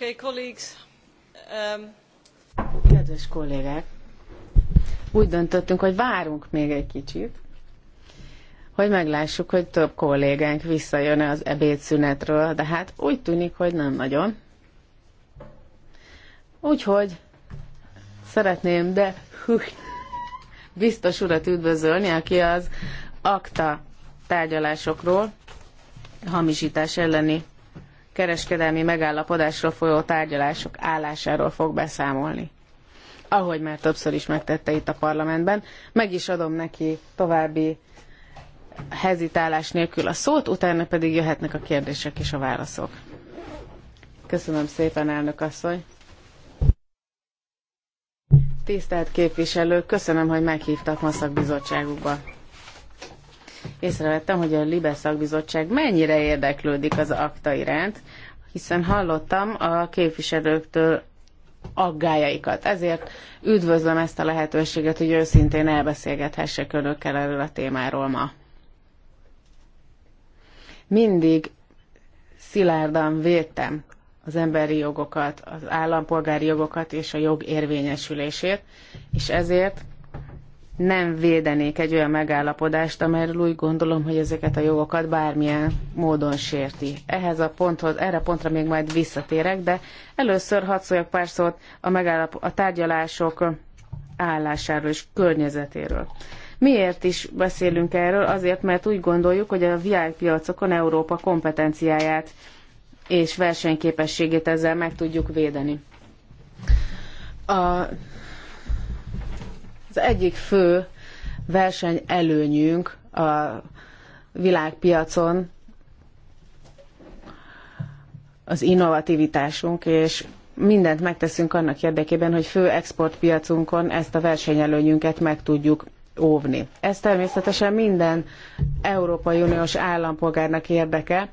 Okay, colleagues. Um... Kedves kollégák, úgy döntöttünk, hogy várunk még egy kicsit, hogy meglássuk, hogy több kollégánk visszajön-e az ebédszünetről, de hát úgy tűnik, hogy nem nagyon. Úgyhogy szeretném, de hű, biztos urat üdvözölni, aki az akta tárgyalásokról hamisítás elleni kereskedelmi megállapodásról folyó tárgyalások állásáról fog beszámolni. Ahogy már többször is megtette itt a parlamentben, meg is adom neki további hezitálás nélkül a szót, utána pedig jöhetnek a kérdések és a válaszok. Köszönöm szépen, elnök asszony! Tisztelt képviselők, köszönöm, hogy meghívtak ma szakbizottságukba észrevettem, hogy a Libe szakbizottság mennyire érdeklődik az akta iránt, hiszen hallottam a képviselőktől aggájaikat. Ezért üdvözlöm ezt a lehetőséget, hogy őszintén elbeszélgethessek önökkel erről a témáról ma. Mindig szilárdan védtem az emberi jogokat, az állampolgári jogokat és a jog érvényesülését, és ezért nem védenék egy olyan megállapodást, amelyről úgy gondolom, hogy ezeket a jogokat bármilyen módon sérti. Ehhez a ponthoz, erre a pontra még majd visszatérek, de először hadd szóljak pár szót a, megállap- a tárgyalások állásáról és környezetéről. Miért is beszélünk erről? Azért, mert úgy gondoljuk, hogy a világpiacokon Európa kompetenciáját és versenyképességét ezzel meg tudjuk védeni. A az egyik fő versenyelőnyünk a világpiacon az innovativitásunk, és mindent megteszünk annak érdekében, hogy fő exportpiacunkon ezt a versenyelőnyünket meg tudjuk óvni. Ez természetesen minden Európai Uniós állampolgárnak érdeke,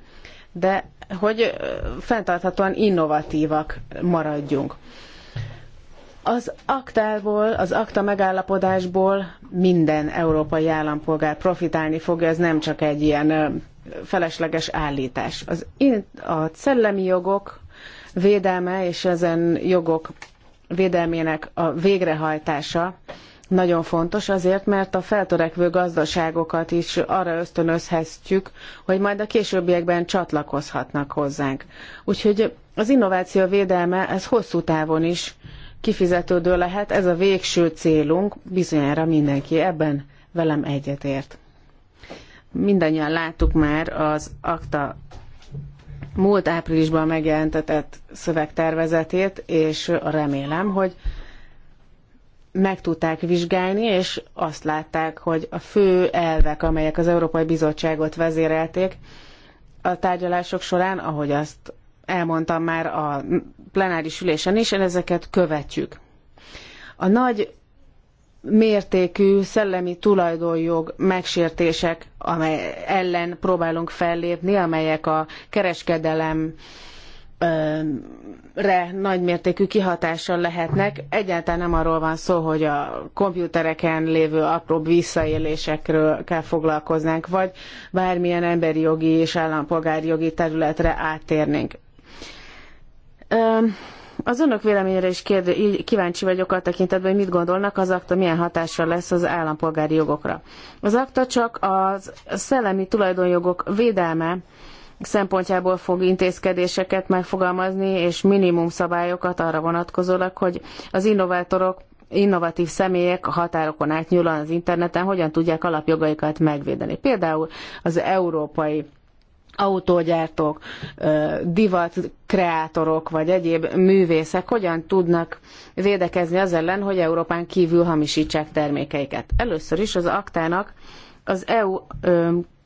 de hogy fenntarthatóan innovatívak maradjunk. Az aktából, az akta megállapodásból minden európai állampolgár profitálni fog, ez nem csak egy ilyen felesleges állítás. Az, a szellemi jogok védelme és ezen jogok védelmének a végrehajtása nagyon fontos azért, mert a feltörekvő gazdaságokat is arra ösztönözhetjük, hogy majd a későbbiekben csatlakozhatnak hozzánk. Úgyhogy az innováció védelme, ez hosszú távon is kifizetődő lehet, ez a végső célunk, bizonyára mindenki ebben velem egyetért. Mindannyian láttuk már az akta múlt áprilisban megjelentetett szövegtervezetét, és remélem, hogy meg tudták vizsgálni, és azt látták, hogy a fő elvek, amelyek az Európai Bizottságot vezérelték, a tárgyalások során, ahogy azt elmondtam már a plenáris ülésen is, ezeket követjük. A nagy mértékű szellemi tulajdonjog megsértések, amely ellen próbálunk fellépni, amelyek a kereskedelemre nagymértékű kihatással lehetnek. Egyáltalán nem arról van szó, hogy a komputereken lévő apróbb visszaélésekről kell foglalkoznánk, vagy bármilyen emberi jogi és állampolgári jogi területre áttérnénk. Az önök véleményére is kérdő, kíváncsi vagyok a tekintetben, hogy mit gondolnak az akta, milyen hatással lesz az állampolgári jogokra. Az akta csak a szellemi tulajdonjogok védelme szempontjából fog intézkedéseket megfogalmazni, és minimum szabályokat arra vonatkozólag, hogy az innovátorok, innovatív személyek a határokon átnyúlóan az interneten hogyan tudják alapjogaikat megvédeni. Például az európai autógyártók, divatkreátorok vagy egyéb művészek hogyan tudnak védekezni az ellen, hogy Európán kívül hamisítsák termékeiket. Először is az aktának az EU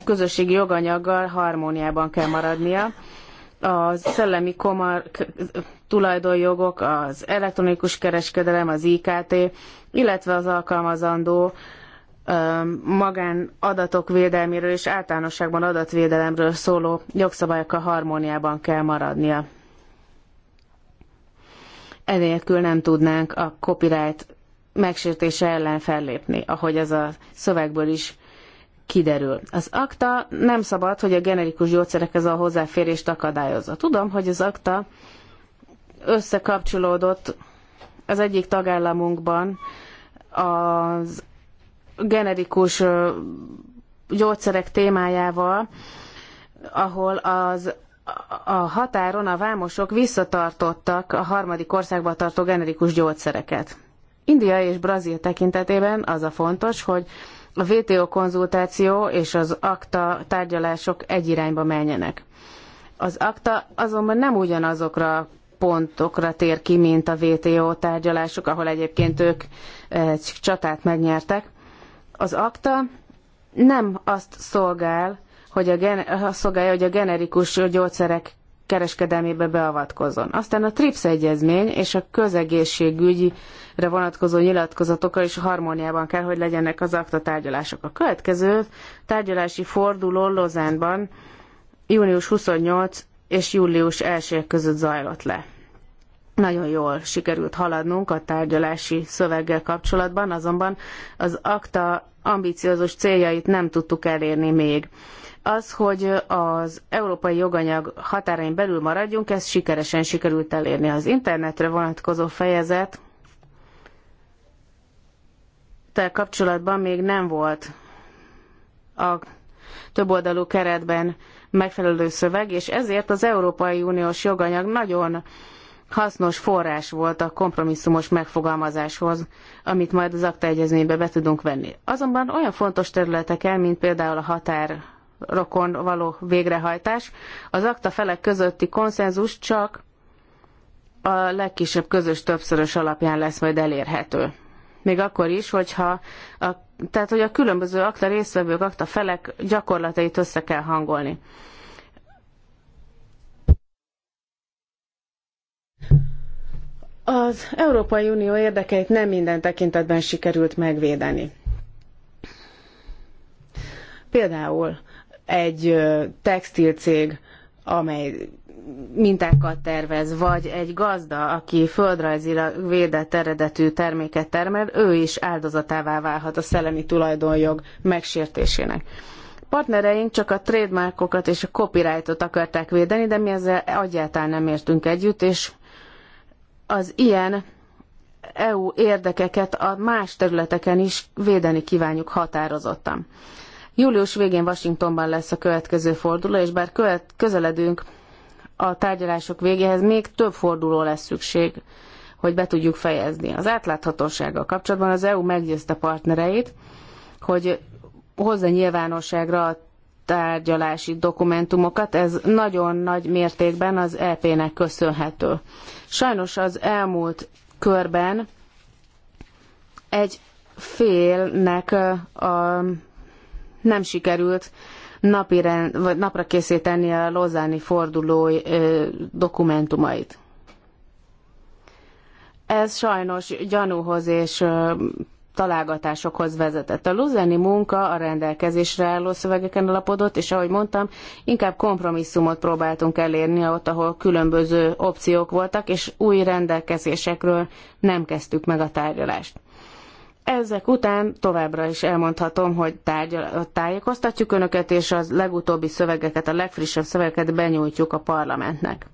közösségi joganyaggal harmóniában kell maradnia, a szellemi komar tulajdonjogok, az elektronikus kereskedelem, az IKT, illetve az alkalmazandó magánadatok védelméről és általánosságban adatvédelemről szóló jogszabályokkal harmóniában kell maradnia. Enélkül nem tudnánk a copyright megsértése ellen fellépni, ahogy ez a szövegből is kiderül. Az akta nem szabad, hogy a generikus gyógyszerekhez a hozzáférést akadályozza. Tudom, hogy az akta összekapcsolódott az egyik tagállamunkban az generikus gyógyszerek témájával, ahol az a határon a vámosok visszatartottak a harmadik országba tartó generikus gyógyszereket. India és Brazil tekintetében az a fontos, hogy a WTO konzultáció és az akta tárgyalások egy irányba menjenek. Az akta azonban nem ugyanazokra a pontokra tér ki, mint a WTO tárgyalások, ahol egyébként ők egy csatát megnyertek. Az akta nem azt szolgál, hogy a, szolgálja, hogy a generikus gyógyszerek kereskedelmébe beavatkozzon. Aztán a TRIPS egyezmény és a közegészségügyre vonatkozó nyilatkozatokkal is harmóniában kell, hogy legyenek az akta tárgyalások. A következő tárgyalási forduló Lozánban június 28 és július 1 között zajlott le. Nagyon jól sikerült haladnunk a tárgyalási szöveggel kapcsolatban, azonban az akta ambiciózus céljait nem tudtuk elérni még. Az, hogy az európai joganyag határain belül maradjunk, ezt sikeresen sikerült elérni. Az internetre vonatkozó fejezet tel kapcsolatban még nem volt a többoldalú keretben megfelelő szöveg, és ezért az Európai Uniós joganyag nagyon hasznos forrás volt a kompromisszumos megfogalmazáshoz, amit majd az akta egyezménybe be tudunk venni. Azonban olyan fontos területeken, mint például a határ rokon való végrehajtás, az akta felek közötti konszenzus csak a legkisebb közös többszörös alapján lesz majd elérhető. Még akkor is, hogyha a, tehát, hogy a különböző akta résztvevők, akta felek gyakorlatait össze kell hangolni. Az Európai Unió érdekeit nem minden tekintetben sikerült megvédeni. Például egy textilcég, amely mintákat tervez, vagy egy gazda, aki földrajzilag védett eredetű terméket termel, ő is áldozatává válhat a szellemi tulajdonjog megsértésének. Partnereink csak a trademarkokat és a copyrightot akarták védeni, de mi ezzel egyáltalán nem értünk együtt, és az ilyen EU érdekeket a más területeken is védeni kívánjuk határozottan. Július végén Washingtonban lesz a következő forduló, és bár követ, közeledünk a tárgyalások végéhez, még több forduló lesz szükség, hogy be tudjuk fejezni. Az átláthatósággal kapcsolatban az EU meggyőzte partnereit, hogy hozza nyilvánosságra a tárgyalási dokumentumokat, ez nagyon nagy mértékben az EP-nek köszönhető. Sajnos az elmúlt körben egy félnek a, nem sikerült napirend vagy napra készíteni a lozáni forduló dokumentumait. Ez sajnos gyanúhoz és találgatásokhoz vezetett. A luzeni munka a rendelkezésre álló szövegeken alapodott, és ahogy mondtam, inkább kompromisszumot próbáltunk elérni ott, ahol különböző opciók voltak, és új rendelkezésekről nem kezdtük meg a tárgyalást. Ezek után továbbra is elmondhatom, hogy tájékoztatjuk Önöket, és az legutóbbi szövegeket, a legfrissebb szövegeket benyújtjuk a parlamentnek.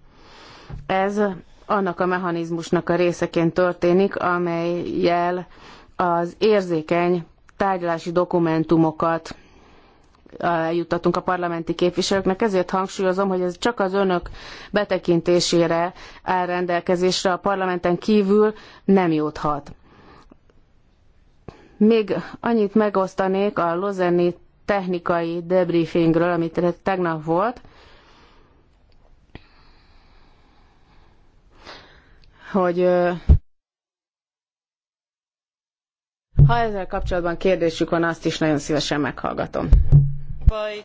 Ez annak a mechanizmusnak a részeként történik, amelyel az érzékeny tárgyalási dokumentumokat eljuttatunk a parlamenti képviselőknek, ezért hangsúlyozom, hogy ez csak az önök betekintésére áll rendelkezésre, a parlamenten kívül nem juthat. Még annyit megosztanék a lozenni technikai debriefingről, amit tegnap volt, hogy Ha ezzel kapcsolatban kérdésük van, azt is nagyon szívesen meghallgatom.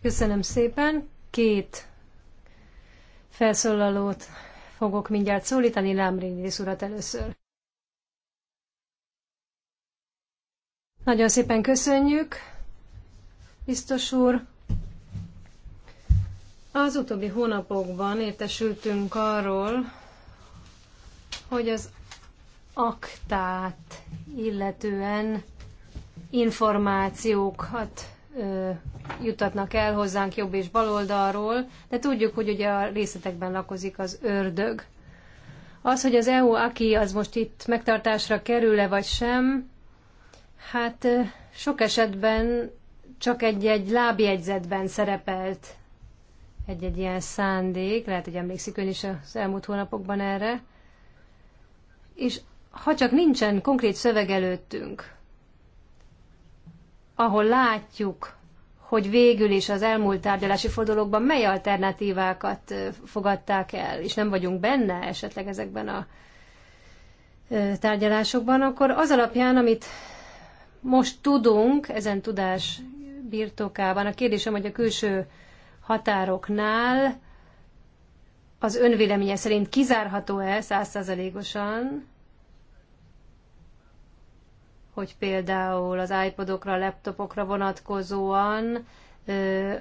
Köszönöm szépen. Két felszólalót fogok mindjárt szólítani, Lámrindis urat először. Nagyon szépen köszönjük, biztos úr. Az utóbbi hónapokban értesültünk arról, hogy az aktát illetően információkat ö, jutatnak el hozzánk jobb és baloldalról, de tudjuk, hogy ugye a részletekben lakozik az ördög. Az, hogy az EU aki az most itt megtartásra kerül-e vagy sem, hát ö, sok esetben csak egy-egy lábjegyzetben szerepelt egy-egy ilyen szándék, lehet, hogy emlékszik ön is az elmúlt hónapokban erre, és ha csak nincsen konkrét szöveg előttünk, ahol látjuk, hogy végül is az elmúlt tárgyalási fordulókban mely alternatívákat fogadták el, és nem vagyunk benne esetleg ezekben a tárgyalásokban, akkor az alapján, amit most tudunk ezen tudás birtokában, a kérdésem, hogy a külső határoknál az önvéleménye szerint kizárható-e százszázalékosan, hogy például az iPodokra, laptopokra vonatkozóan ö,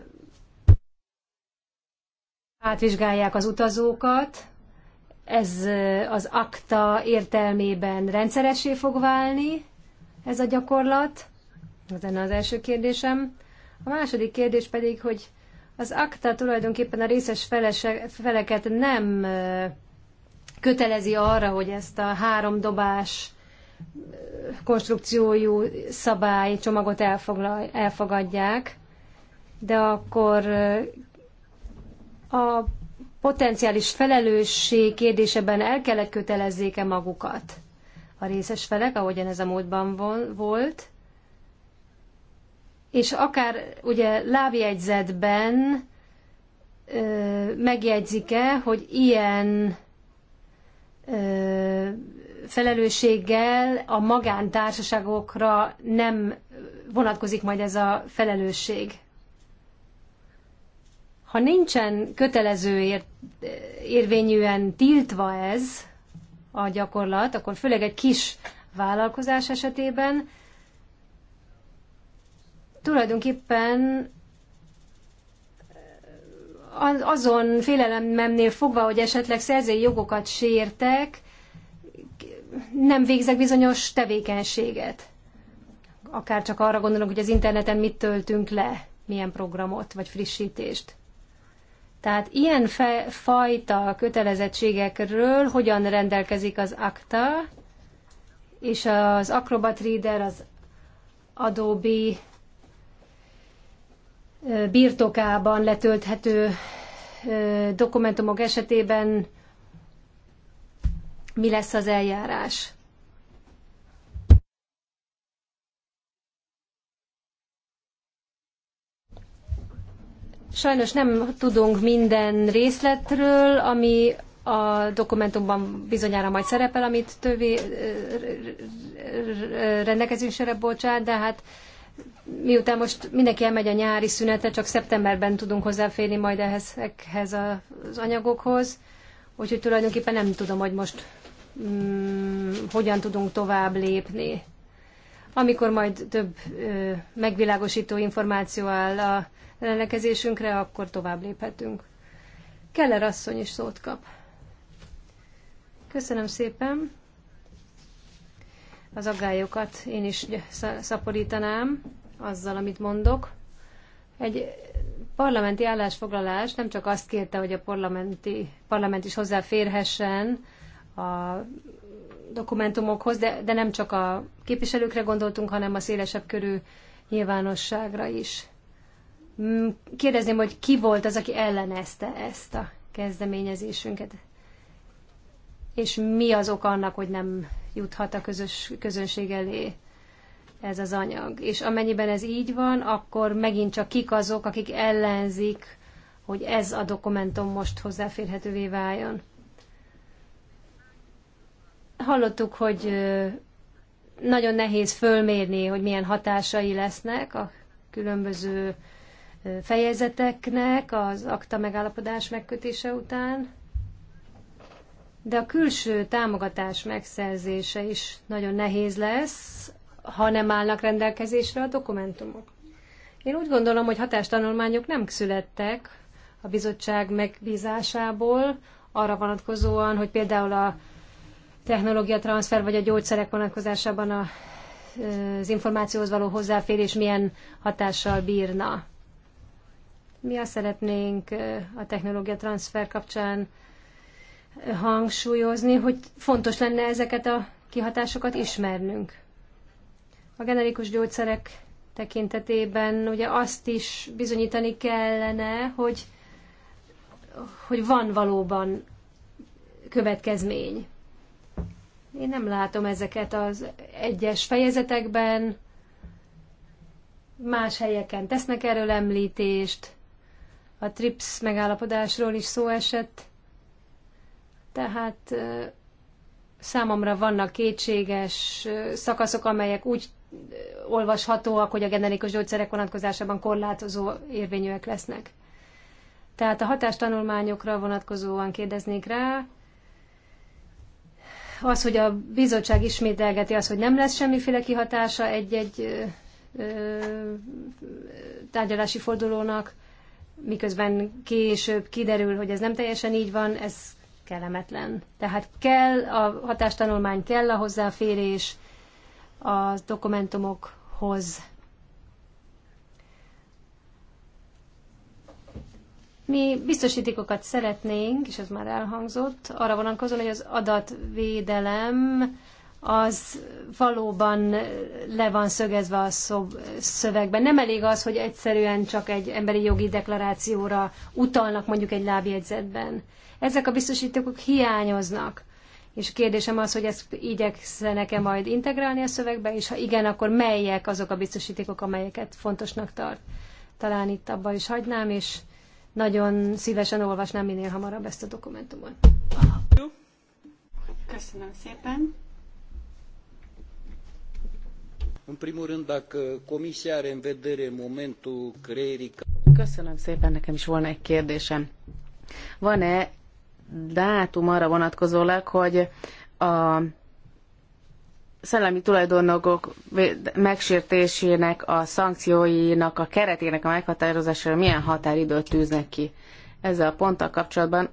átvizsgálják az utazókat, ez az akta értelmében rendszeressé fog válni, ez a gyakorlat. Ez lenne az első kérdésem. A második kérdés pedig, hogy az akta tulajdonképpen a részes felese, feleket nem kötelezi arra, hogy ezt a három dobás konstrukciójú szabály csomagot elfogadják, de akkor a potenciális felelősség kérdéseben el kellett kötelezzék-e magukat a részes felek, ahogyan ez a módban volt, és akár ugye lábjegyzetben megjegyzik-e, hogy ilyen felelősséggel a magántársaságokra nem vonatkozik majd ez a felelősség. Ha nincsen kötelező ér, érvényűen tiltva ez a gyakorlat, akkor főleg egy kis vállalkozás esetében tulajdonképpen eh, azon félelememnél fogva, hogy esetleg szerzői jogokat sértek, nem végzek bizonyos tevékenységet. Akár csak arra gondolok, hogy az interneten mit töltünk le, milyen programot vagy frissítést. Tehát ilyen fajta kötelezettségekről hogyan rendelkezik az akta, és az Acrobat Reader, az Adobe birtokában letölthető dokumentumok esetében mi lesz az eljárás. Sajnos nem tudunk minden részletről, ami a dokumentumban bizonyára majd szerepel, amit tövé rendelkezésre bocsát, de hát miután most mindenki elmegy a nyári szünetre, csak szeptemberben tudunk hozzáférni majd ehhez, ehhez az anyagokhoz, úgyhogy tulajdonképpen nem tudom, hogy most Mm, hogyan tudunk tovább lépni. Amikor majd több megvilágosító információ áll a rendelkezésünkre, akkor tovább léphetünk. Keller asszony is szót kap. Köszönöm szépen. Az aggályokat én is szaporítanám azzal, amit mondok. Egy parlamenti állásfoglalás nem csak azt kérte, hogy a parlamenti, parlament is hozzáférhessen a dokumentumokhoz, de, de nem csak a képviselőkre gondoltunk, hanem a szélesebb körű nyilvánosságra is. Mm, kérdezném, hogy ki volt az, aki ellenezte ezt a kezdeményezésünket, és mi az ok annak, hogy nem juthat a közös, közönség elé ez az anyag. És amennyiben ez így van, akkor megint csak kik azok, akik ellenzik, hogy ez a dokumentum most hozzáférhetővé váljon. Hallottuk, hogy nagyon nehéz fölmérni, hogy milyen hatásai lesznek a különböző fejezeteknek az akta megállapodás megkötése után, de a külső támogatás megszerzése is nagyon nehéz lesz, ha nem állnak rendelkezésre a dokumentumok. Én úgy gondolom, hogy hatástanulmányok nem születtek a bizottság megbízásából arra vonatkozóan, hogy például a technológiatranszfer vagy a gyógyszerek vonatkozásában a, az információhoz való hozzáférés milyen hatással bírna. Mi azt szeretnénk a technológiatranszfer kapcsán hangsúlyozni, hogy fontos lenne ezeket a kihatásokat ismernünk. A generikus gyógyszerek tekintetében ugye azt is bizonyítani kellene, hogy, hogy van valóban következmény. Én nem látom ezeket az egyes fejezetekben, más helyeken tesznek erről említést, a TRIPS megállapodásról is szó esett, tehát számomra vannak kétséges szakaszok, amelyek úgy olvashatóak, hogy a generikus gyógyszerek vonatkozásában korlátozó érvényűek lesznek. Tehát a hatástanulmányokra vonatkozóan kérdeznék rá, az, hogy a bizottság ismételgeti az, hogy nem lesz semmiféle kihatása egy-egy tárgyalási fordulónak, miközben később kiderül, hogy ez nem teljesen így van, ez kellemetlen. Tehát kell a hatástanulmány, kell a hozzáférés a dokumentumokhoz, Mi biztosítékokat szeretnénk, és ez már elhangzott, arra vonatkozóan, hogy az adatvédelem az valóban le van szögezve a szövegben. Nem elég az, hogy egyszerűen csak egy emberi jogi deklarációra utalnak mondjuk egy lábjegyzetben. Ezek a biztosítékok hiányoznak. És a kérdésem az, hogy ezt igyekszenek-e majd integrálni a szövegbe, és ha igen, akkor melyek azok a biztosítékok, amelyeket fontosnak tart. Talán itt abba is hagynám, és nagyon szívesen olvasnám minél hamarabb ezt a dokumentumot. Köszönöm szépen. În primul rând, dacă Comisia are în vedere momentul creierii... Köszönöm szépen, nekem is volna egy kérdésem. Van-e dátum arra vonatkozólag, hogy a szellemi tulajdonjogok megsértésének, a szankcióinak, a keretének a meghatározására milyen határidőt tűznek ki. Ezzel a ponttal kapcsolatban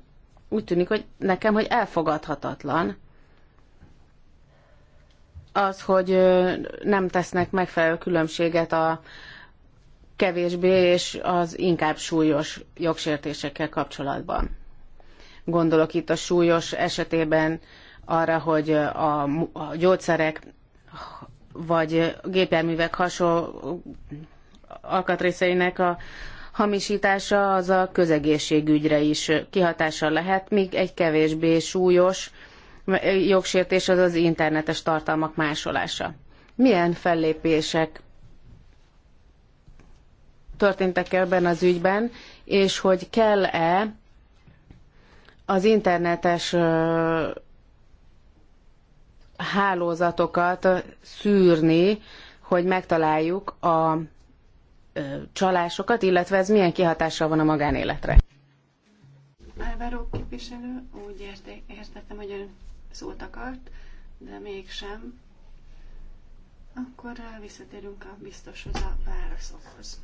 úgy tűnik, hogy nekem, hogy elfogadhatatlan az, hogy nem tesznek megfelelő különbséget a kevésbé és az inkább súlyos jogsértésekkel kapcsolatban. Gondolok itt a súlyos esetében arra, hogy a, a gyógyszerek vagy gépjárművek hasonló alkatrészeinek a hamisítása az a közegészségügyre is kihatással lehet, míg egy kevésbé súlyos jogsértés az az internetes tartalmak másolása. Milyen fellépések történtek ebben az ügyben, és hogy kell-e az internetes hálózatokat szűrni, hogy megtaláljuk a csalásokat, illetve ez milyen kihatással van a magánéletre. Álvaró képviselő, úgy érte, értettem, hogy ön szót akart, de mégsem. Akkor visszatérünk a biztoshoz a válaszokhoz.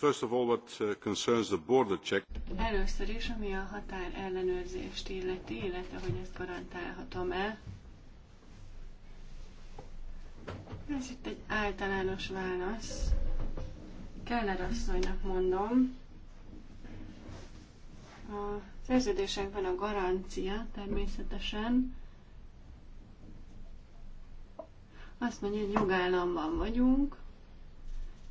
First of all, what uh, concerns the border check. Először is, ami a határ ellenőrzést illeti, illetve hogy ezt garantálhatom-e. Ez itt egy általános válasz. Keller asszonynak mondom. A szerződésekben a garancia természetesen azt mondja, hogy jogállamban vagyunk,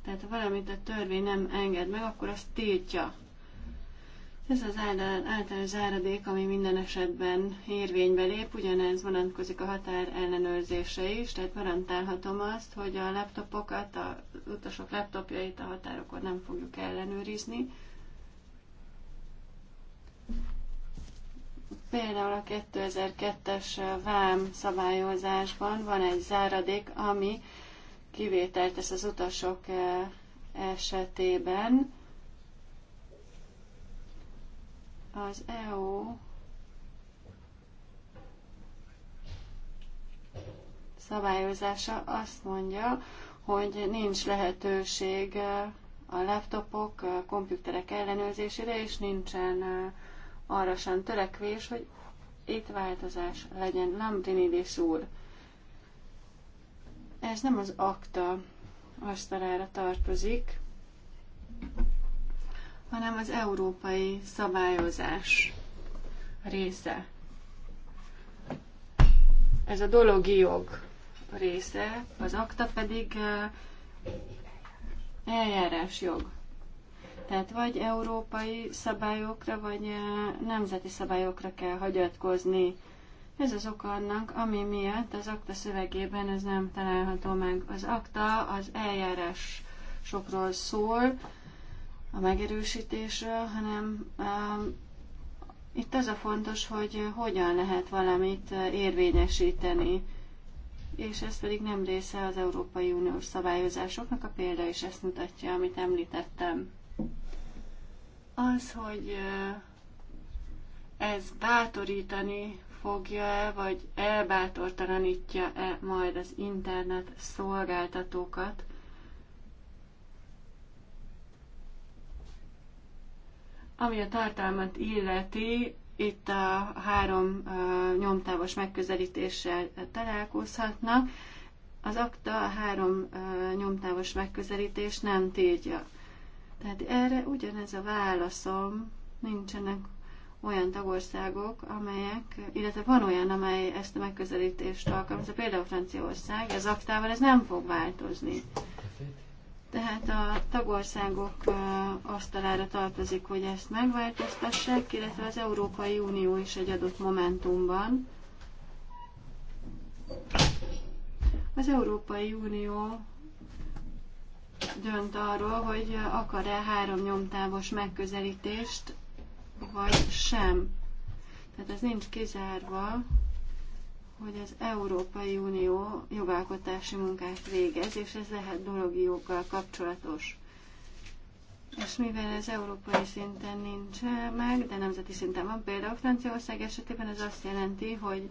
tehát ha valamit a törvény nem enged meg, akkor azt tiltja. Ez az általános záradék, ami minden esetben érvénybe lép, ugyanez vonatkozik a határ ellenőrzése is, tehát garantálhatom azt, hogy a laptopokat, a utasok laptopjait a határokon nem fogjuk ellenőrizni. Például a 2002-es vám szabályozásban van egy záradék, ami kivételt tesz az utasok eh, esetében. Az EU szabályozása azt mondja, hogy nincs lehetőség eh, a laptopok, a eh, komputerek ellenőrzésére, és nincsen arra sem törekvés, hogy itt változás legyen. Lambrinidis úr. Ez nem az akta asztalára tartozik, hanem az európai szabályozás része. Ez a dologi jog része, az akta pedig eh, eljárás jog. Tehát vagy európai szabályokra, vagy eh, nemzeti szabályokra kell hagyatkozni ez az oka annak, ami miatt az akta szövegében ez nem található meg. Az akta az eljárás sokról szól, a megerősítésről, hanem um, itt az a fontos, hogy hogyan lehet valamit uh, érvényesíteni, és ez pedig nem része az Európai Unió szabályozásoknak, a példa is ezt mutatja, amit említettem. Az, hogy uh, ez bátorítani megfogja-e, vagy elbátortalanítja-e majd az internet szolgáltatókat, Ami a tartalmat illeti, itt a három nyomtávos megközelítéssel találkozhatnak. Az akta a három nyomtávos megközelítés nem tiltja. Tehát erre ugyanez a válaszom, nincsenek olyan tagországok, amelyek, illetve van olyan, amely ezt a megközelítést alkalmazza, például Franciaország, az aktával ez nem fog változni. Tehát a tagországok asztalára tartozik, hogy ezt megváltoztassák, illetve az Európai Unió is egy adott momentumban. Az Európai Unió dönt arról, hogy akar-e három nyomtávos megközelítést vagy sem. Tehát ez nincs kizárva, hogy az Európai Unió jogalkotási munkát végez, és ez lehet dologi joggal kapcsolatos. És mivel ez európai szinten nincs meg, de nemzeti szinten van, például Franciaország esetében ez azt jelenti, hogy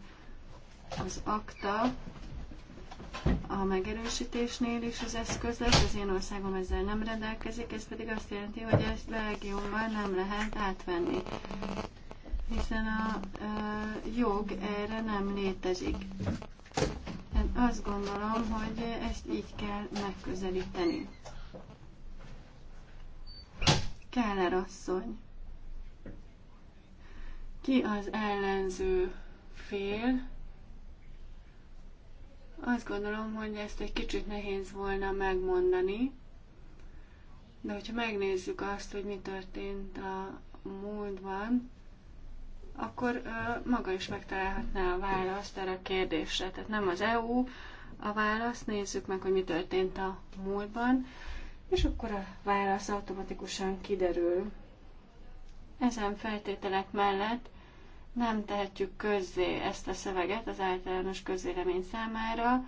az akta a megerősítésnél is az eszköz lesz, az én országom ezzel nem rendelkezik, ez pedig azt jelenti, hogy ezt Belgiumban nem lehet átvenni, hiszen a a jog erre nem létezik. Én azt gondolom, hogy ezt így kell megközelíteni. Keller asszony. Ki az ellenző fél? Azt gondolom, hogy ezt egy kicsit nehéz volna megmondani, de hogyha megnézzük azt, hogy mi történt a múltban, akkor maga is megtalálhatná a választ erre a kérdésre. Tehát nem az EU a válasz, nézzük meg, hogy mi történt a múltban, és akkor a válasz automatikusan kiderül. Ezen feltételek mellett nem tehetjük közzé ezt a szöveget az általános közélemény számára.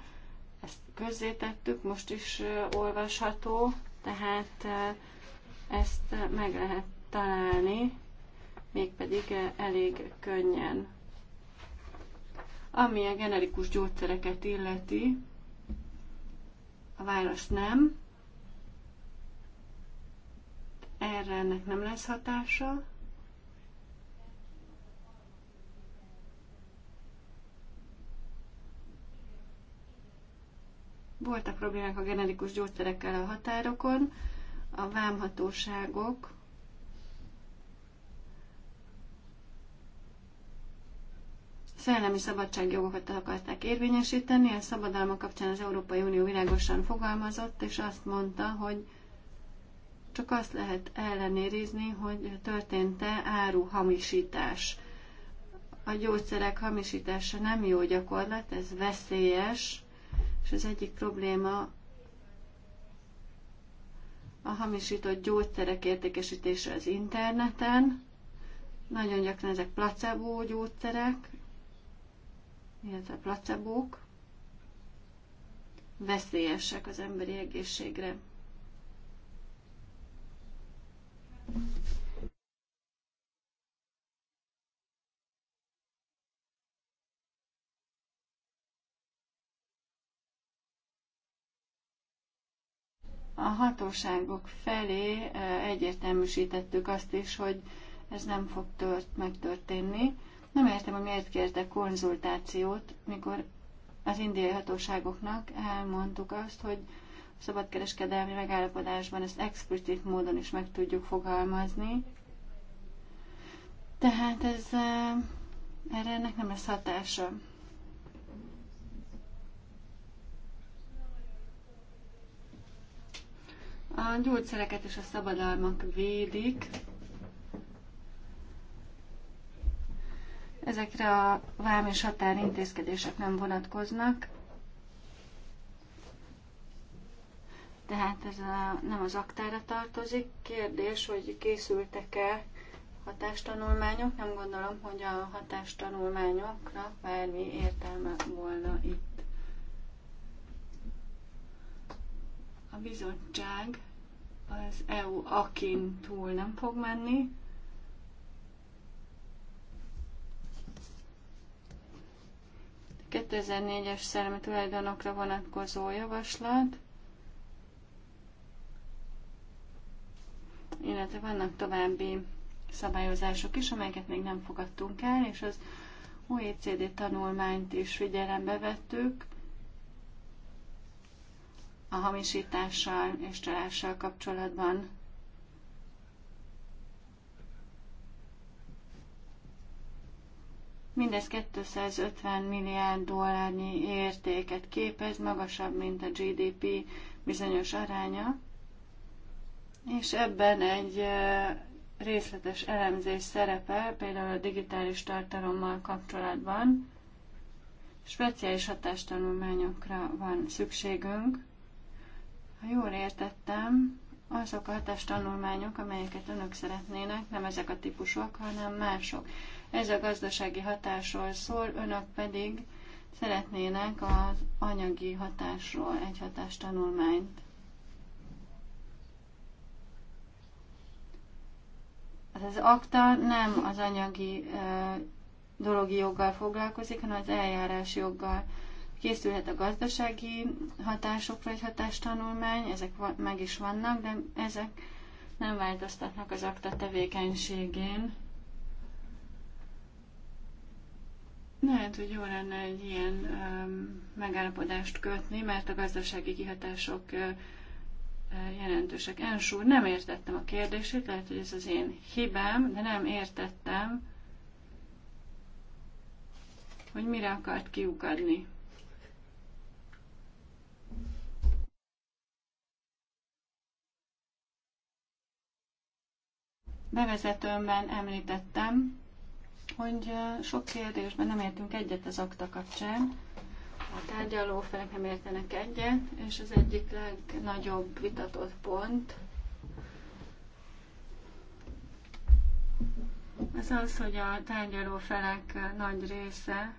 Ezt közzétettük, most is olvasható, tehát ezt meg lehet találni, mégpedig elég könnyen. Ami a generikus gyógyszereket illeti, a válasz nem. Erre ennek nem lesz hatása. Voltak problémák a generikus gyógyszerekkel a határokon, a vámhatóságok szellemi szabadságjogokat akarták érvényesíteni, a szabadalma kapcsán az Európai Unió világosan fogalmazott, és azt mondta, hogy csak azt lehet ellenérizni, hogy történt-e áru hamisítás. A gyógyszerek hamisítása nem jó gyakorlat, ez veszélyes, és az egyik probléma a hamisított gyógyszerek értékesítése az interneten. Nagyon gyakran ezek placebo gyógyszerek, illetve placebók veszélyesek az emberi egészségre. A hatóságok felé egyértelműsítettük azt is, hogy ez nem fog tört, megtörténni. Nem értem, hogy miért kértek konzultációt, mikor az indiai hatóságoknak elmondtuk azt, hogy a szabadkereskedelmi megállapodásban ezt explicit módon is meg tudjuk fogalmazni. Tehát ez, erre ennek nem lesz hatása. A gyógyszereket és a szabadalmak védik. Ezekre a vám és határ intézkedések nem vonatkoznak, tehát ez a, nem az aktára tartozik. Kérdés, hogy készültek-e hatástanulmányok? Nem gondolom, hogy a hatástanulmányoknak bármi értelme volna itt. a bizottság az EU akin túl nem fog menni. A 2004-es szellemi tulajdonokra vonatkozó javaslat, illetve vannak további szabályozások is, amelyeket még nem fogadtunk el, és az OECD tanulmányt is figyelembe vettük, a hamisítással és csalással kapcsolatban. Mindez 250 milliárd dollárnyi értéket képez, magasabb, mint a GDP bizonyos aránya, és ebben egy részletes elemzés szerepel, például a digitális tartalommal kapcsolatban. Speciális hatástanulmányokra van szükségünk, ha jól értettem, azok a hatástanulmányok, amelyeket önök szeretnének, nem ezek a típusok, hanem mások. Ez a gazdasági hatásról szól, önök pedig szeretnének az anyagi hatásról egy hatástanulmányt. Az, hát az akta nem az anyagi dologi joggal foglalkozik, hanem az eljárás joggal. Készülhet a gazdasági hatásokra egy hatástanulmány, ezek meg is vannak, de ezek nem változtatnak az akta tevékenységén. Lehet, hogy jó lenne egy ilyen um, megállapodást kötni, mert a gazdasági kihatások uh, jelentősek. Ensúr, nem értettem a kérdését, lehet, hogy ez az én hibám, de nem értettem, hogy mire akart kiukadni. bevezetőmben említettem, hogy sok kérdésben nem értünk egyet az akta kapcsán. A tárgyaló felek nem értenek egyet, és az egyik legnagyobb vitatott pont az az, hogy a tárgyaló felek nagy része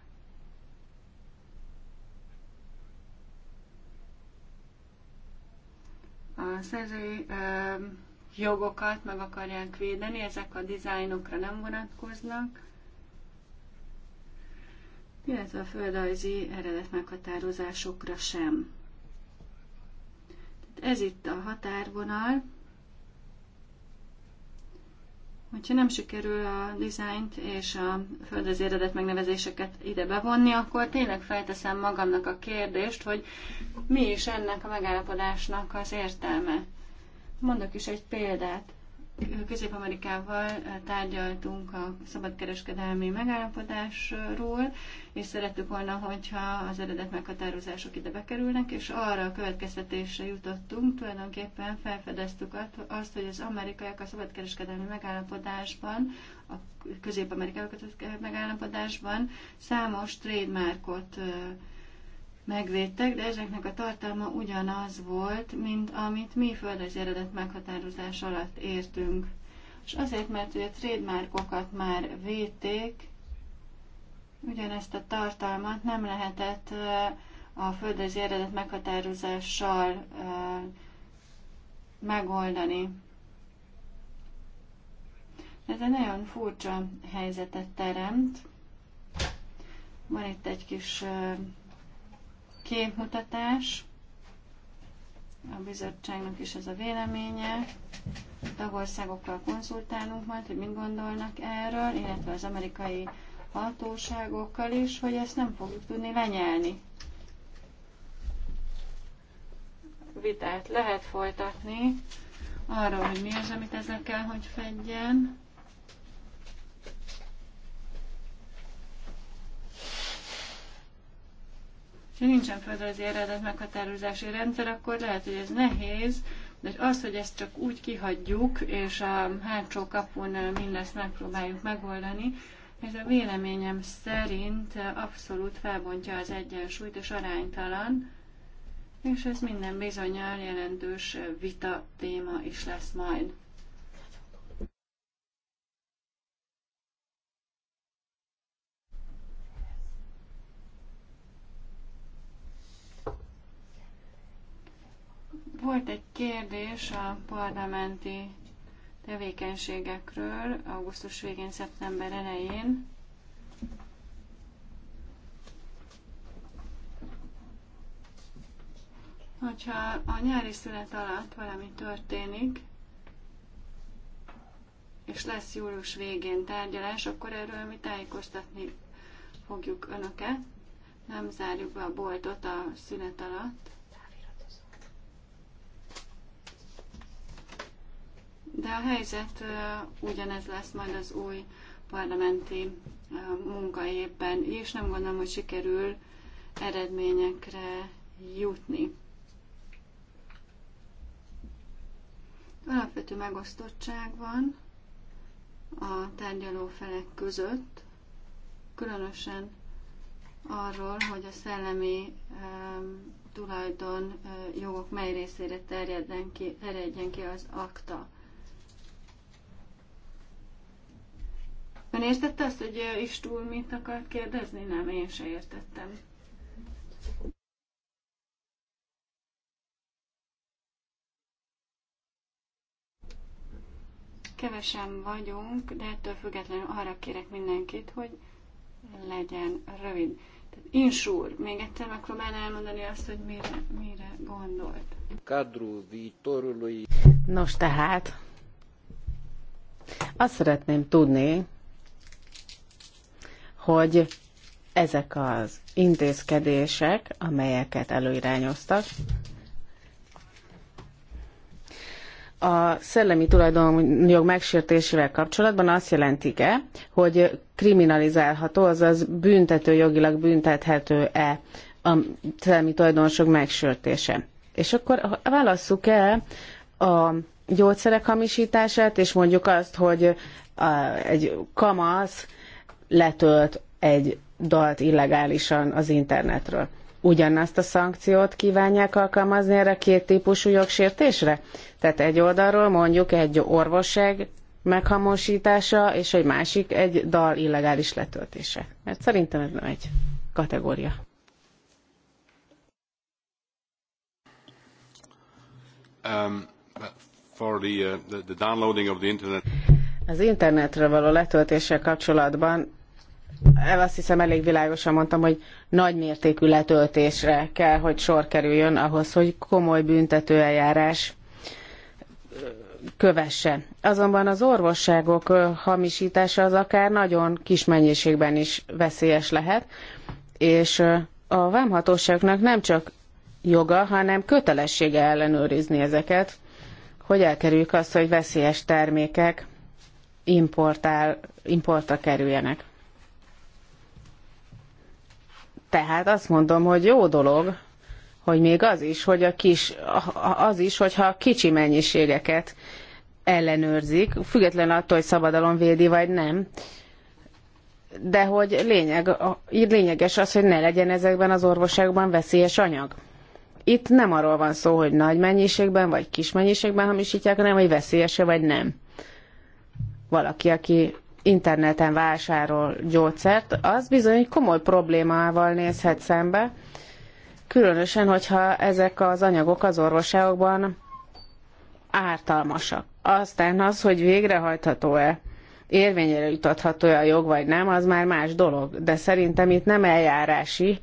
a szerzői jogokat meg akarják védeni, ezek a dizájnokra nem vonatkoznak, illetve a földrajzi eredet meghatározásokra sem. Ez itt a határvonal. Hogyha nem sikerül a dizájnt és a földrajzi eredet megnevezéseket ide bevonni, akkor tényleg felteszem magamnak a kérdést, hogy mi is ennek a megállapodásnak az értelme. Mondok is egy példát. Közép-Amerikával eh, tárgyaltunk a szabadkereskedelmi megállapodásról, és szerettük volna, hogyha az eredet meghatározások ide bekerülnek, és arra a következtetésre jutottunk, tulajdonképpen felfedeztük azt, hogy az amerikaiak a szabadkereskedelmi megállapodásban, a közép-amerikai megállapodásban számos trademarkot eh, megvédtek, de ezeknek a tartalma ugyanaz volt, mint amit mi földrajzi eredet meghatározás alatt értünk. És azért, mert ugye a trademarkokat már védték, ugyanezt a tartalmat nem lehetett a földrajzi eredet meghatározással megoldani. Ez egy nagyon furcsa helyzetet teremt. Van itt egy kis képmutatás. A bizottságnak is ez a véleménye. A tagországokkal konzultálunk majd, hogy mit gondolnak erről, illetve az amerikai hatóságokkal is, hogy ezt nem fogjuk tudni lenyelni. Vitát lehet folytatni arról, hogy mi az, amit ezzel kell, hogy fedjen. Ha nincsen földrajzi eredet meghatározási rendszer, akkor lehet, hogy ez nehéz, de az, hogy ezt csak úgy kihagyjuk, és a hátsó kapun mindezt megpróbáljuk megoldani, ez a véleményem szerint abszolút felbontja az egyensúlyt, és aránytalan, és ez minden bizonyal jelentős vita téma is lesz majd. Volt egy kérdés a parlamenti tevékenységekről augusztus végén, szeptember elején. Hogyha a nyári szünet alatt valami történik, és lesz július végén tárgyalás, akkor erről mi tájékoztatni fogjuk önöket. Nem zárjuk be a boltot a szünet alatt. De a helyzet ugyanez lesz majd az új parlamenti munkaépben és nem gondolom, hogy sikerül eredményekre jutni. Alapvető megosztottság van a tárgyaló felek között, különösen arról, hogy a szellemi tulajdon jogok mely részére terjedjen ki, terjedjen ki az akta. Ön értette azt, hogy is túl mit akart kérdezni? Nem, én se értettem. Kevesen vagyunk, de ettől függetlenül arra kérek mindenkit, hogy legyen rövid. Tehát insúr, még egyszer megpróbál elmondani azt, hogy mire, mire gondolt. Kadru viitorului. Nos tehát, azt szeretném tudni, hogy ezek az intézkedések, amelyeket előirányoztak, a szellemi tulajdonjog megsértésével kapcsolatban azt jelentik-e, hogy kriminalizálható, azaz büntető jogilag büntethető-e a szellemi tulajdonosok megsértése. És akkor válasszuk el a gyógyszerek hamisítását, és mondjuk azt, hogy egy kamasz letölt egy dalt illegálisan az internetről. Ugyanazt a szankciót kívánják alkalmazni erre két típusú jogsértésre? Tehát egy oldalról mondjuk egy orvosság meghamosítása, és egy másik egy dal illegális letöltése. Mert szerintem ez nem egy kategória. Um, for the, uh, the, the downloading of the internet. Az internetről való letöltéssel kapcsolatban el azt hiszem elég világosan mondtam, hogy nagy mértékű letöltésre kell, hogy sor kerüljön ahhoz, hogy komoly büntetőeljárás kövesse. Azonban az orvosságok hamisítása az akár nagyon kis mennyiségben is veszélyes lehet, és a vámhatóságnak nem csak joga, hanem kötelessége ellenőrizni ezeket, hogy elkerüljük azt, hogy veszélyes termékek importál, importra kerüljenek. Tehát azt mondom, hogy jó dolog, hogy még az is, hogy a kis, az is, hogyha a kicsi mennyiségeket ellenőrzik, független attól, hogy szabadalom védi vagy nem. De hogy lényeg, lényeges az, hogy ne legyen ezekben az orvoságban veszélyes anyag. Itt nem arról van szó, hogy nagy mennyiségben vagy kis mennyiségben hamisítják, hanem hogy veszélyese vagy nem. Valaki, aki interneten vásárol gyógyszert, az bizony komoly problémával nézhet szembe, különösen, hogyha ezek az anyagok az orvoságokban ártalmasak. Aztán az, hogy végrehajtható-e, érvényre jutatható-e a jog vagy nem, az már más dolog. De szerintem itt nem eljárási,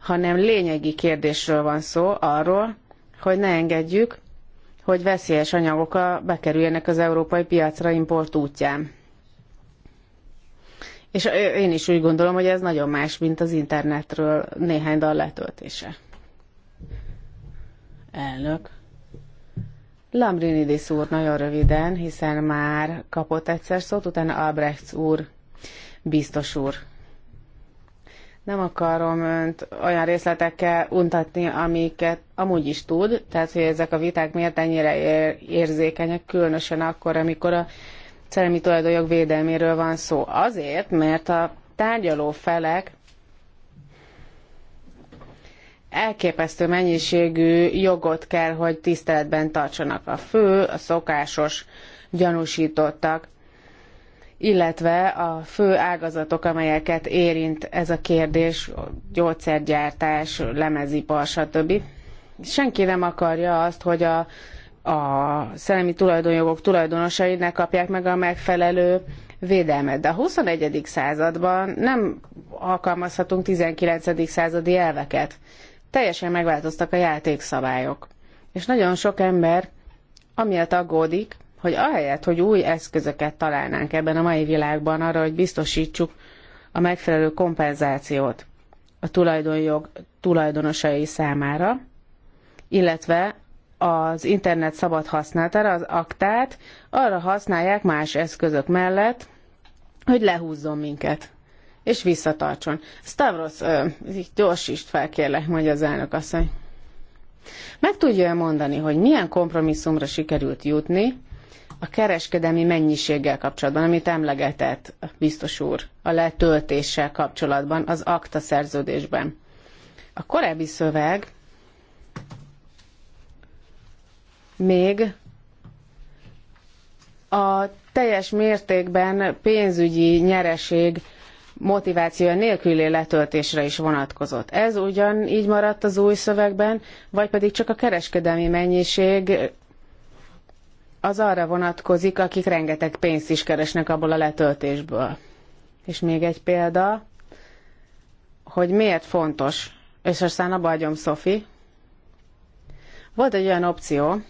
hanem lényegi kérdésről van szó arról, hogy ne engedjük, hogy veszélyes anyagok bekerüljenek az európai piacra import útján. És én is úgy gondolom, hogy ez nagyon más, mint az internetről néhány dal letöltése. Elnök. Lambrinidis úr nagyon röviden, hiszen már kapott egyszer szót, utána Albrecht úr, biztos úr. Nem akarom önt olyan részletekkel untatni, amiket amúgy is tud, tehát hogy ezek a viták miért ennyire érzékenyek, különösen akkor, amikor a szellemi tulajdonjog védelméről van szó. Azért, mert a tárgyaló felek elképesztő mennyiségű jogot kell, hogy tiszteletben tartsanak a fő, a szokásos gyanúsítottak, illetve a fő ágazatok, amelyeket érint ez a kérdés, gyógyszergyártás, lemezipar, stb. Senki nem akarja azt, hogy a a szellemi tulajdonjogok tulajdonosai ne kapják meg a megfelelő védelmet. De a 21. században nem alkalmazhatunk 19. századi elveket. Teljesen megváltoztak a játékszabályok. És nagyon sok ember amiatt aggódik, hogy ahelyett, hogy új eszközöket találnánk ebben a mai világban arra, hogy biztosítsuk a megfelelő kompenzációt a tulajdonjog tulajdonosai számára, illetve az internet szabad használatára, az aktát arra használják más eszközök mellett, hogy lehúzzon minket, és visszatartson. Stavros, gyors is fel, kérlek, mondja az elnök asszony. Meg tudja mondani, hogy milyen kompromisszumra sikerült jutni a kereskedelmi mennyiséggel kapcsolatban, amit emlegetett biztos úr a letöltéssel kapcsolatban az akta szerződésben. A korábbi szöveg még a teljes mértékben pénzügyi nyereség motivációja nélküli letöltésre is vonatkozott. Ez ugyan így maradt az új szövegben, vagy pedig csak a kereskedelmi mennyiség az arra vonatkozik, akik rengeteg pénzt is keresnek abból a letöltésből. És még egy példa, hogy miért fontos, és aztán abba hagyom Szofi. Volt egy olyan opció,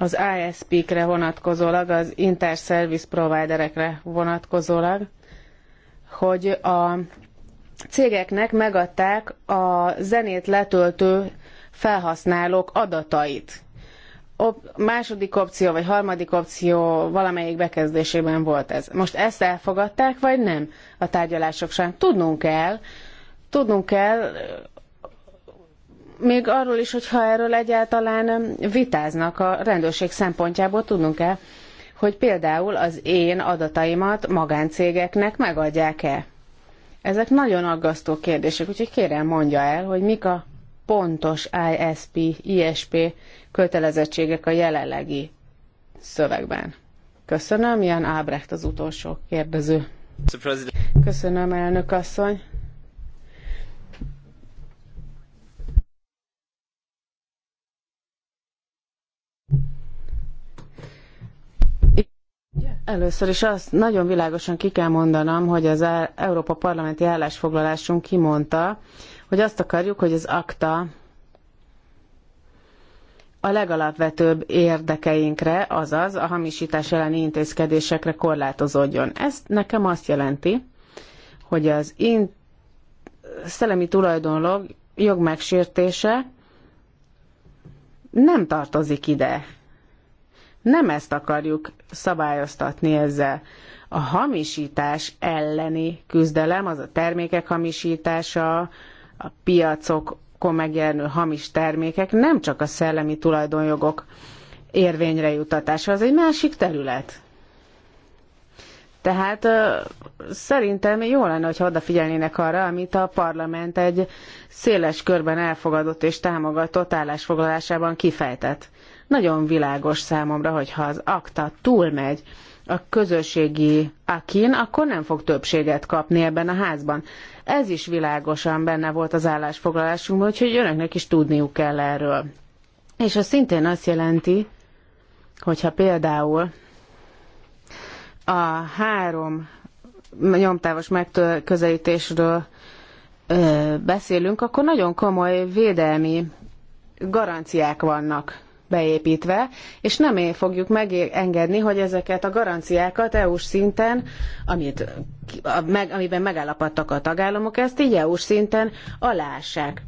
az ISP-kre vonatkozólag, az Interservice service providerekre vonatkozólag, hogy a cégeknek megadták a zenét letöltő felhasználók adatait. A második opció vagy harmadik opció valamelyik bekezdésében volt ez. Most ezt elfogadták, vagy nem a tárgyalások során? Tudnunk kell, tudnunk kell, még arról is, hogyha erről egyáltalán vitáznak a rendőrség szempontjából, tudnunk-e, hogy például az én adataimat magáncégeknek megadják-e? Ezek nagyon aggasztó kérdések, úgyhogy kérem mondja el, hogy mik a pontos ISP, ISP kötelezettségek a jelenlegi szövegben. Köszönöm, Jan Ábrecht az utolsó kérdező. Köszönöm, elnök asszony. Először is azt nagyon világosan ki kell mondanom, hogy az e- Európa Parlamenti állásfoglalásunk kimondta, hogy azt akarjuk, hogy az akta a legalapvetőbb érdekeinkre, azaz a hamisítás elleni intézkedésekre korlátozódjon. Ez nekem azt jelenti, hogy az in- szellemi tulajdonlog jogmegsértése megsértése nem tartozik ide nem ezt akarjuk szabályoztatni ezzel. A hamisítás elleni küzdelem, az a termékek hamisítása, a piacokon megjelenő hamis termékek, nem csak a szellemi tulajdonjogok érvényre jutatása, az egy másik terület. Tehát szerintem jó lenne, hogyha odafigyelnének arra, amit a parlament egy széles körben elfogadott és támogatott állásfoglalásában kifejtett. Nagyon világos számomra, hogy ha az akta túlmegy a közösségi akin, akkor nem fog többséget kapni ebben a házban. Ez is világosan benne volt az állásfoglalásunkban, úgyhogy önöknek is tudniuk kell erről. És az szintén azt jelenti, hogyha például a három nyomtávos megközelítésről beszélünk, akkor nagyon komoly védelmi garanciák vannak beépítve, és nem fogjuk megengedni, hogy ezeket a garanciákat EU-s szinten, amit, a, meg, amiben megállapodtak a tagállamok, ezt így EU-s szinten alássák.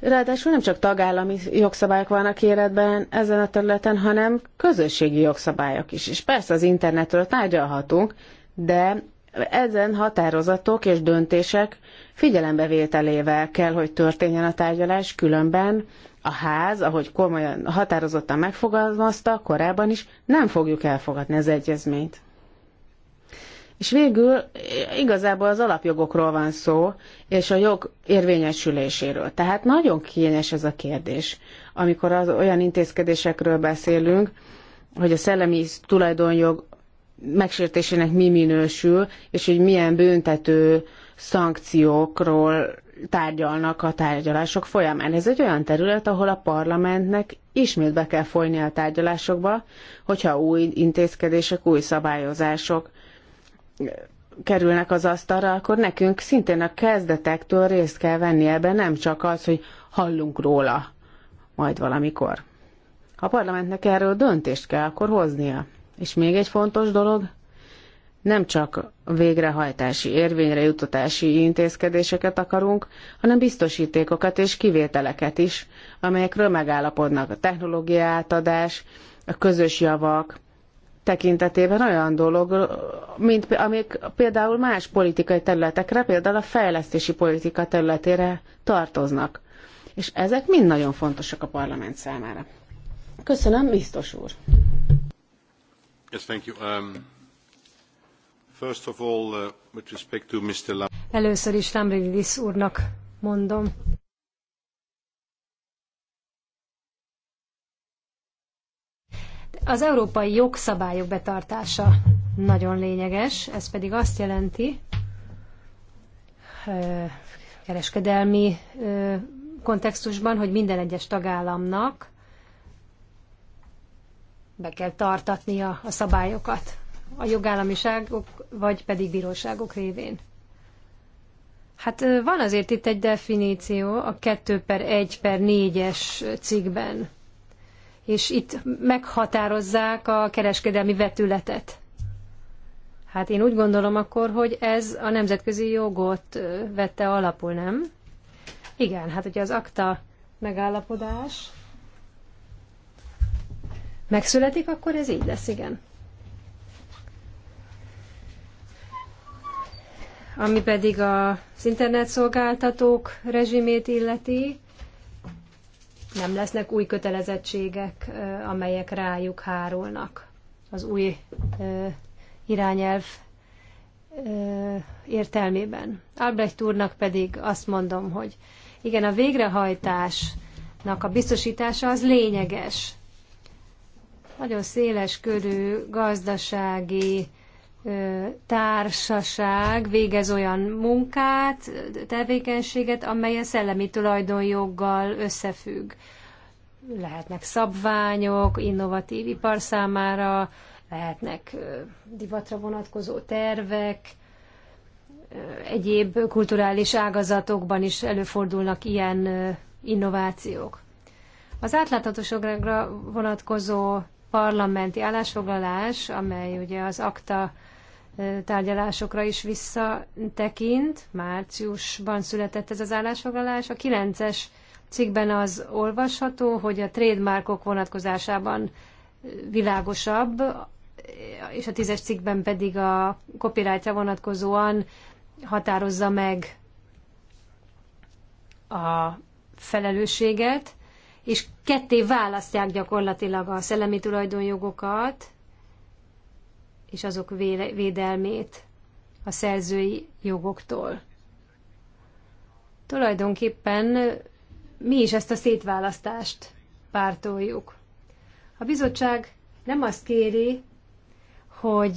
Ráadásul nem csak tagállami jogszabályok vannak életben ezen a területen, hanem közösségi jogszabályok is. És persze az internetről tárgyalhatunk, de ezen határozatok és döntések figyelembevételével kell, hogy történjen a tárgyalás, különben a ház, ahogy komolyan, határozottan megfogalmazta korábban is, nem fogjuk elfogadni az egyezményt. És végül igazából az alapjogokról van szó, és a jog érvényesüléséről. Tehát nagyon kényes ez a kérdés, amikor az olyan intézkedésekről beszélünk, hogy a szellemi tulajdonjog megsértésének mi minősül, és hogy milyen büntető szankciókról tárgyalnak a tárgyalások folyamán. Ez egy olyan terület, ahol a parlamentnek ismét be kell folyni a tárgyalásokba, hogyha új intézkedések, új szabályozások kerülnek az asztalra, akkor nekünk szintén a kezdetektől részt kell venni ebben, nem csak az, hogy hallunk róla majd valamikor. Ha a parlamentnek erről döntést kell, akkor hoznia. És még egy fontos dolog, nem csak végrehajtási, érvényre jutatási intézkedéseket akarunk, hanem biztosítékokat és kivételeket is, amelyekről megállapodnak a technológia átadás, a közös javak tekintetében olyan dolog, mint amik például más politikai területekre, például a fejlesztési politika területére tartoznak. És ezek mind nagyon fontosak a parlament számára. Köszönöm, biztos úr! Yes, thank you. Um... Uh, Először is Lambrinidis úrnak mondom. Az európai jogszabályok betartása nagyon lényeges, ez pedig azt jelenti, kereskedelmi kontextusban, hogy minden egyes tagállamnak be kell tartatnia a szabályokat a jogállamiságok, vagy pedig bíróságok révén. Hát van azért itt egy definíció a 2 per 1 per 4-es cikkben, és itt meghatározzák a kereskedelmi vetületet. Hát én úgy gondolom akkor, hogy ez a nemzetközi jogot vette alapul, nem? Igen, hát ugye az akta megállapodás megszületik, akkor ez így lesz, igen. Ami pedig az internetszolgáltatók rezsimét illeti, nem lesznek új kötelezettségek, amelyek rájuk hárulnak. Az új irányelv értelmében. Albrecht úrnak pedig azt mondom, hogy igen, a végrehajtásnak a biztosítása az lényeges. Nagyon széles körű gazdasági társaság végez olyan munkát, tevékenységet, amely a szellemi tulajdonjoggal összefügg. Lehetnek szabványok, innovatív ipar számára, lehetnek divatra vonatkozó tervek, egyéb kulturális ágazatokban is előfordulnak ilyen innovációk. Az átláthatóságra vonatkozó parlamenti állásfoglalás, amely ugye az akta tárgyalásokra is visszatekint. Márciusban született ez az állásfoglalás. A 9-es cikkben az olvasható, hogy a trademarkok vonatkozásában világosabb, és a 10-es cikkben pedig a copyrightra vonatkozóan határozza meg a felelősséget, és ketté választják gyakorlatilag a szellemi tulajdonjogokat, és azok védelmét a szerzői jogoktól. Tulajdonképpen mi is ezt a szétválasztást pártoljuk. A bizottság nem azt kéri, hogy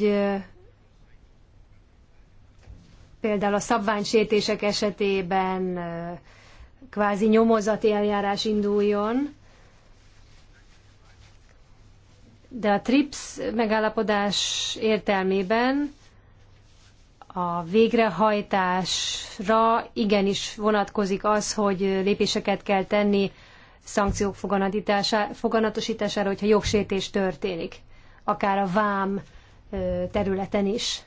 például a szabványsértések esetében kvázi nyomozati eljárás induljon, de a TRIPS megállapodás értelmében a végrehajtásra igenis vonatkozik az, hogy lépéseket kell tenni szankciók foganatosítására, hogyha jogsértés történik, akár a vám területen is.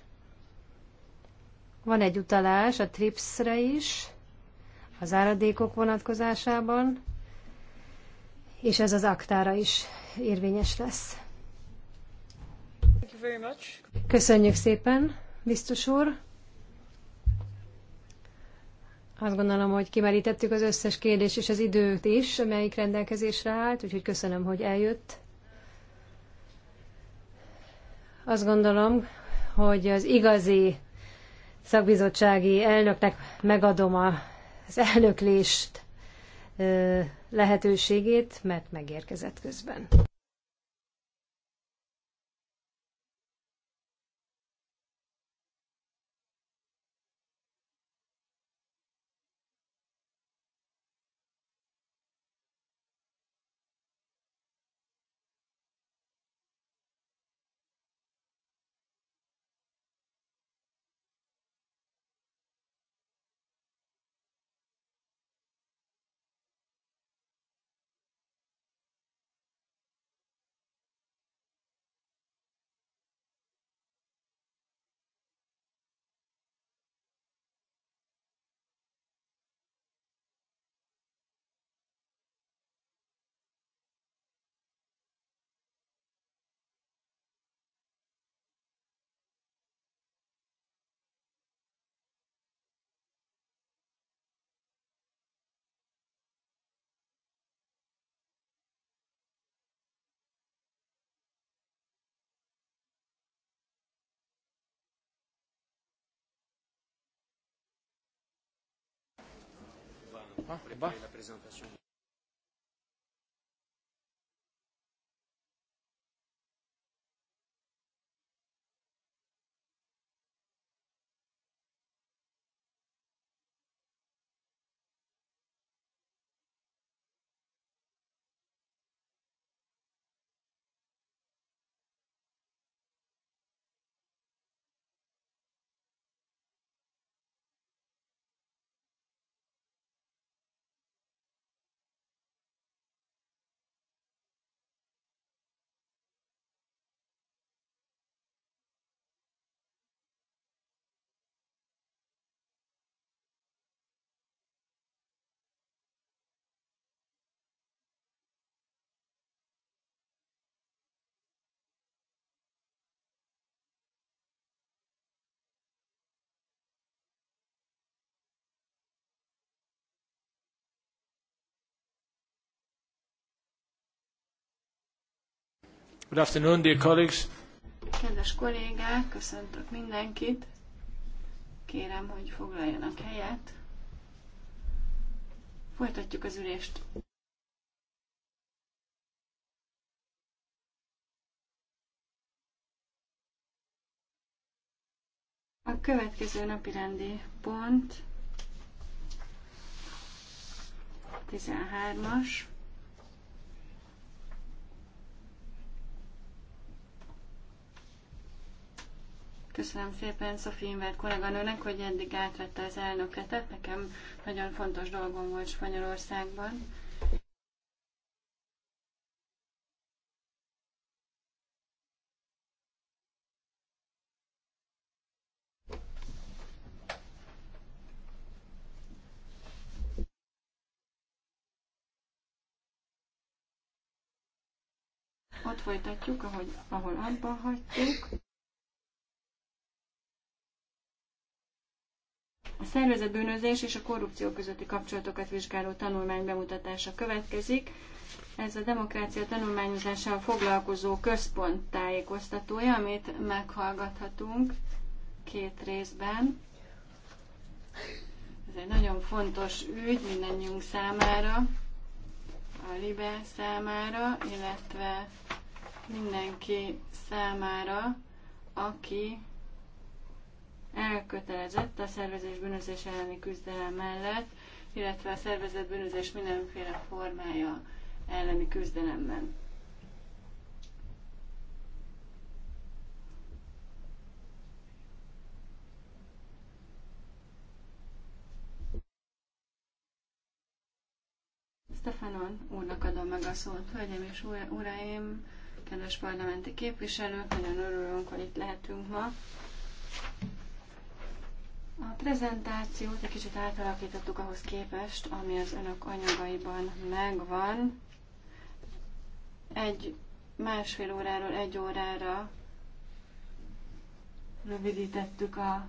Van egy utalás a TRIPS-re is, az áradékok vonatkozásában, és ez az aktára is érvényes lesz. Köszönjük szépen, biztos úr. Azt gondolom, hogy kimerítettük az összes kérdést és az időt is, amelyik rendelkezésre állt, úgyhogy köszönöm, hogy eljött. Azt gondolom, hogy az igazi szakbizottsági elnöknek megadom az elnöklést lehetőségét, mert megérkezett közben. Hein, là-bas Good afternoon, dear colleagues. Kedves kollégák, köszöntök mindenkit. Kérem, hogy foglaljanak helyet. Folytatjuk az ülést. A következő napi rendi pont 13-as. Köszönöm szépen Sophie Invert kolléganőnek, hogy eddig átvette az elnöketet. Nekem nagyon fontos dolgom volt Spanyolországban. Ott folytatjuk, ahogy, ahol abban hagytuk. szervezett bűnözés és a korrupció közötti kapcsolatokat vizsgáló tanulmány bemutatása következik. Ez a demokrácia tanulmányozással foglalkozó központ tájékoztatója, amit meghallgathatunk két részben. Ez egy nagyon fontos ügy mindannyiunk számára, a Libe számára, illetve mindenki számára, aki elkötelezett a szervezés bűnözés elleni küzdelem mellett, illetve a szervezett bűnözés mindenféle formája elleni küzdelemben. Stefanon úrnak adom meg a szót. Hölgyem és uraim, kedves parlamenti képviselők, nagyon örülünk, hogy itt lehetünk ma. A prezentációt egy kicsit átalakítottuk ahhoz képest, ami az önök anyagaiban megvan. Egy másfél óráról egy órára rövidítettük a,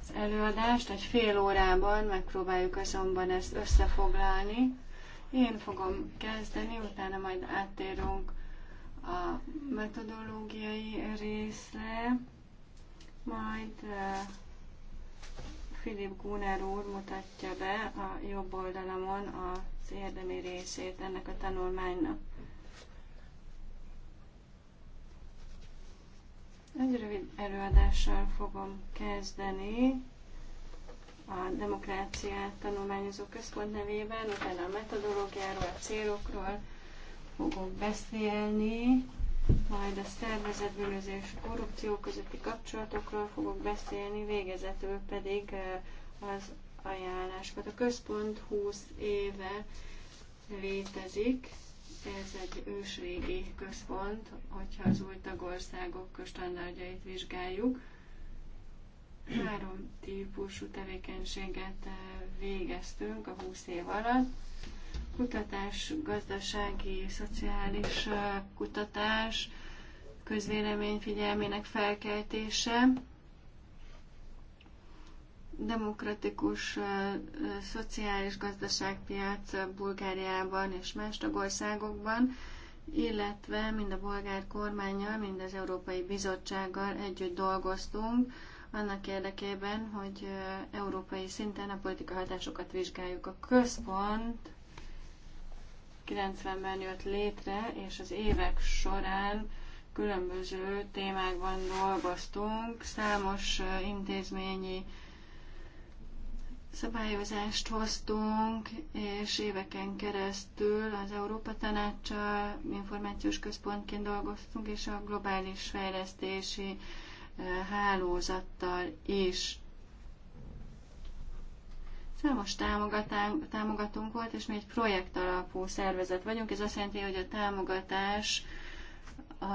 az előadást, egy fél órában megpróbáljuk azonban ezt összefoglalni. Én fogom kezdeni, utána majd áttérünk a metodológiai részre, majd eh, Filip Gunner úr mutatja be a jobb oldalamon az érdemi részét ennek a tanulmánynak. Egy rövid előadással fogom kezdeni a demokráciát tanulmányozó központ nevében, utána a metodológiáról, a célokról fogok beszélni, majd a szervezetbűnözés korrupció közötti kapcsolatokról fogok beszélni, végezetül pedig az ajánlásokat. A központ 20 éve létezik, ez egy ősrégi központ, hogyha az új tagországok standardjait vizsgáljuk. Három típusú tevékenységet végeztünk a 20 év alatt. Kutatás, gazdasági, szociális kutatás, közvélemény figyelmének felkeltése, demokratikus szociális gazdaságpiac Bulgáriában és más tagországokban, illetve mind a bolgár kormányjal, mind az Európai Bizottsággal együtt dolgoztunk, annak érdekében, hogy európai szinten a politika hatásokat vizsgáljuk. A központ 90-ben jött létre, és az évek során különböző témákban dolgoztunk, számos intézményi szabályozást hoztunk, és éveken keresztül az Európa Tanácssal információs központként dolgoztunk, és a globális fejlesztési hálózattal is. Számos támogatunk volt, és mi egy projekt alapú szervezet vagyunk. Ez azt jelenti, hogy a támogatás a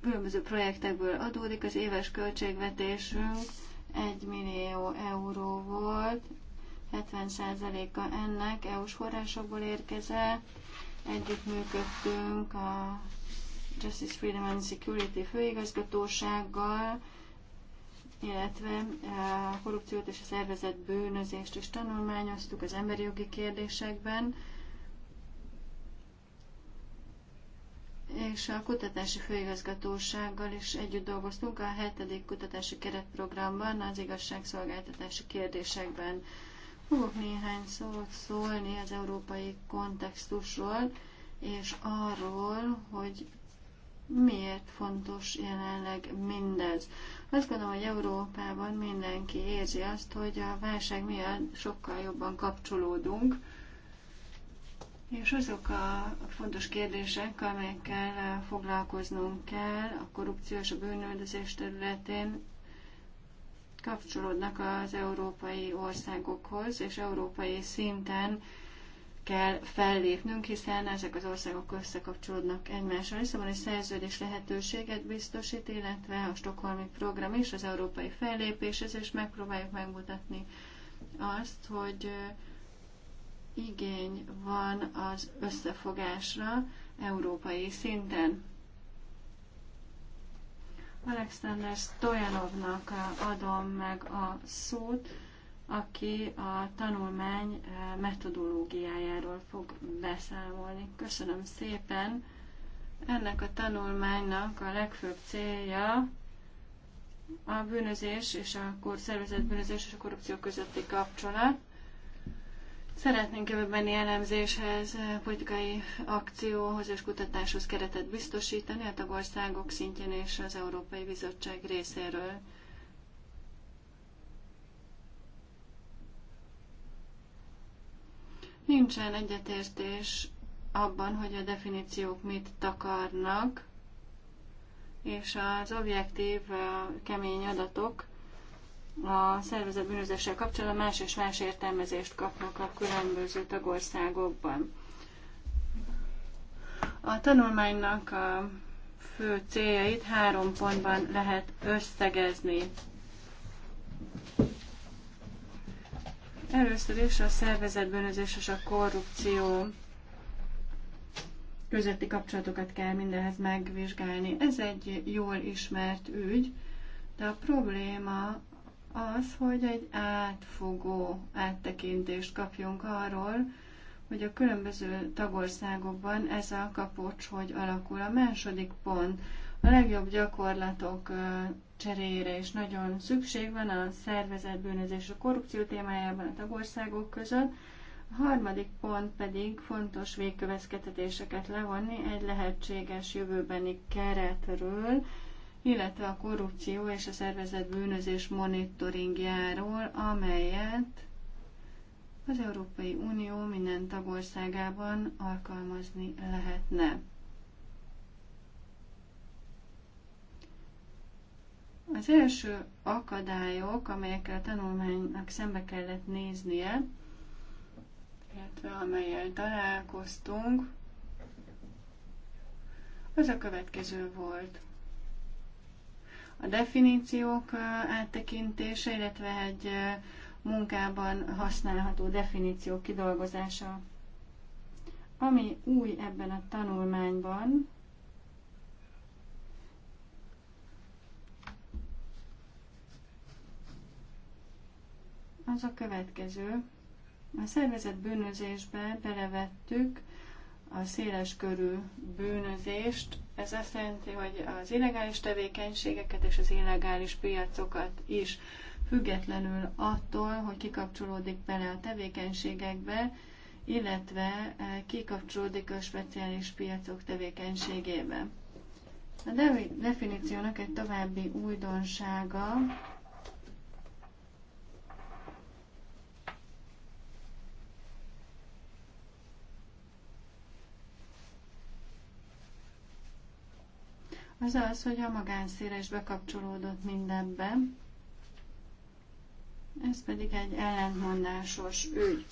különböző projektekből adódik. Az éves költségvetésünk 1 millió euró volt, 70%-a ennek EU-s forrásokból érkezett. működtünk a Justice Freedom and Security főigazgatósággal, illetve eh, a korrupciót és a szervezett bűnözést is tanulmányoztuk az emberi jogi kérdésekben, és a kutatási főigazgatósággal is együtt dolgoztunk a hetedik kutatási keretprogramban az igazságszolgáltatási kérdésekben. Fogok néhány szót szólni az európai kontextusról, és arról, hogy Miért fontos jelenleg mindez? Azt gondolom, hogy Európában mindenki érzi azt, hogy a válság miatt sokkal jobban kapcsolódunk, és azok a fontos kérdések, amelyekkel foglalkoznunk kell a korrupció és a bűnöldözés területén, kapcsolódnak az európai országokhoz, és európai szinten kell fellépnünk, hiszen ezek az országok összekapcsolódnak egymással. Szóval egy szerződés lehetőséget biztosít, illetve a Stockholmi program is, az európai fellépéshez, és megpróbáljuk megmutatni azt, hogy igény van az összefogásra európai szinten. Alexander Stojanovnak adom meg a szót aki a tanulmány eh, metodológiájáról fog beszámolni. Köszönöm szépen! Ennek a tanulmánynak a legfőbb célja a bűnözés és a szervezett bűnözés és a korrupció közötti kapcsolat. Szeretnénk jövőbeni elemzéshez, eh, politikai akcióhoz és kutatáshoz keretet biztosítani a tagországok szintjén és az Európai Bizottság részéről. Nincsen egyetértés abban, hogy a definíciók mit takarnak, és az objektív kemény adatok a szervezet bűnözéssel kapcsolatban más és más értelmezést kapnak a különböző tagországokban. A tanulmánynak a fő céljait három pontban lehet összegezni. Először is a szervezetbűnözés és a korrupció közötti kapcsolatokat kell mindenhez megvizsgálni. Ez egy jól ismert ügy, de a probléma az, hogy egy átfogó áttekintést kapjunk arról, hogy a különböző tagországokban ez a kapocs hogy alakul. A második pont, a legjobb gyakorlatok cseréjére is nagyon szükség van a szervezett bűnözés a korrupció témájában a tagországok között. A harmadik pont pedig fontos végkövetkeztetéseket levonni egy lehetséges jövőbeni keretről, illetve a korrupció és a szervezett bűnözés monitoringjáról, amelyet az Európai Unió minden tagországában alkalmazni lehetne. Az első akadályok, amelyekkel a tanulmánynak szembe kellett néznie, illetve amelyel találkoztunk, az a következő volt. A definíciók áttekintése, illetve egy munkában használható definíció kidolgozása. Ami új ebben a tanulmányban, az a következő. A szervezet bűnözésbe belevettük a széles körű bűnözést. Ez azt jelenti, hogy az illegális tevékenységeket és az illegális piacokat is függetlenül attól, hogy kikapcsolódik bele a tevékenységekbe, illetve eh, kikapcsolódik a speciális piacok tevékenységébe. A definíciónak egy további újdonsága az az, hogy a magánszféra is bekapcsolódott mindebbe. Ez pedig egy ellentmondásos ügy.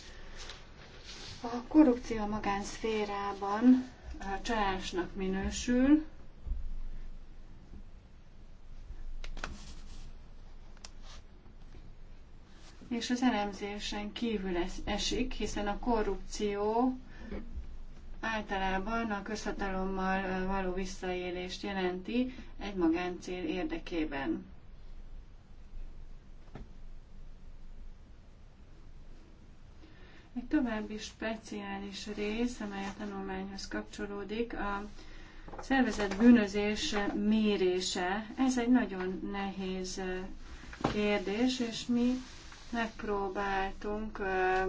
A korrupció a magánszférában a csalásnak minősül, és az elemzésen kívül esik, hiszen a korrupció általában a közhatalommal való visszaélést jelenti egy magáncél érdekében. Egy további speciális rész, amely a tanulmányhoz kapcsolódik, a szervezet bűnözés mérése. Ez egy nagyon nehéz kérdés, és mi megpróbáltunk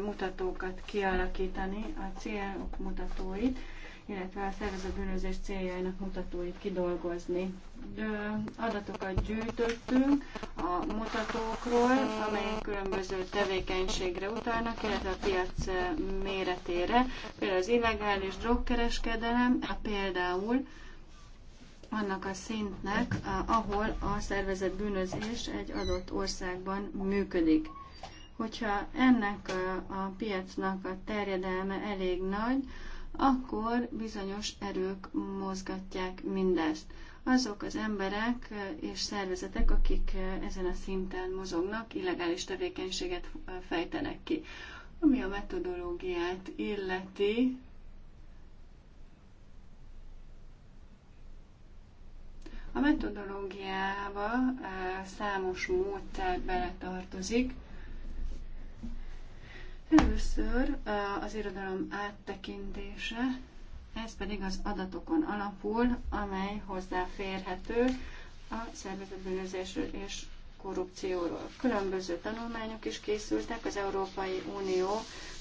mutatókat kialakítani, a célok mutatóit, illetve a szervezet bűnözés céljainak mutatóit kidolgozni. Adatokat gyűjtöttünk a mutatókról, amelyek különböző tevékenységre utalnak, illetve a piac méretére, például az illegális drogkereskedelem, például annak a szintnek, ahol a szervezet bűnözés egy adott országban működik hogyha ennek a, a piacnak a terjedelme elég nagy, akkor bizonyos erők mozgatják mindezt. Azok az emberek és szervezetek, akik ezen a szinten mozognak, illegális tevékenységet fejtenek ki. Ami a metodológiát illeti, a metodológiába számos módszer beletartozik, Először eh, az irodalom áttekintése, ez pedig az adatokon alapul, amely hozzáférhető a szervezetbűnözésről és korrupcióról. Különböző tanulmányok is készültek az Európai Unió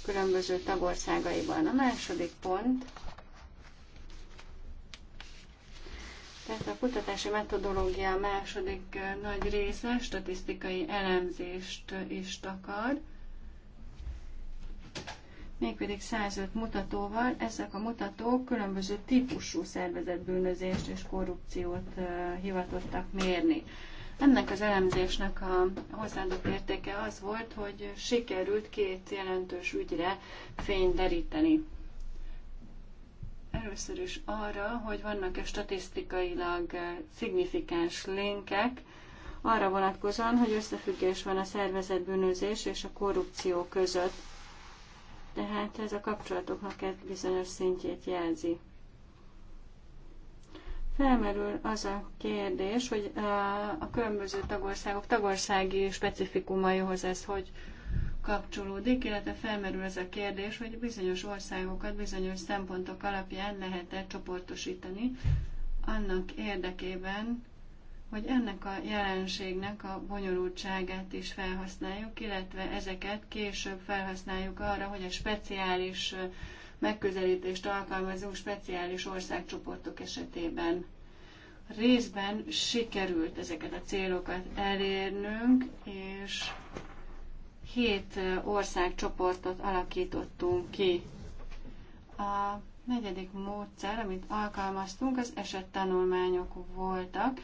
különböző tagországaiban. A második pont, tehát a kutatási metodológia második eh, nagy része statisztikai elemzést is takar mégpedig 105 mutatóval. Ezek a mutatók különböző típusú szervezetbűnözést és korrupciót hivatottak mérni. Ennek az elemzésnek a hozzáadott értéke az volt, hogy sikerült két jelentős ügyre fényt deríteni. Először is arra, hogy vannak-e statisztikailag szignifikáns linkek, arra vonatkozóan, hogy összefüggés van a szervezetbűnözés és a korrupció között. Tehát ez a kapcsolatoknak egy bizonyos szintjét jelzi. Felmerül az a kérdés, hogy a különböző tagországok tagországi specifikumaihoz ez hogy kapcsolódik, illetve felmerül ez a kérdés, hogy bizonyos országokat bizonyos szempontok alapján lehet-e csoportosítani annak érdekében, hogy ennek a jelenségnek a bonyolultságát is felhasználjuk, illetve ezeket később felhasználjuk arra, hogy a speciális megközelítést alkalmazunk speciális országcsoportok esetében. Részben sikerült ezeket a célokat elérnünk, és hét országcsoportot alakítottunk ki. A negyedik módszer, amit alkalmaztunk, az esettanulmányok voltak.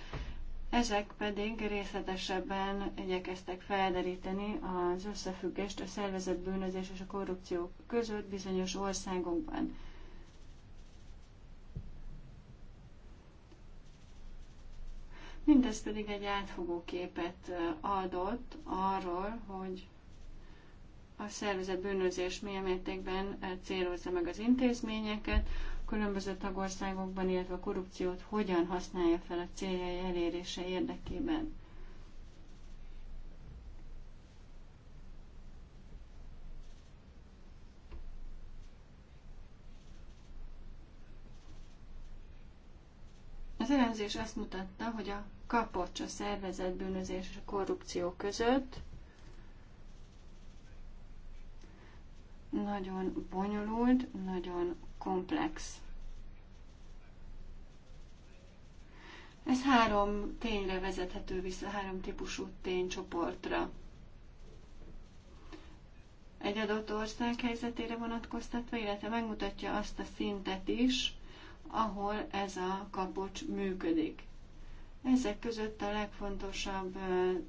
Ezek pedig részletesebben igyekeztek felderíteni az összefüggést a szervezett bűnözés és a korrupció között bizonyos országokban. Mindez pedig egy átfogó képet adott arról, hogy a szervezett bűnözés milyen mértékben célozza meg az intézményeket, különböző tagországokban, illetve a korrupciót hogyan használja fel a céljai elérése érdekében. Az elemzés azt mutatta, hogy a kapocs a bűnözés és a korrupció között nagyon bonyolult, nagyon komplex. Ez három tényre vezethető vissza, három típusú ténycsoportra. Egy adott ország helyzetére vonatkoztatva, illetve megmutatja azt a szintet is, ahol ez a kapocs működik. Ezek között a legfontosabb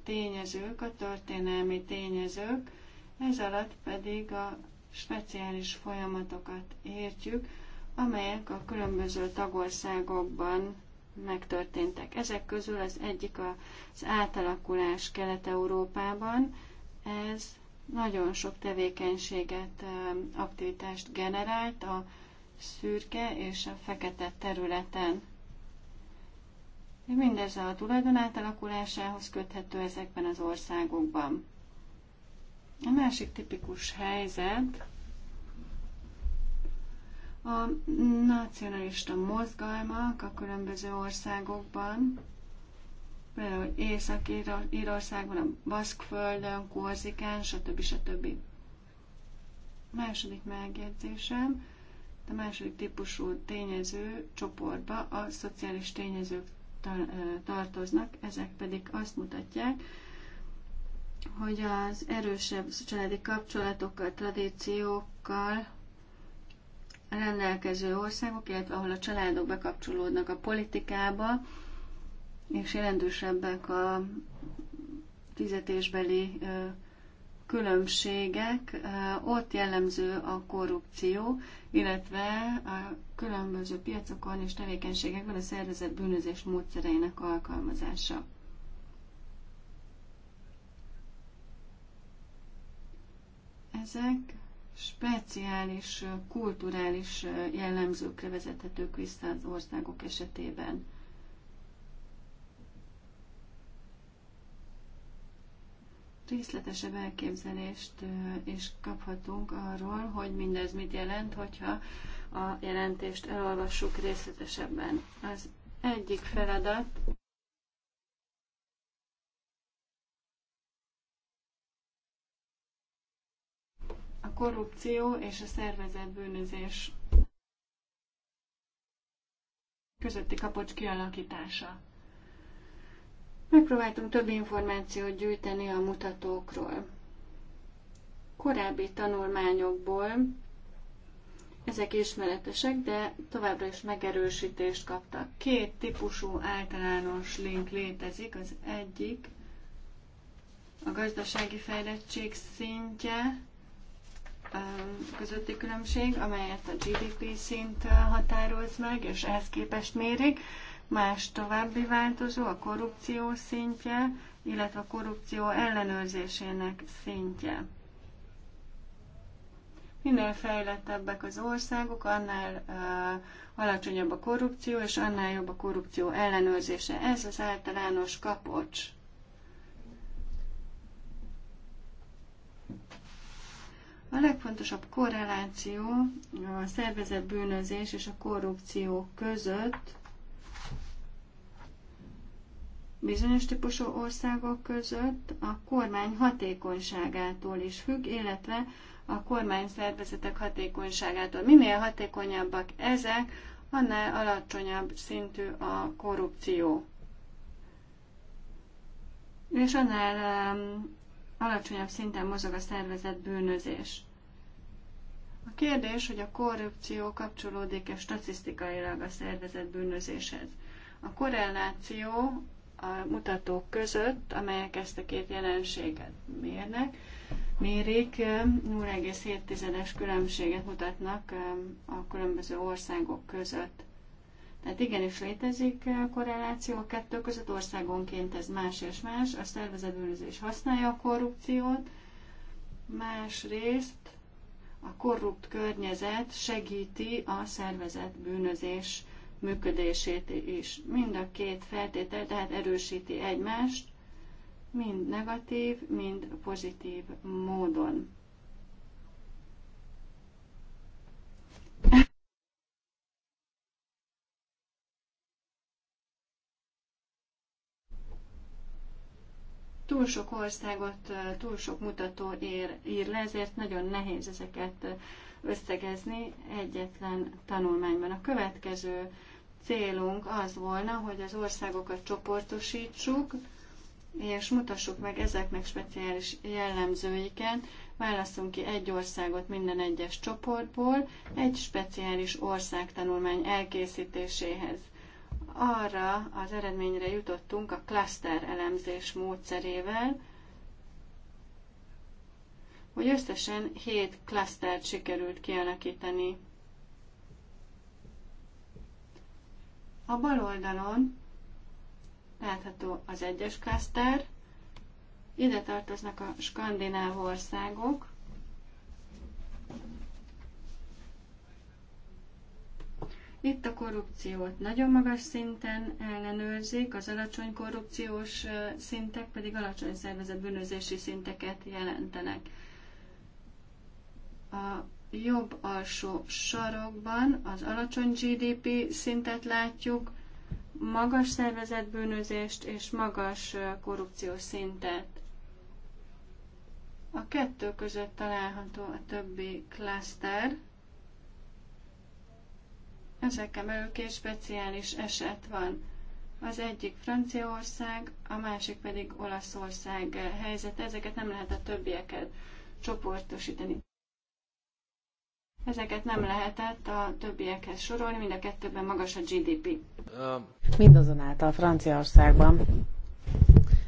tényezők, a történelmi tényezők, ez alatt pedig a speciális folyamatokat értjük, amelyek a különböző tagországokban megtörténtek. Ezek közül az egyik az átalakulás Kelet-Európában. Ez nagyon sok tevékenységet, aktivitást generált a szürke és a fekete területen. Mindez a tulajdon átalakulásához köthető ezekben az országokban. A másik tipikus helyzet a nacionalista mozgalmak a különböző országokban, például Észak-Írországban, a Baszkföldön, Korzikán, stb. stb. Második megjegyzésem, a második típusú tényező csoportba a szociális tényezők tartoznak, ezek pedig azt mutatják, hogy az erősebb családi kapcsolatokkal, tradíciókkal rendelkező országok, illetve ahol a családok bekapcsolódnak a politikába, és jelentősebbek a fizetésbeli különbségek, ott jellemző a korrupció, illetve a különböző piacokon és tevékenységekben a szervezet bűnözés módszereinek alkalmazása. Ezek speciális kulturális jellemzőkre vezethetők vissza az országok esetében. Részletesebb elképzelést is kaphatunk arról, hogy mindez mit jelent, hogyha a jelentést elolvassuk részletesebben. Az egyik feladat a korrupció és a szervezett bűnözés közötti kapocs kialakítása. Megpróbáltunk több információt gyűjteni a mutatókról. Korábbi tanulmányokból ezek ismeretesek, de továbbra is megerősítést kaptak. Két típusú általános link létezik. Az egyik a gazdasági fejlettség szintje, közötti különbség, amelyet a GDP szint határoz meg, és ehhez képest mérik. Más további változó a korrupció szintje, illetve a korrupció ellenőrzésének szintje. Minél fejlettebbek az országok, annál uh, alacsonyabb a korrupció, és annál jobb a korrupció ellenőrzése. Ez az általános kapocs. A legfontosabb korreláció a szervezett bűnözés és a korrupció között bizonyos típusú országok között a kormány hatékonyságától is függ, illetve a kormány szervezetek hatékonyságától. Minél hatékonyabbak ezek, annál alacsonyabb szintű a korrupció. És annál alacsonyabb szinten mozog a szervezet bűnözés. A kérdés, hogy a korrupció kapcsolódik-e statisztikailag a szervezet bűnözéshez. A korreláció a mutatók között, amelyek ezt a két jelenséget mérnek, mérik, 0,7-es különbséget mutatnak um, a különböző országok között. Tehát igenis létezik eh, korreláció a kettő között, országonként ez más és más, a szervezetbűnözés használja a korrupciót, másrészt a korrupt környezet segíti a szervezetbűnözés működését is. Mind a két feltétel tehát erősíti egymást, mind negatív, mind pozitív módon. túl sok országot, túl sok mutató ér, ír le, ezért nagyon nehéz ezeket összegezni egyetlen tanulmányban. A következő célunk az volna, hogy az országokat csoportosítsuk, és mutassuk meg ezeknek speciális jellemzőiket, válasszunk ki egy országot minden egyes csoportból egy speciális országtanulmány elkészítéséhez arra az eredményre jutottunk a cluster elemzés módszerével, hogy összesen 7 klasztert sikerült kialakítani. A bal oldalon látható az egyes klaszter, ide tartoznak a skandináv országok, Itt a korrupciót nagyon magas szinten ellenőrzik, az alacsony korrupciós szintek pedig alacsony szervezetbűnözési szinteket jelentenek. A jobb alsó sarokban az alacsony GDP szintet látjuk, magas szervezetbűnözést és magas korrupciós szintet. A kettő között található a többi klaszter, Ezeken belül speciális eset van. Az egyik Franciaország, a másik pedig Olaszország helyzet. Ezeket nem lehet a többieket csoportosítani. Ezeket nem lehetett a többiekhez sorolni, mind a kettőben magas a GDP. Mindazonáltal Franciaországban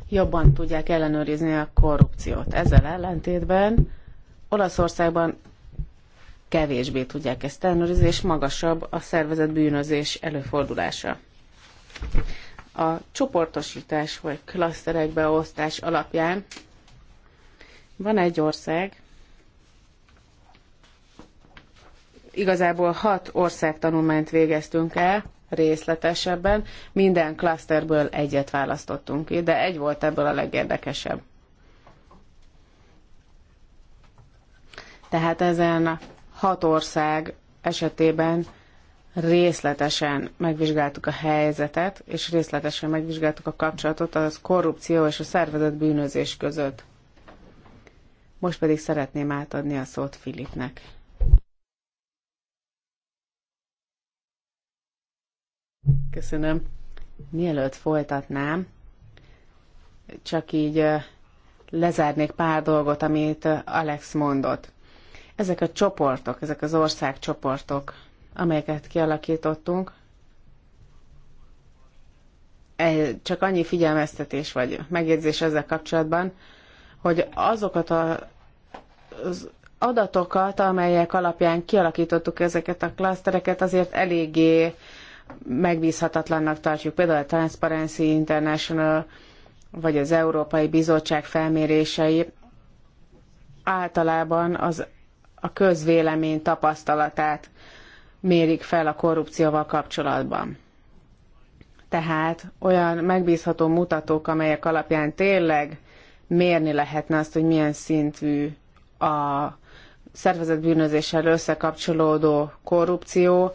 jobban tudják ellenőrizni a korrupciót. Ezzel ellentétben Olaszországban kevésbé tudják ezt ellenőrizni, és magasabb a szervezet bűnözés előfordulása. A csoportosítás vagy klaszterek beosztás alapján van egy ország, igazából hat ország tanulmányt végeztünk el, részletesebben. Minden klaszterből egyet választottunk ki, de egy volt ebből a legérdekesebb. Tehát ezen hat ország esetében részletesen megvizsgáltuk a helyzetet, és részletesen megvizsgáltuk a kapcsolatot az korrupció és a szervezett bűnözés között. Most pedig szeretném átadni a szót Filipnek. Köszönöm. Mielőtt folytatnám, csak így lezárnék pár dolgot, amit Alex mondott. Ezek a csoportok, ezek az országcsoportok, amelyeket kialakítottunk, e, csak annyi figyelmeztetés vagy megjegyzés ezzel kapcsolatban, hogy azokat a, az adatokat, amelyek alapján kialakítottuk ezeket a klasztereket, azért eléggé megbízhatatlannak tartjuk. Például a Transparency International vagy az Európai Bizottság felmérései általában az a közvélemény tapasztalatát mérik fel a korrupcióval kapcsolatban. Tehát olyan megbízható mutatók, amelyek alapján tényleg mérni lehetne azt, hogy milyen szintű a szervezetbűnözéssel összekapcsolódó korrupció,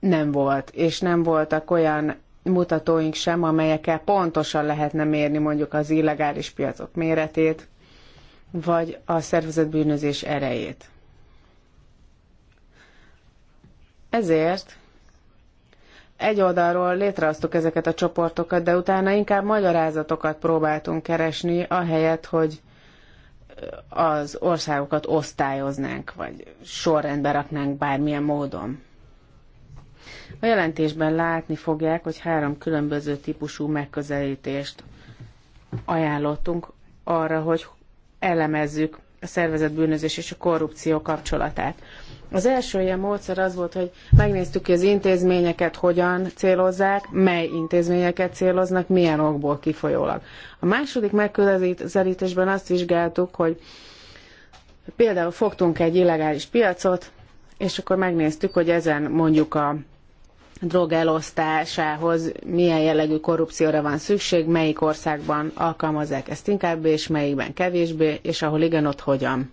nem volt, és nem voltak olyan mutatóink sem, amelyekkel pontosan lehetne mérni mondjuk az illegális piacok méretét, vagy a szervezetbűnözés erejét. Ezért egy oldalról létrehoztuk ezeket a csoportokat, de utána inkább magyarázatokat próbáltunk keresni, ahelyett, hogy az országokat osztályoznánk, vagy sorrendbe raknánk bármilyen módon. A jelentésben látni fogják, hogy három különböző típusú megközelítést ajánlottunk arra, hogy elemezzük a szervezett bűnözés és a korrupció kapcsolatát. Az első ilyen módszer az volt, hogy megnéztük, hogy az intézményeket hogyan célozzák, mely intézményeket céloznak, milyen okból kifolyólag. A második megközelítésben azt vizsgáltuk, hogy például fogtunk egy illegális piacot, és akkor megnéztük, hogy ezen mondjuk a drog elosztásához milyen jellegű korrupcióra van szükség, melyik országban alkalmazzák ezt inkább, és melyikben kevésbé, és ahol igen, ott hogyan.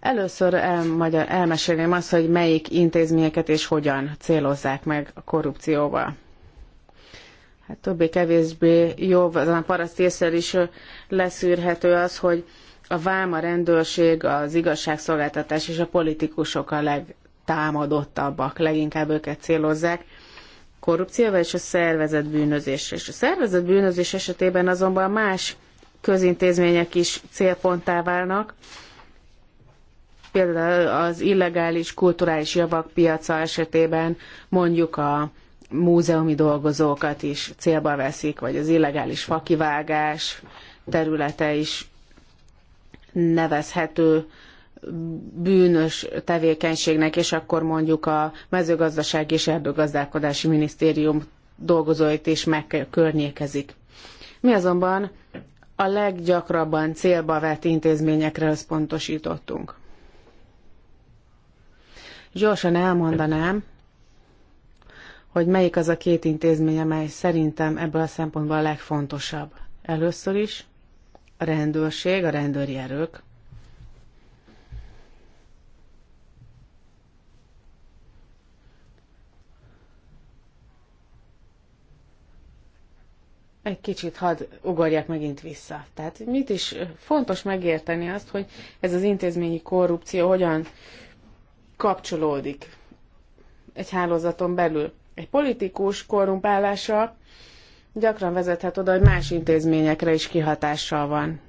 Először elmagyar, elmesélném azt, hogy melyik intézményeket és hogyan célozzák meg a korrupcióval. Hát többé-kevésbé jobb, az a paraszt észre is leszűrhető az, hogy a vám, a rendőrség, az igazságszolgáltatás és a politikusok a legtámadottabbak, leginkább őket célozzák korrupcióval és a szervezett bűnözésre. És a szervezett bűnözés esetében azonban más közintézmények is célponttá válnak, például az illegális kulturális javak piaca esetében mondjuk a múzeumi dolgozókat is célba veszik, vagy az illegális fakivágás területe is nevezhető bűnös tevékenységnek, és akkor mondjuk a mezőgazdaság és erdőgazdálkodási minisztérium dolgozóit is megkörnyékezik. Mi azonban a leggyakrabban célba vett intézményekre összpontosítottunk. Gyorsan elmondanám, hogy melyik az a két intézmény, amely szerintem ebből a szempontból a legfontosabb. Először is a rendőrség, a rendőri erők. Egy kicsit hadd ugorják megint vissza. Tehát mit is fontos megérteni azt, hogy ez az intézményi korrupció hogyan kapcsolódik egy hálózaton belül. Egy politikus korrumpálása gyakran vezethet oda, hogy más intézményekre is kihatással van.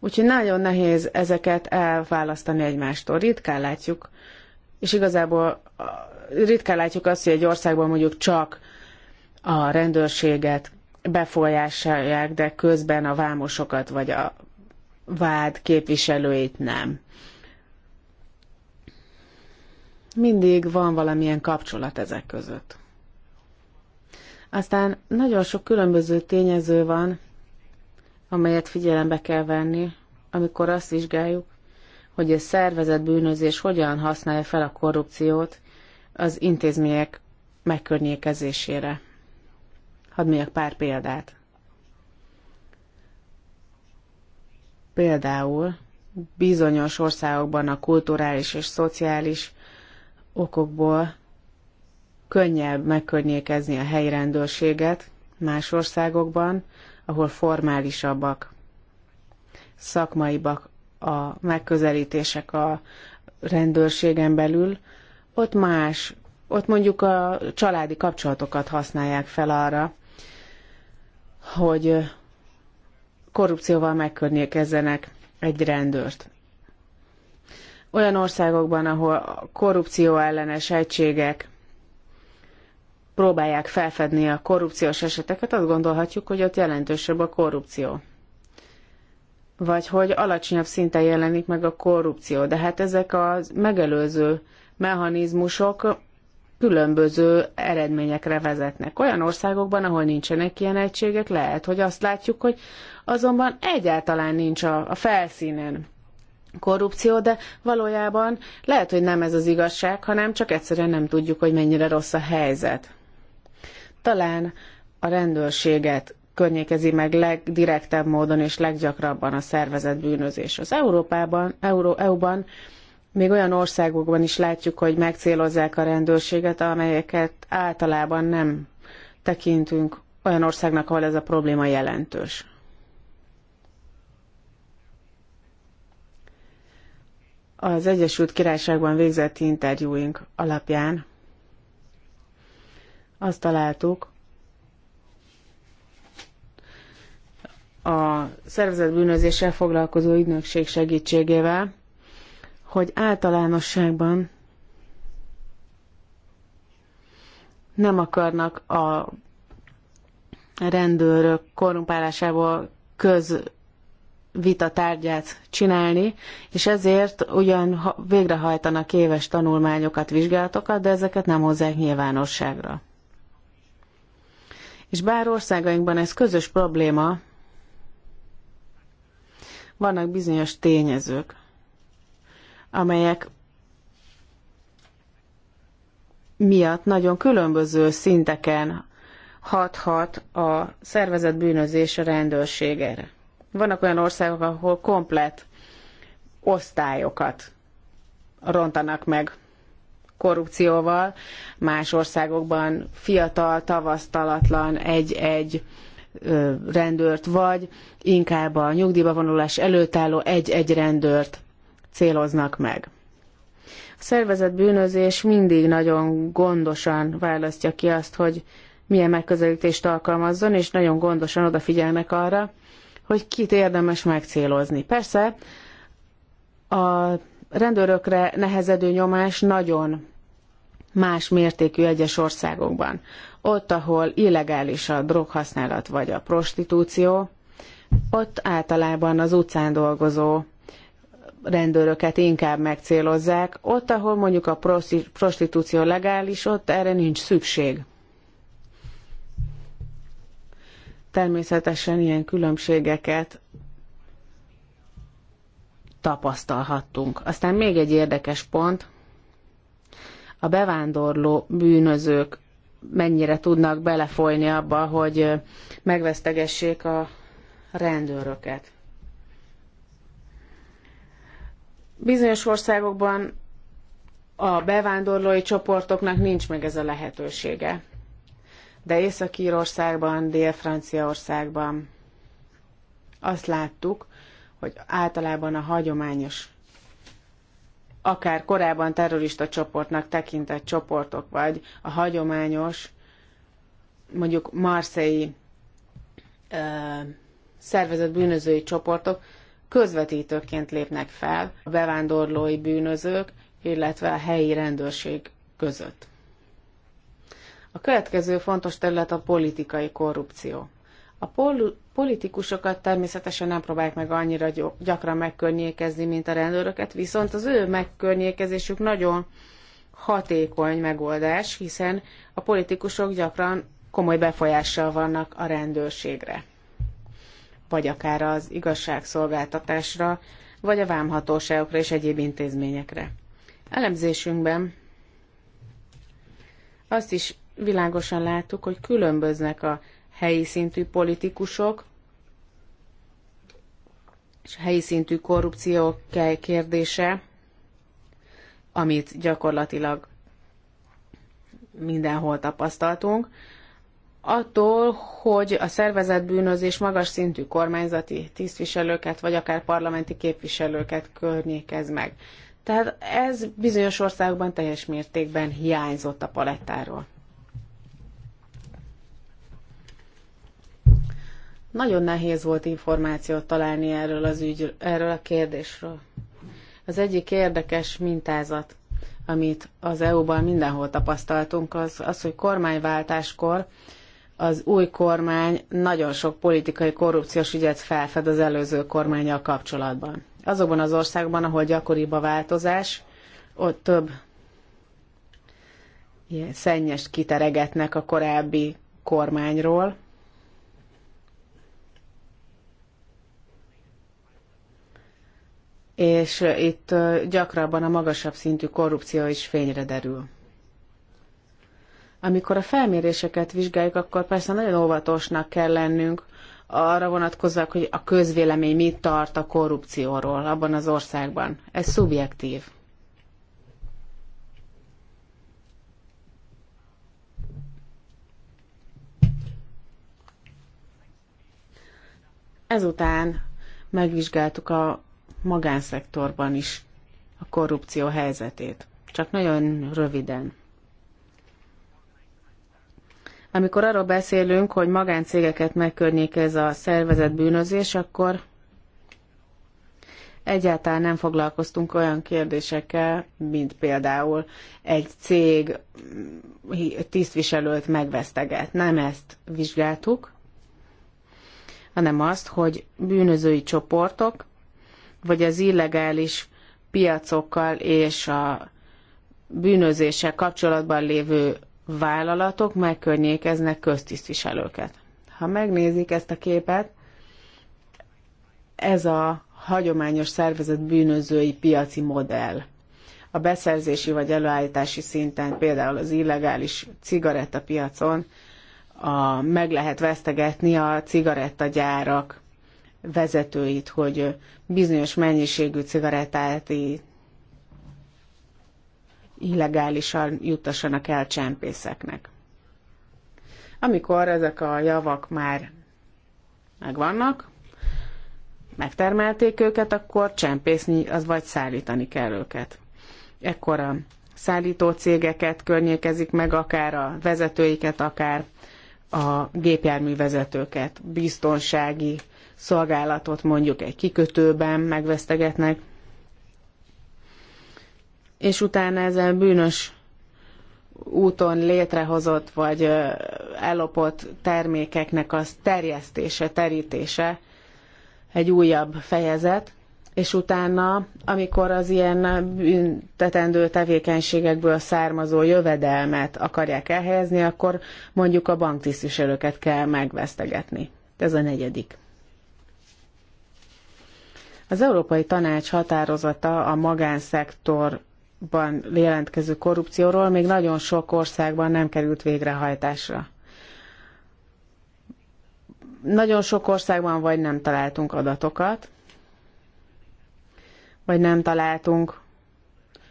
Úgyhogy nagyon nehéz ezeket elválasztani egymástól. Ritkán látjuk, és igazából ritkán látjuk azt, hogy egy országban mondjuk csak a rendőrséget befolyásolják, de közben a vámosokat vagy a vád képviselőit nem mindig van valamilyen kapcsolat ezek között. Aztán nagyon sok különböző tényező van, amelyet figyelembe kell venni, amikor azt vizsgáljuk, hogy a szervezett bűnözés hogyan használja fel a korrupciót az intézmények megkörnyékezésére. Hadd mondjak pár példát. Például bizonyos országokban a kulturális és szociális okokból könnyebb megkörnyékezni a helyi rendőrséget más országokban, ahol formálisabbak, szakmaibak a megközelítések a rendőrségen belül, ott más, ott mondjuk a családi kapcsolatokat használják fel arra, hogy korrupcióval megkörnyékezzenek egy rendőrt olyan országokban, ahol korrupció ellenes egységek próbálják felfedni a korrupciós eseteket, azt gondolhatjuk, hogy ott jelentősebb a korrupció. Vagy hogy alacsonyabb szinten jelenik meg a korrupció. De hát ezek a megelőző mechanizmusok különböző eredményekre vezetnek. Olyan országokban, ahol nincsenek ilyen egységek, lehet, hogy azt látjuk, hogy azonban egyáltalán nincs a, a felszínen korrupció, de valójában lehet, hogy nem ez az igazság, hanem csak egyszerűen nem tudjuk, hogy mennyire rossz a helyzet. Talán a rendőrséget környékezi meg legdirektebb módon és leggyakrabban a szervezett bűnözés. Az Európában, Euró, EU-ban még olyan országokban is látjuk, hogy megcélozzák a rendőrséget, amelyeket általában nem tekintünk olyan országnak, ahol ez a probléma jelentős. az Egyesült Királyságban végzett interjúink alapján azt találtuk, a szervezetbűnözéssel foglalkozó ügynökség segítségével, hogy általánosságban nem akarnak a rendőrök korrumpálásából köz vita tárgyát csinálni, és ezért ugyan végrehajtanak éves tanulmányokat, vizsgálatokat, de ezeket nem hozzák nyilvánosságra. És bár országainkban ez közös probléma, vannak bizonyos tényezők, amelyek miatt nagyon különböző szinteken hathat a szervezet bűnözés a rendőrségére. Vannak olyan országok, ahol komplet osztályokat rontanak meg korrupcióval, más országokban fiatal, tavasztalatlan egy-egy rendőrt, vagy inkább a nyugdíjba vonulás előtt álló egy-egy rendőrt céloznak meg. A szervezett bűnözés mindig nagyon gondosan választja ki azt, hogy milyen megközelítést alkalmazzon, és nagyon gondosan odafigyelnek arra, hogy kit érdemes megcélozni. Persze a rendőrökre nehezedő nyomás nagyon más mértékű egyes országokban. Ott, ahol illegális a droghasználat vagy a prostitúció, ott általában az utcán dolgozó rendőröket inkább megcélozzák. Ott, ahol mondjuk a prostitúció legális, ott erre nincs szükség. Természetesen ilyen különbségeket tapasztalhattunk. Aztán még egy érdekes pont, a bevándorló bűnözők mennyire tudnak belefolyni abba, hogy megvesztegessék a rendőröket. Bizonyos országokban a bevándorlói csoportoknak nincs meg ez a lehetősége de Észak-Írországban, Dél-Franciaországban azt láttuk, hogy általában a hagyományos, akár korábban terrorista csoportnak tekintett csoportok, vagy a hagyományos, mondjuk marszei ö, szervezett bűnözői csoportok közvetítőként lépnek fel a bevándorlói bűnözők, illetve a helyi rendőrség között. A következő fontos terület a politikai korrupció. A pol- politikusokat természetesen nem próbálják meg annyira gyakran megkörnyékezni, mint a rendőröket, viszont az ő megkörnyékezésük nagyon hatékony megoldás, hiszen a politikusok gyakran komoly befolyással vannak a rendőrségre, vagy akár az igazságszolgáltatásra, vagy a vámhatóságokra és egyéb intézményekre. Elemzésünkben azt is világosan láttuk, hogy különböznek a helyi szintű politikusok, és helyi szintű korrupció kérdése, amit gyakorlatilag mindenhol tapasztaltunk, attól, hogy a szervezetbűnözés magas szintű kormányzati tisztviselőket, vagy akár parlamenti képviselőket környékez meg. Tehát ez bizonyos országokban teljes mértékben hiányzott a palettáról. Nagyon nehéz volt információt találni erről az ügy, erről a kérdésről. Az egyik érdekes mintázat, amit az EU-ban mindenhol tapasztaltunk, az az, hogy kormányváltáskor az új kormány nagyon sok politikai korrupciós ügyet felfed az előző kormányjal kapcsolatban. Azokban az országban, ahol gyakoribb a változás, ott több ilyen szennyest kiteregetnek a korábbi kormányról, és itt gyakrabban a magasabb szintű korrupció is fényre derül. Amikor a felméréseket vizsgáljuk, akkor persze nagyon óvatosnak kell lennünk arra vonatkozzak, hogy a közvélemény mit tart a korrupcióról abban az országban. Ez szubjektív. Ezután megvizsgáltuk a magánszektorban is a korrupció helyzetét. Csak nagyon röviden. Amikor arról beszélünk, hogy magáncégeket megkörnyékez a szervezet bűnözés, akkor egyáltalán nem foglalkoztunk olyan kérdésekkel, mint például egy cég tisztviselőt megveszteget. Nem ezt vizsgáltuk, hanem azt, hogy bűnözői csoportok vagy az illegális piacokkal és a bűnözéssel kapcsolatban lévő vállalatok megkörnyékeznek köztisztviselőket. Ha megnézik ezt a képet, ez a hagyományos szervezet bűnözői piaci modell. A beszerzési vagy előállítási szinten, például az illegális cigarettapiacon a, meg lehet vesztegetni a cigarettagyárak vezetőit, hogy bizonyos mennyiségű cigarettát illegálisan juttassanak el csempészeknek. Amikor ezek a javak már megvannak, megtermelték őket, akkor csempészni, az vagy szállítani kell őket. Ekkor a szállító cégeket környékezik meg, akár a vezetőiket, akár a gépjárművezetőket, biztonsági szolgálatot mondjuk egy kikötőben megvesztegetnek, és utána ezen bűnös úton létrehozott vagy ellopott termékeknek az terjesztése, terítése egy újabb fejezet, és utána, amikor az ilyen büntetendő tevékenységekből származó jövedelmet akarják elhelyezni, akkor mondjuk a banktisztviselőket kell megvesztegetni. Ez a negyedik. Az Európai Tanács határozata a magánszektorban jelentkező korrupcióról még nagyon sok országban nem került végrehajtásra. Nagyon sok országban vagy nem találtunk adatokat, vagy nem találtunk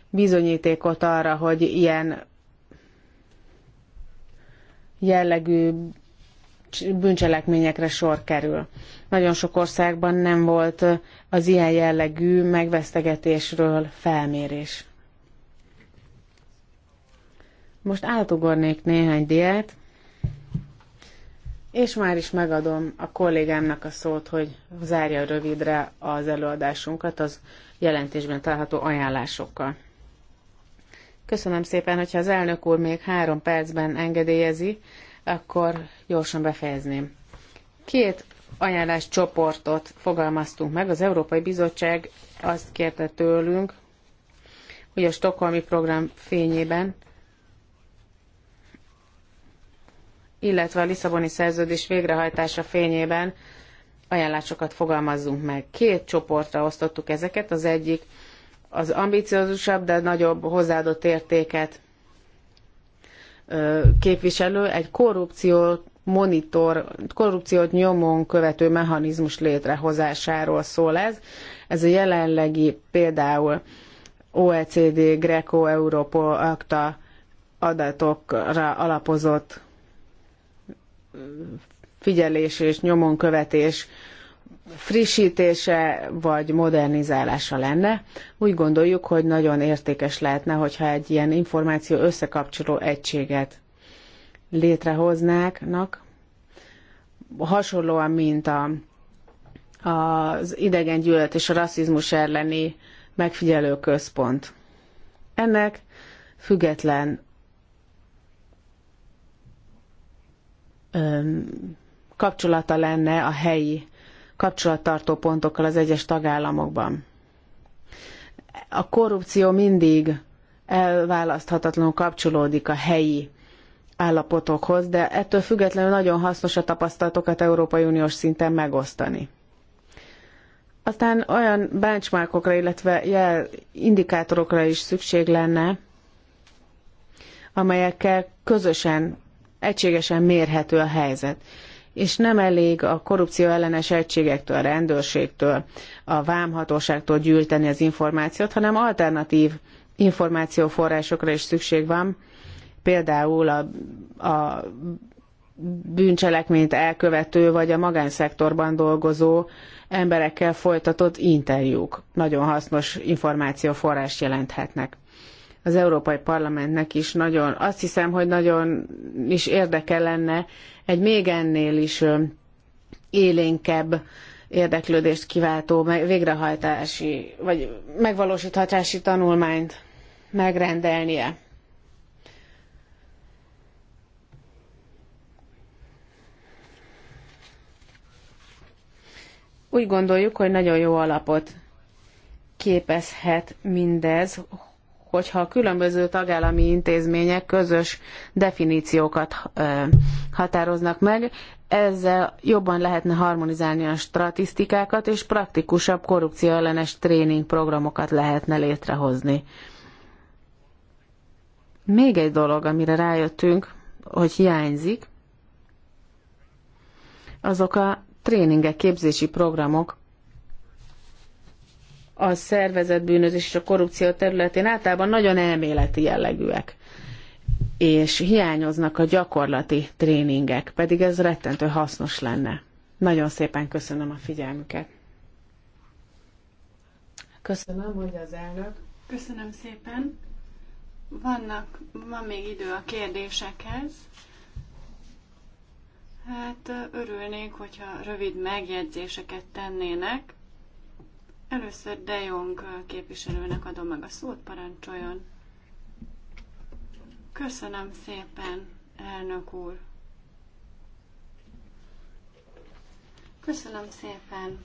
bizonyítékot arra, hogy ilyen jellegű bűncselekményekre sor kerül. Nagyon sok országban nem volt az ilyen jellegű megvesztegetésről felmérés. Most átugornék néhány diát, és már is megadom a kollégámnak a szót, hogy zárja rövidre az előadásunkat az jelentésben található ajánlásokkal. Köszönöm szépen, hogyha az elnök úr még három percben engedélyezi, akkor gyorsan befejezném. Két ajánlás csoportot fogalmaztunk meg. Az Európai Bizottság azt kérte tőlünk, hogy a Stokholmi program fényében, illetve a Lisszaboni szerződés végrehajtása fényében ajánlásokat fogalmazzunk meg. Két csoportra osztottuk ezeket, az egyik az ambiciózusabb, de nagyobb hozzáadott értéket képviselő egy korrupciót monitor, korrupciót nyomon követő mechanizmus létrehozásáról szól ez. Ez a jelenlegi például OECD, Greco, Europol, akta adatokra alapozott figyelés és nyomon követés frissítése vagy modernizálása lenne. Úgy gondoljuk, hogy nagyon értékes lehetne, hogyha egy ilyen információ összekapcsoló egységet létrehoznáknak, hasonlóan, mint a, az idegen gyűlölet és a rasszizmus elleni megfigyelő központ. Ennek független öm, kapcsolata lenne a helyi kapcsolattartó pontokkal az egyes tagállamokban. A korrupció mindig elválaszthatatlanul kapcsolódik a helyi állapotokhoz, de ettől függetlenül nagyon hasznos a tapasztalatokat Európai Uniós szinten megosztani. Aztán olyan benchmarkokra, illetve jel indikátorokra is szükség lenne, amelyekkel közösen, egységesen mérhető a helyzet és nem elég a korrupció ellenes egységektől, a rendőrségtől, a vámhatóságtól gyűjteni az információt, hanem alternatív információforrásokra is szükség van, például a, a bűncselekményt elkövető vagy a magánszektorban dolgozó emberekkel folytatott interjúk nagyon hasznos információforrás jelenthetnek az Európai Parlamentnek is nagyon, azt hiszem, hogy nagyon is érdeke lenne egy még ennél is élénkebb érdeklődést kiváltó végrehajtási, vagy megvalósíthatási tanulmányt megrendelnie. Úgy gondoljuk, hogy nagyon jó alapot képezhet mindez hogyha a különböző tagállami intézmények közös definíciókat határoznak meg, ezzel jobban lehetne harmonizálni a statisztikákat, és praktikusabb korrupcióellenes tréning programokat lehetne létrehozni. Még egy dolog, amire rájöttünk, hogy hiányzik, azok a tréningek, képzési programok, a szervezetbűnözés és a korrupció területén általában nagyon elméleti jellegűek és hiányoznak a gyakorlati tréningek, pedig ez rettentő hasznos lenne. Nagyon szépen köszönöm a figyelmüket. Köszönöm, hogy az elnök. Köszönöm szépen. Vannak, van még idő a kérdésekhez. Hát örülnék, hogyha rövid megjegyzéseket tennének. Először De Jong képviselőnek adom meg a szót, parancsoljon. Köszönöm szépen, elnök úr. Köszönöm szépen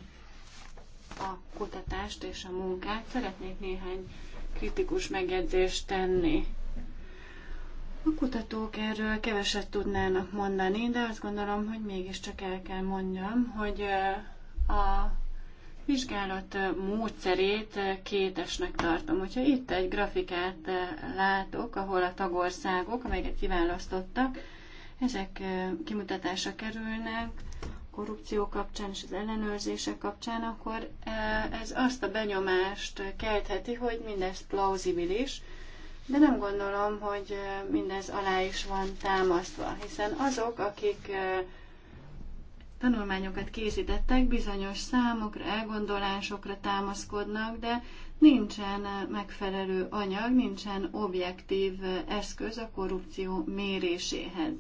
a kutatást és a munkát. Szeretnék néhány kritikus megjegyzést tenni. A kutatók erről keveset tudnának mondani, de azt gondolom, hogy mégiscsak el kell mondjam, hogy a vizsgálat módszerét kétesnek tartom. Hogyha itt egy grafikát látok, ahol a tagországok, amelyeket kiválasztottak, ezek kimutatása kerülnek, korrupció kapcsán és az ellenőrzések kapcsán, akkor ez azt a benyomást keltheti, hogy mindez plauzibilis, de nem gondolom, hogy mindez alá is van támasztva, hiszen azok, akik tanulmányokat készítettek, bizonyos számokra, elgondolásokra támaszkodnak, de nincsen eh, megfelelő anyag, nincsen objektív eh, eszköz a korrupció méréséhez.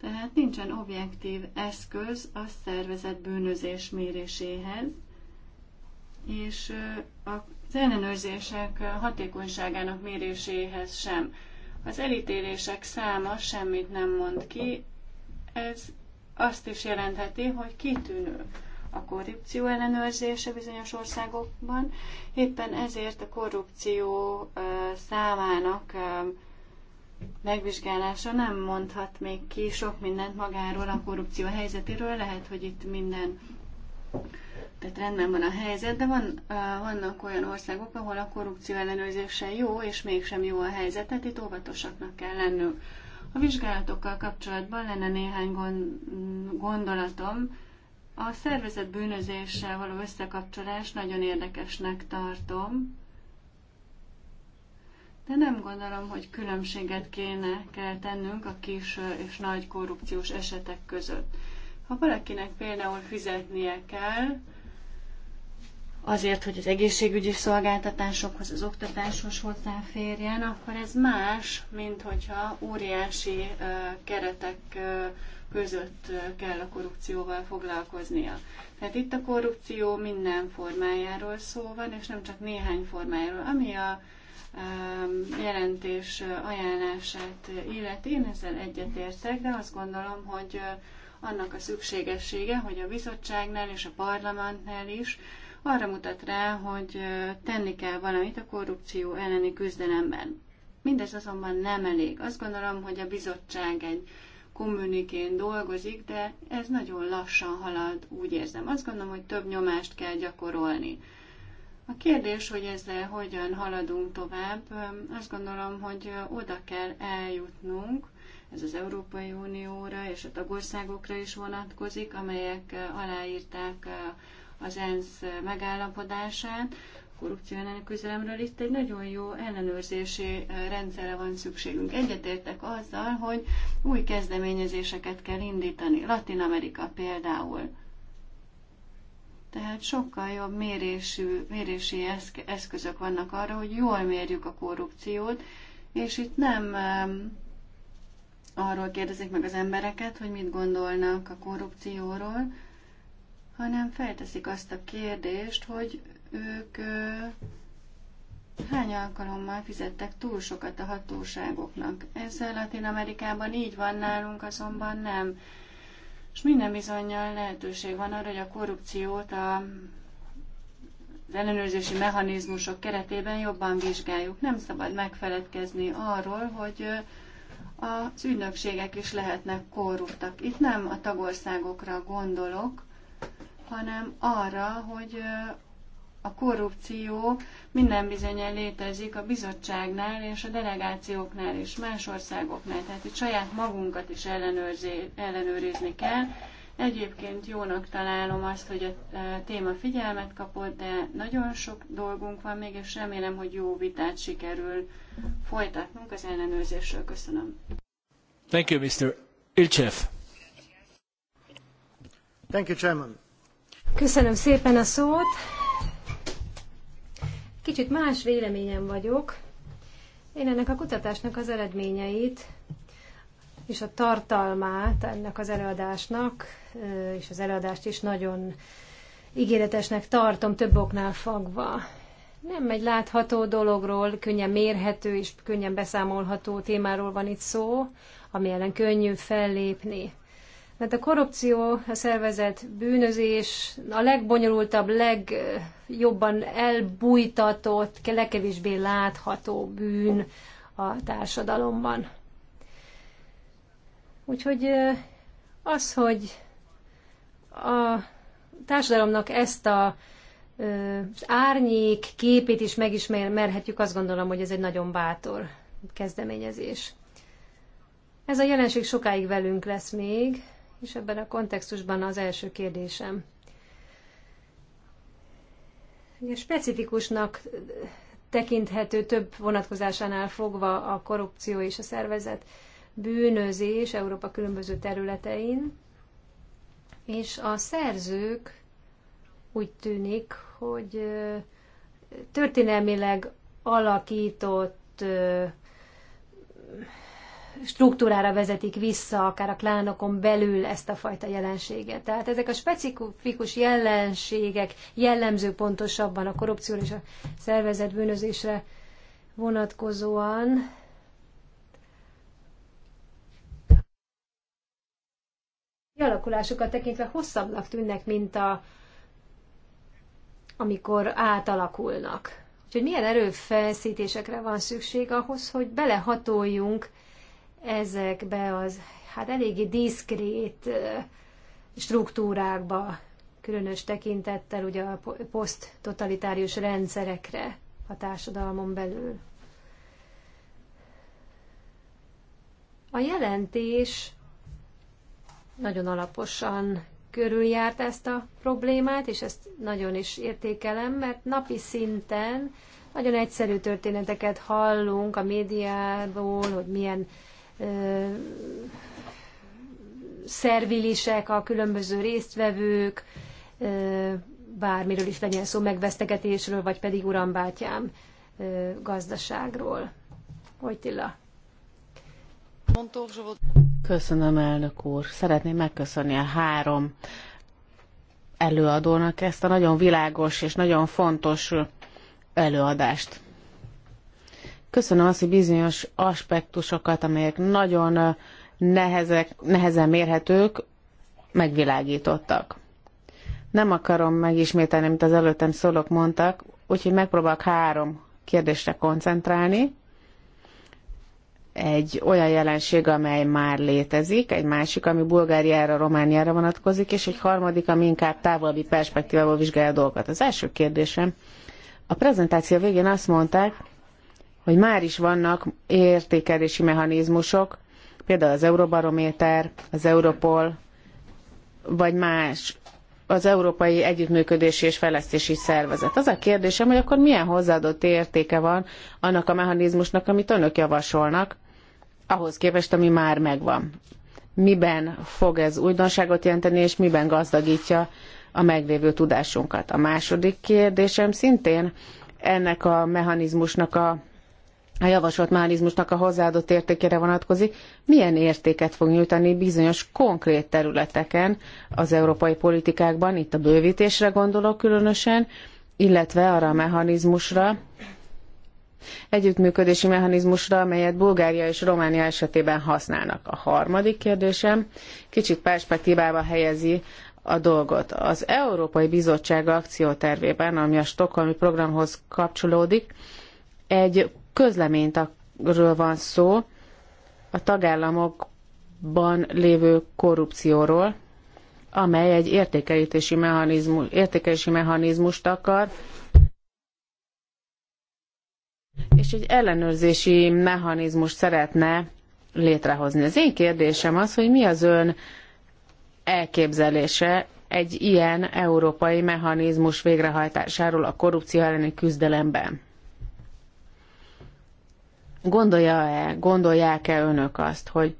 Tehát nincsen objektív eszköz a szervezet bűnözés méréséhez, és eh, az ellenőrzések hatékonyságának méréséhez sem. Az elítélések száma semmit nem mond ki, ez azt is jelentheti, hogy kitűnő a korrupció ellenőrzése bizonyos országokban. Éppen ezért a korrupció számának megvizsgálása nem mondhat még ki sok mindent magáról a korrupció helyzetéről. Lehet, hogy itt minden tehát rendben van a helyzet, de van, vannak olyan országok, ahol a korrupció ellenőrzése jó, és mégsem jó a helyzet, tehát itt óvatosaknak kell lennünk. A vizsgálatokkal kapcsolatban lenne néhány gondolatom. A szervezet bűnözéssel való összekapcsolás nagyon érdekesnek tartom, de nem gondolom, hogy különbséget kéne kell tennünk a kis és nagy korrupciós esetek között. Ha valakinek például fizetnie kell, azért, hogy az egészségügyi szolgáltatásokhoz, az oktatáshoz hozzáférjen, akkor ez más, mint hogyha óriási keretek között kell a korrupcióval foglalkoznia. Tehát itt a korrupció minden formájáról szó van, és nem csak néhány formájáról. Ami a jelentés ajánlását illeti, én ezzel egyetértek, de azt gondolom, hogy annak a szükségessége, hogy a bizottságnál és a parlamentnál is arra mutat rá, hogy tenni kell valamit a korrupció elleni küzdelemben. Mindez azonban nem elég. Azt gondolom, hogy a bizottság egy kommunikén dolgozik, de ez nagyon lassan halad, úgy érzem. Azt gondolom, hogy több nyomást kell gyakorolni. A kérdés, hogy ezzel hogyan haladunk tovább, azt gondolom, hogy oda kell eljutnunk, ez az Európai Unióra és a tagországokra is vonatkozik, amelyek aláírták az ENSZ megállapodását, korrupció elleni küzdelemről itt egy nagyon jó ellenőrzési eh, rendszerre van szükségünk. Egyetértek azzal, hogy új kezdeményezéseket kell indítani. Latin Amerika például. Tehát sokkal jobb mérésű, mérési eszközök vannak arra, hogy jól mérjük a korrupciót, és itt nem arról kérdezik meg az embereket, hogy mit gondolnak a korrupcióról, hanem felteszik azt a kérdést, hogy ők hány alkalommal fizettek túl sokat a hatóságoknak. Ez Latin Amerikában így van, nálunk azonban nem. És minden bizonyal lehetőség van arra, hogy a korrupciót a, az ellenőrzési mechanizmusok keretében jobban vizsgáljuk. Nem szabad megfeledkezni arról, hogy az ügynökségek is lehetnek korruptak. Itt nem a tagországokra gondolok, hanem arra, hogy a korrupció minden bizonyen létezik a bizottságnál és a delegációknál és más országoknál. Tehát itt saját magunkat is ellenőrizni kell. Egyébként jónak találom azt, hogy a téma figyelmet kapott, de nagyon sok dolgunk van még, és remélem, hogy jó vitát sikerül folytatnunk az ellenőrzésről. Köszönöm. Thank you, Mr. Ilchev. Thank you, Chairman. Köszönöm szépen a szót. Kicsit más véleményem vagyok. Én ennek a kutatásnak az eredményeit és a tartalmát ennek az előadásnak, és az előadást is nagyon ígéretesnek tartom több oknál fogva. Nem egy látható dologról, könnyen mérhető és könnyen beszámolható témáról van itt szó, ami ellen könnyű fellépni. Mert a korrupció, a szervezet bűnözés a legbonyolultabb, legjobban elbújtatott, legkevésbé látható bűn a társadalomban. Úgyhogy az, hogy a társadalomnak ezt a az árnyék képét is megismerhetjük, azt gondolom, hogy ez egy nagyon bátor kezdeményezés. Ez a jelenség sokáig velünk lesz még, és ebben a kontextusban az első kérdésem. Ugye specifikusnak tekinthető több vonatkozásánál fogva a korrupció és a szervezet bűnözés Európa különböző területein, és a szerzők úgy tűnik, hogy történelmileg alakított struktúrára vezetik vissza, akár a klánokon belül ezt a fajta jelenséget. Tehát ezek a specifikus jelenségek jellemző pontosabban a korrupció és a szervezet bűnözésre vonatkozóan. Kialakulásokat tekintve hosszabbnak tűnnek, mint a, amikor átalakulnak. Úgyhogy milyen erőfeszítésekre van szükség ahhoz, hogy belehatoljunk ezekbe az hát eléggé diszkrét struktúrákba, különös tekintettel ugye a poszttotalitárius rendszerekre a társadalmon belül. A jelentés nagyon alaposan körüljárt ezt a problémát, és ezt nagyon is értékelem, mert napi szinten nagyon egyszerű történeteket hallunk a médiából, hogy milyen szervilisek a különböző résztvevők, bármiről is legyen szó, megvesztegetésről, vagy pedig urambátyám gazdaságról. Hogy Tilla? Köszönöm, elnök úr. Szeretném megköszönni a három előadónak ezt a nagyon világos és nagyon fontos előadást. Köszönöm azt, hogy bizonyos aspektusokat, amelyek nagyon nehezek, nehezen mérhetők, megvilágítottak. Nem akarom megismételni, amit az előttem szólók mondtak, úgyhogy megpróbálok három kérdésre koncentrálni. Egy olyan jelenség, amely már létezik, egy másik, ami Bulgáriára, Romániára vonatkozik, és egy harmadik, ami inkább távolabbi perspektívából vizsgálja a dolgokat. Az első kérdésem, a prezentáció végén azt mondták, hogy már is vannak értékelési mechanizmusok, például az Euróbarométer, az Europol, vagy más, az Európai Együttműködési és Fejlesztési Szervezet. Az a kérdésem, hogy akkor milyen hozzáadott értéke van annak a mechanizmusnak, amit önök javasolnak, ahhoz képest, ami már megvan. Miben fog ez újdonságot jelenteni, és miben gazdagítja a meglévő tudásunkat. A második kérdésem szintén ennek a mechanizmusnak a a javasolt mechanizmusnak a hozzáadott értékére vonatkozik, milyen értéket fog nyújtani bizonyos konkrét területeken az európai politikákban, itt a bővítésre gondolok különösen, illetve arra a mechanizmusra, együttműködési mechanizmusra, amelyet Bulgária és Románia esetében használnak. A harmadik kérdésem kicsit perspektívába helyezi a dolgot. Az Európai Bizottság akciótervében, ami a Stockholmi programhoz kapcsolódik, egy közleményt van szó, a tagállamokban lévő korrupcióról, amely egy értékelési, mechanizmus, értékelési mechanizmust akar, és egy ellenőrzési mechanizmust szeretne létrehozni. Az én kérdésem az, hogy mi az ön elképzelése egy ilyen európai mechanizmus végrehajtásáról a korrupció elleni küzdelemben? Gondolja-e, gondolják-e önök azt, hogy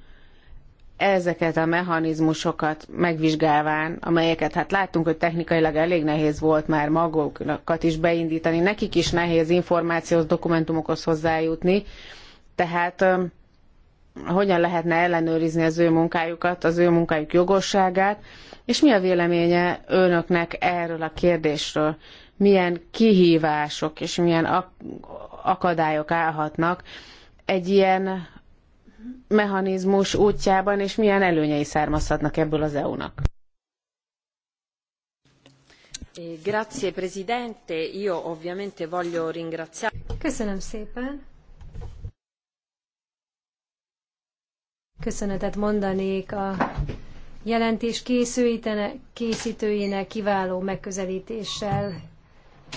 ezeket a mechanizmusokat megvizsgálván, amelyeket hát láttunk, hogy technikailag elég nehéz volt már magukat is beindítani, nekik is nehéz információhoz, dokumentumokhoz hozzájutni, tehát hogyan lehetne ellenőrizni az ő munkájukat, az ő munkájuk jogosságát, és mi a véleménye önöknek erről a kérdésről? Milyen kihívások és milyen akadályok állhatnak egy ilyen mechanizmus útjában, és milyen előnyei származhatnak ebből az EU-nak. Eh, grazie Presidente, io ovviamente voglio ringraziare. Köszönöm szépen. Köszönetet mondanék a jelentés készítőinek kiváló megközelítéssel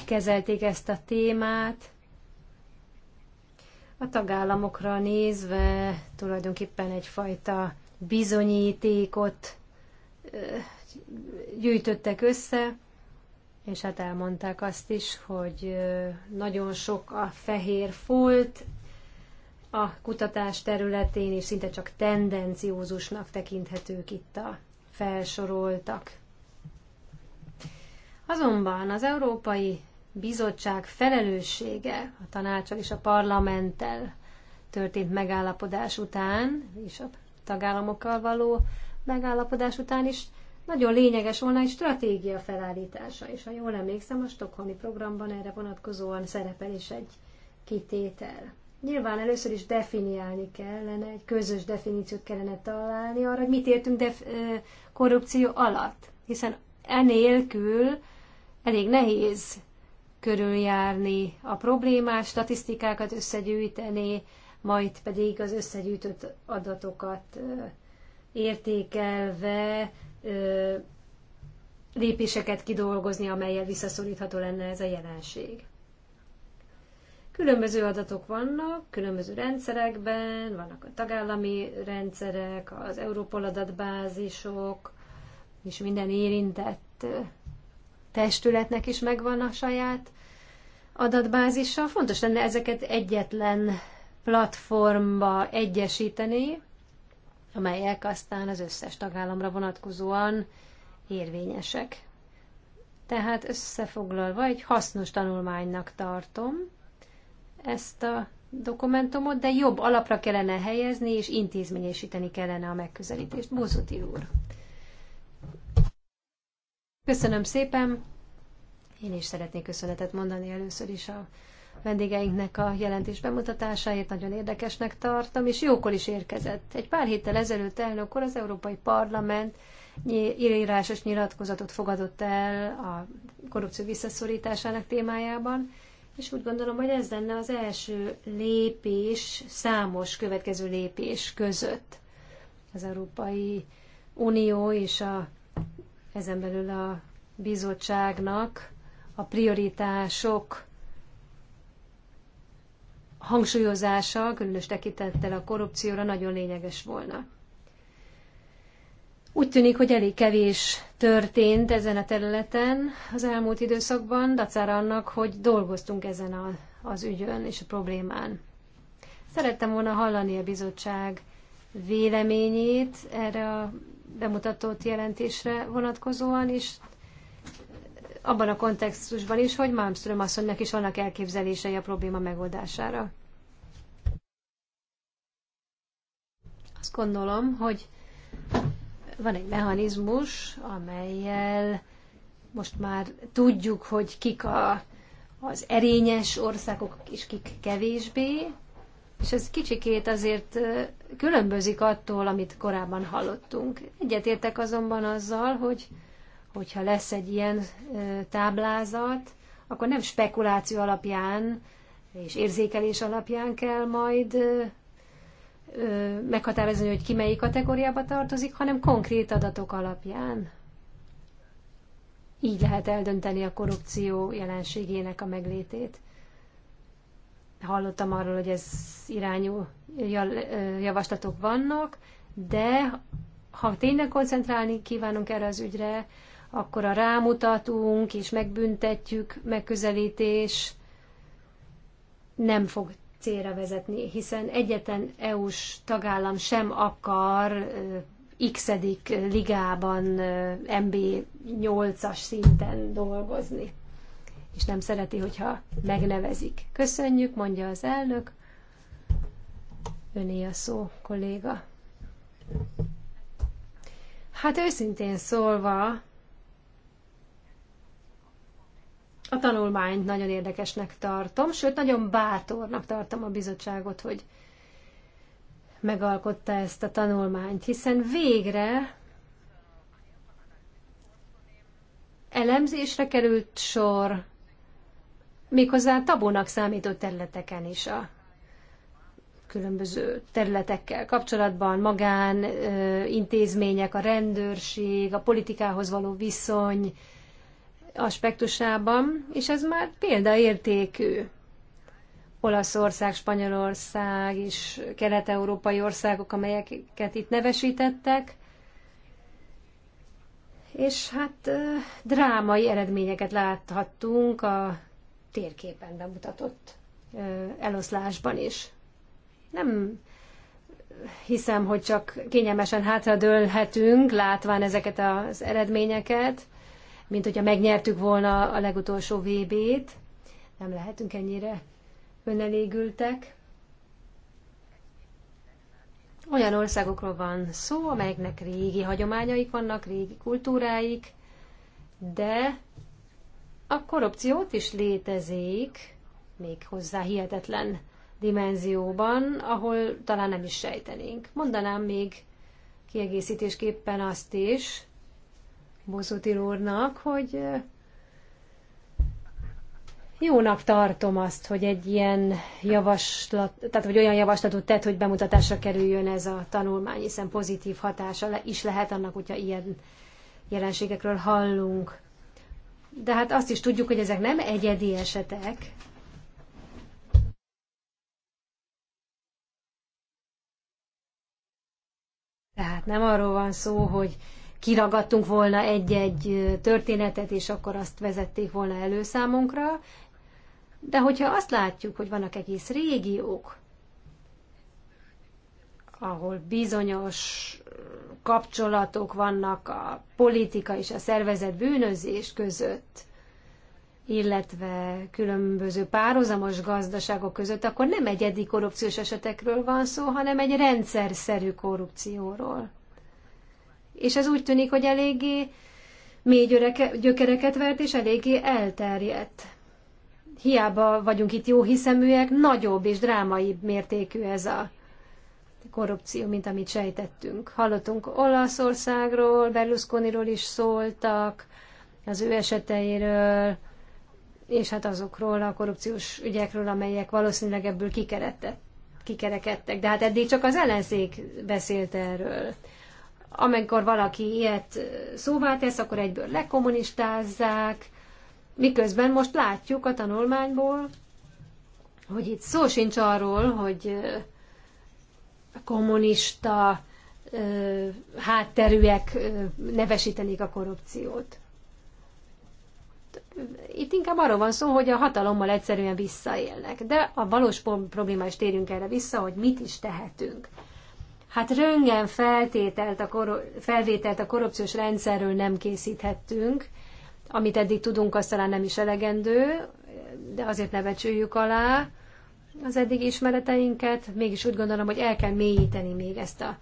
kezelték ezt a témát a tagállamokra nézve tulajdonképpen egyfajta bizonyítékot gyűjtöttek össze, és hát elmondták azt is, hogy nagyon sok a fehér folt a kutatás területén, és szinte csak tendenciózusnak tekinthetők itt a felsoroltak. Azonban az európai bizottság felelőssége a tanácsal és a parlamenttel történt megállapodás után, és a tagállamokkal való megállapodás után is nagyon lényeges volna egy stratégia felállítása, és ha jól emlékszem, a stokholmi programban erre vonatkozóan szerepel is egy kitétel. Nyilván először is definiálni kellene, egy közös definíciót kellene találni arra, hogy mit értünk def- korrupció alatt, hiszen enélkül elég nehéz körüljárni a problémás statisztikákat összegyűjteni, majd pedig az összegyűjtött adatokat értékelve lépéseket kidolgozni, amelyel visszaszorítható lenne ez a jelenség. Különböző adatok vannak, különböző rendszerekben, vannak a tagállami rendszerek, az Európol adatbázisok, és minden érintett testületnek is megvan a saját adatbázisa. Fontos lenne ezeket egyetlen platformba egyesíteni, amelyek aztán az összes tagállamra vonatkozóan érvényesek. Tehát összefoglalva egy hasznos tanulmánynak tartom ezt a dokumentumot, de jobb alapra kellene helyezni és intézményesíteni kellene a megközelítést. Bozuti úr! Köszönöm szépen! Én is szeretnék köszönetet mondani először is a vendégeinknek a jelentés bemutatásáért. Nagyon érdekesnek tartom, és jókor is érkezett. Egy pár héttel ezelőtt elnökkor az Európai Parlament írásos nyilatkozatot fogadott el a korrupció visszaszorításának témájában, és úgy gondolom, hogy ez lenne az első lépés, számos következő lépés között az Európai Unió és a ezen belül a bizottságnak a prioritások hangsúlyozása, különös tekintettel a korrupcióra nagyon lényeges volna. Úgy tűnik, hogy elég kevés történt ezen a területen az elmúlt időszakban, dacára annak, hogy dolgoztunk ezen a, az ügyön és a problémán. Szerettem volna hallani a bizottság véleményét erre a bemutatott jelentésre vonatkozóan is, abban a kontextusban is, hogy Malmström asszonynak is vannak elképzelései a probléma megoldására. Azt gondolom, hogy van egy mechanizmus, amelyel most már tudjuk, hogy kik a, az erényes országok, és kik kevésbé, és ez kicsikét azért különbözik attól, amit korábban hallottunk. Egyetértek azonban azzal, hogy hogyha lesz egy ilyen táblázat, akkor nem spekuláció alapján és érzékelés alapján kell majd meghatározni, hogy ki melyik kategóriába tartozik, hanem konkrét adatok alapján. Így lehet eldönteni a korrupció jelenségének a meglétét. Hallottam arról, hogy ez irányú javaslatok vannak, de ha tényleg koncentrálni kívánunk erre az ügyre, akkor a rámutatunk és megbüntetjük megközelítés nem fog célra vezetni, hiszen egyetlen EU-s tagállam sem akar x ligában MB 8-as szinten dolgozni és nem szereti, hogyha megnevezik. Köszönjük, mondja az elnök. Öné a szó, kolléga. Hát őszintén szólva, a tanulmányt nagyon érdekesnek tartom, sőt, nagyon bátornak tartom a bizottságot, hogy megalkotta ezt a tanulmányt, hiszen végre elemzésre került sor, méghozzá tabónak számított területeken is a különböző területekkel kapcsolatban, magán intézmények, a rendőrség, a politikához való viszony aspektusában, és ez már példaértékű. Olaszország, Spanyolország és kelet-európai országok, amelyeket itt nevesítettek, és hát drámai eredményeket láthattunk a térképen bemutatott eloszlásban is. Nem hiszem, hogy csak kényelmesen hátradőlhetünk, látván ezeket az eredményeket, mint hogyha megnyertük volna a legutolsó VB-t. Nem lehetünk ennyire önelégültek. Olyan országokról van szó, amelyeknek régi hagyományaik vannak, régi kultúráik, de a korrupciót is létezik, még hozzá hihetetlen dimenzióban, ahol talán nem is sejtenénk. Mondanám még kiegészítésképpen azt is Bozuti úrnak, hogy jónak tartom azt, hogy egy ilyen javaslat, tehát hogy olyan javaslatot tett, hogy bemutatásra kerüljön ez a tanulmány, hiszen pozitív hatása is lehet annak, hogyha ilyen jelenségekről hallunk de hát azt is tudjuk, hogy ezek nem egyedi esetek. Tehát nem arról van szó, hogy kiragadtunk volna egy-egy történetet, és akkor azt vezették volna előszámunkra, de hogyha azt látjuk, hogy vannak egész régiók, ahol bizonyos kapcsolatok vannak a politika és a szervezet bűnözés között, illetve különböző párhuzamos gazdaságok között, akkor nem egyedi korrupciós esetekről van szó, hanem egy rendszerszerű korrupcióról. És ez úgy tűnik, hogy eléggé mély gyökereket vert, és eléggé elterjedt. Hiába vagyunk itt jó hiszeműek, nagyobb és drámaibb mértékű ez a korrupció, mint amit sejtettünk. Hallottunk Olaszországról, Berlusconiról is szóltak, az ő eseteiről, és hát azokról a korrupciós ügyekről, amelyek valószínűleg ebből kikerekedtek. De hát eddig csak az ellenzék beszélt erről. Amikor valaki ilyet szóvá tesz, akkor egyből lekommunistázzák, miközben most látjuk a tanulmányból, hogy itt szó sincs arról, hogy kommunista ö, hátterűek ö, nevesítenék a korrupciót. Itt inkább arról van szó, hogy a hatalommal egyszerűen visszaélnek. De a valós probléma is térjünk erre vissza, hogy mit is tehetünk. Hát röngen feltételt a felvételt a korrupciós rendszerről nem készíthettünk, amit eddig tudunk, az talán nem is elegendő, de azért ne becsüljük alá, az eddigi ismereteinket, mégis úgy gondolom, hogy el kell mélyíteni még ezt a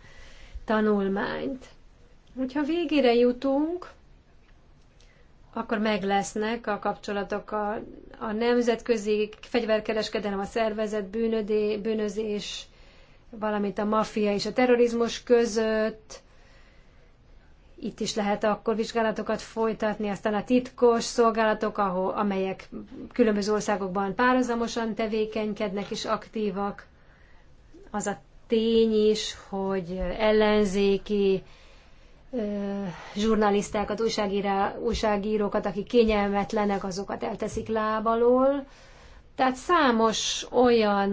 tanulmányt. Hogyha végére jutunk, akkor meg lesznek a kapcsolatok a, a nemzetközi fegyverkereskedelem, a szervezet bűnödé, bűnözés, valamint a maffia és a terrorizmus között, itt is lehet akkor vizsgálatokat folytatni, aztán a titkos szolgálatok, ahol, amelyek különböző országokban párhuzamosan tevékenykednek és aktívak. Az a tény is, hogy ellenzéki ö, zsurnalisztákat, újságírókat, akik kényelmetlenek, azokat elteszik lábalól. Tehát számos olyan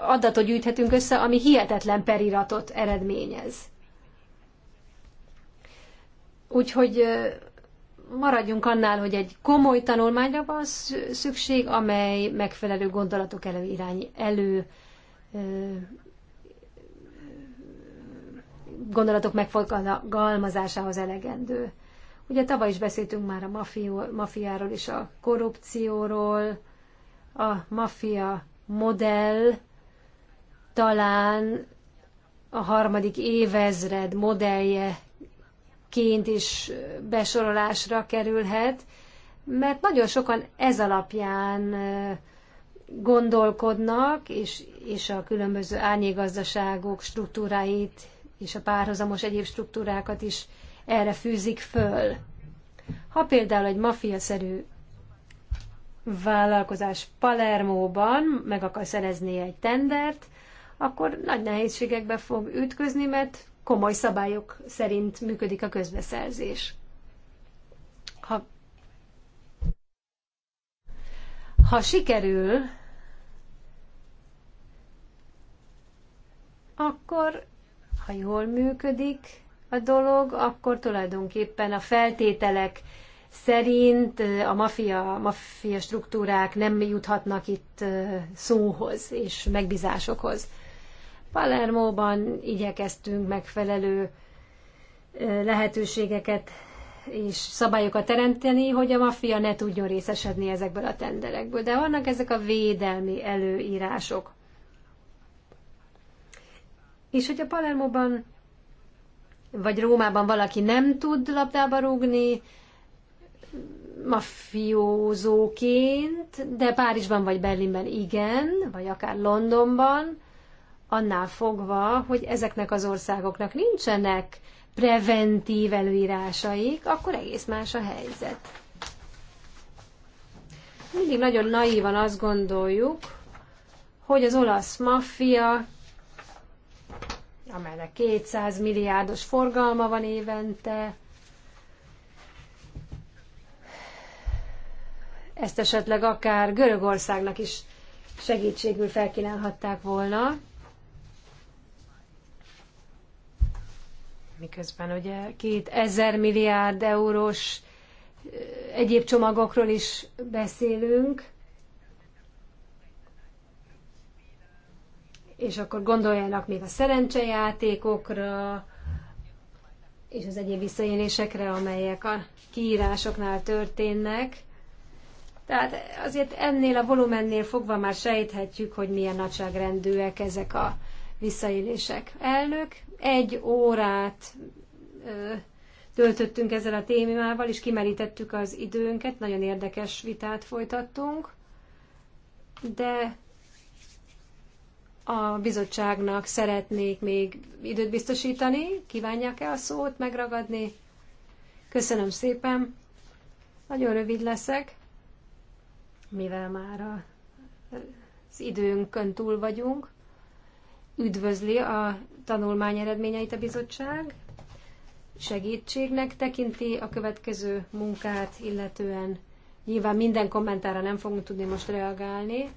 adatot gyűjthetünk össze, ami hihetetlen periratot eredményez. Úgyhogy maradjunk annál, hogy egy komoly tanulmányra van szükség, amely megfelelő gondolatok elő irány elő gondolatok megfogalmazásához elegendő. Ugye tavaly is beszéltünk már a mafió, mafiáról és a korrupcióról, a mafia modell talán a harmadik évezred modelljeként is besorolásra kerülhet, mert nagyon sokan ez alapján gondolkodnak, és, és a különböző árnyégazdaságok struktúráit és a párhuzamos egyéb struktúrákat is erre fűzik föl. Ha például egy mafiaszerű vállalkozás Palermóban meg akar szerezni egy tendert, akkor nagy nehézségekbe fog ütközni, mert komoly szabályok szerint működik a közbeszerzés. Ha, ha sikerül, akkor, ha jól működik a dolog, akkor tulajdonképpen a feltételek szerint a mafia, mafia struktúrák nem juthatnak itt szóhoz és megbízásokhoz. Palermóban igyekeztünk megfelelő lehetőségeket és szabályokat teremteni, hogy a maffia ne tudjon részesedni ezekből a tenderekből. De vannak ezek a védelmi előírások. És hogyha Palermóban vagy Rómában valaki nem tud labdába rúgni, mafiózóként, de Párizsban vagy Berlinben igen, vagy akár Londonban, annál fogva, hogy ezeknek az országoknak nincsenek preventív előírásaik, akkor egész más a helyzet. Mindig nagyon naívan azt gondoljuk, hogy az olasz maffia, amelynek 200 milliárdos forgalma van évente, ezt esetleg akár Görögországnak is segítségül felkínálhatták volna. Miközben ugye két ezer milliárd eurós eh, egyéb csomagokról is beszélünk. És akkor gondoljanak még a szerencsejátékokra, és az egyéb visszaélésekre, amelyek a kiírásoknál történnek. Tehát azért ennél a volumennél fogva már sejthetjük, hogy milyen nagyságrendűek ezek a visszaélések. Elnök, egy órát ö, töltöttünk ezzel a témával, és kimerítettük az időnket, nagyon érdekes vitát folytattunk, de a bizottságnak szeretnék még időt biztosítani. Kívánják-e a szót megragadni? Köszönöm szépen. Nagyon rövid leszek mivel már az időnkön túl vagyunk, üdvözli a tanulmány eredményeit a bizottság, segítségnek tekinti a következő munkát, illetően nyilván minden kommentára nem fogunk tudni most reagálni,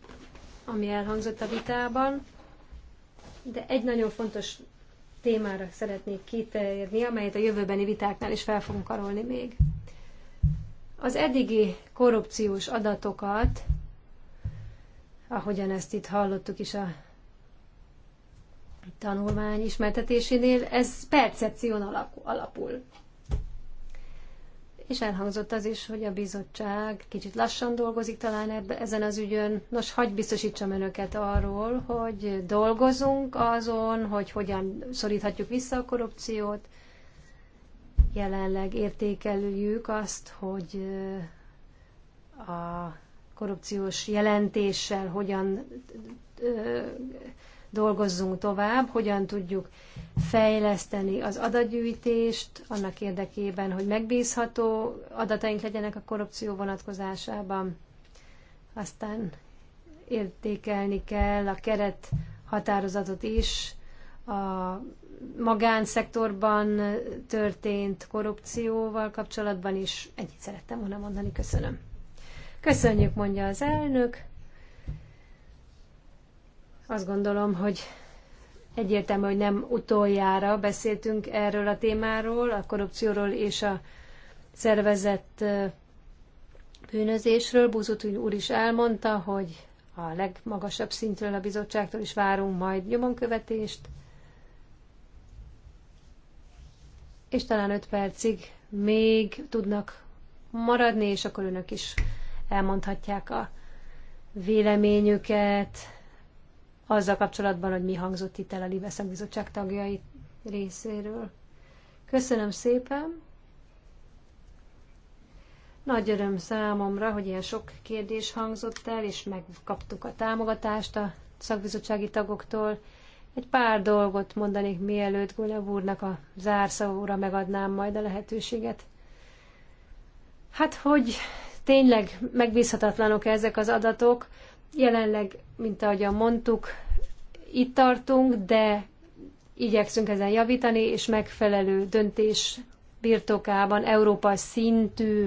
ami elhangzott a vitában, de egy nagyon fontos témára szeretnék kitérni, amelyet a jövőbeni vitáknál is fel fogunk karolni még. Az eddigi korrupciós adatokat, ahogyan ezt itt hallottuk is a tanulmány ismertetésénél, ez percepción alapul. És elhangzott az is, hogy a bizottság kicsit lassan dolgozik talán ebbe, ezen az ügyön. Nos, hagyj biztosítsam önöket arról, hogy dolgozunk azon, hogy hogyan szoríthatjuk vissza a korrupciót, Jelenleg értékeljük azt, hogy a korrupciós jelentéssel hogyan dolgozzunk tovább, hogyan tudjuk fejleszteni az adatgyűjtést annak érdekében, hogy megbízható adataink legyenek a korrupció vonatkozásában. Aztán értékelni kell a keret határozatot is a magánszektorban történt korrupcióval kapcsolatban is ennyit szerettem volna mondani. Köszönöm. Köszönjük, mondja az elnök. Azt gondolom, hogy egyértelmű, hogy nem utoljára beszéltünk erről a témáról, a korrupcióról és a szervezett bűnözésről. Búzut úr is elmondta, hogy a legmagasabb szintről a bizottságtól is várunk majd nyomonkövetést. követést és talán 5 percig még tudnak maradni, és akkor önök is elmondhatják a véleményüket azzal kapcsolatban, hogy mi hangzott itt el a Libeszak Bizottság tagjai részéről. Köszönöm szépen! Nagy öröm számomra, hogy ilyen sok kérdés hangzott el, és megkaptuk a támogatást a szakbizottsági tagoktól. Egy pár dolgot mondanék, mielőtt Gulev úrnak a zárszavóra megadnám majd a lehetőséget. Hát, hogy tényleg megbízhatatlanok -e ezek az adatok, jelenleg, mint ahogyan mondtuk, itt tartunk, de igyekszünk ezen javítani, és megfelelő döntés birtokában Európa szintű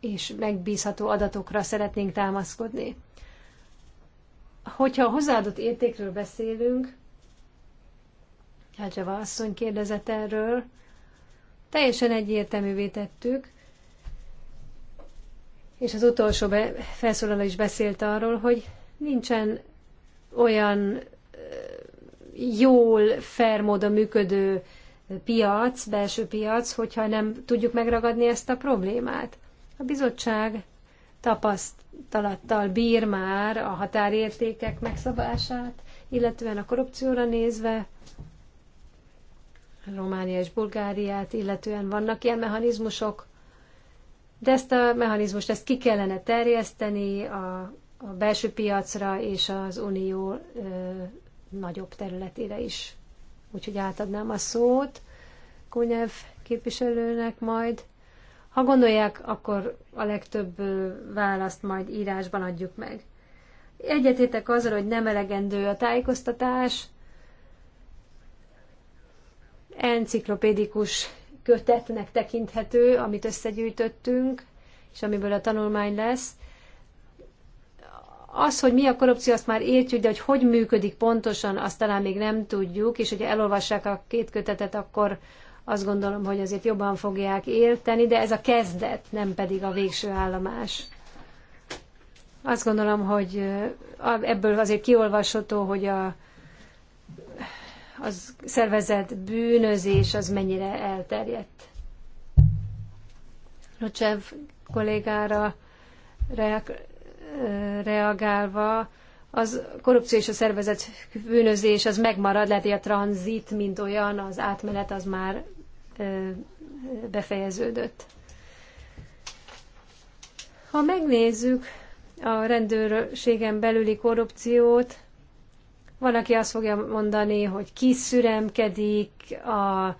és megbízható adatokra szeretnénk támaszkodni. Hogyha a hozzáadott értékről beszélünk, Elcsava asszony kérdezett erről, teljesen egyértelművé tettük, és az utolsó be, felszólaló is beszélt arról, hogy nincsen olyan jól, fair módon működő piac, belső piac, hogyha nem tudjuk megragadni ezt a problémát. A bizottság tapasztalattal bír már a határértékek megszabását, illetően a korrupcióra nézve, Románia és Bulgáriát, illetően vannak ilyen mechanizmusok, de ezt a mechanizmust ezt ki kellene terjeszteni a, a belső piacra és az unió ö, nagyobb területére is. Úgyhogy átadnám a szót Kunyev képviselőnek majd, ha gondolják, akkor a legtöbb választ majd írásban adjuk meg. Egyetétek azzal, hogy nem elegendő a tájékoztatás, enciklopédikus kötetnek tekinthető, amit összegyűjtöttünk, és amiből a tanulmány lesz. Az, hogy mi a korrupció, azt már értjük, de hogy hogy működik pontosan, azt talán még nem tudjuk, és hogyha elolvassák a két kötetet, akkor azt gondolom, hogy azért jobban fogják érteni, de ez a kezdet, nem pedig a végső állomás. Azt gondolom, hogy ebből azért kiolvasható, hogy a, az szervezett bűnözés az mennyire elterjedt. Rocsev kollégára reagálva, az korrupció és a szervezet bűnözés az megmarad, lehet, hogy a tranzit, mint olyan, az átmenet az már befejeződött. Ha megnézzük a rendőrségen belüli korrupciót, van, aki azt fogja mondani, hogy kiszüremkedik a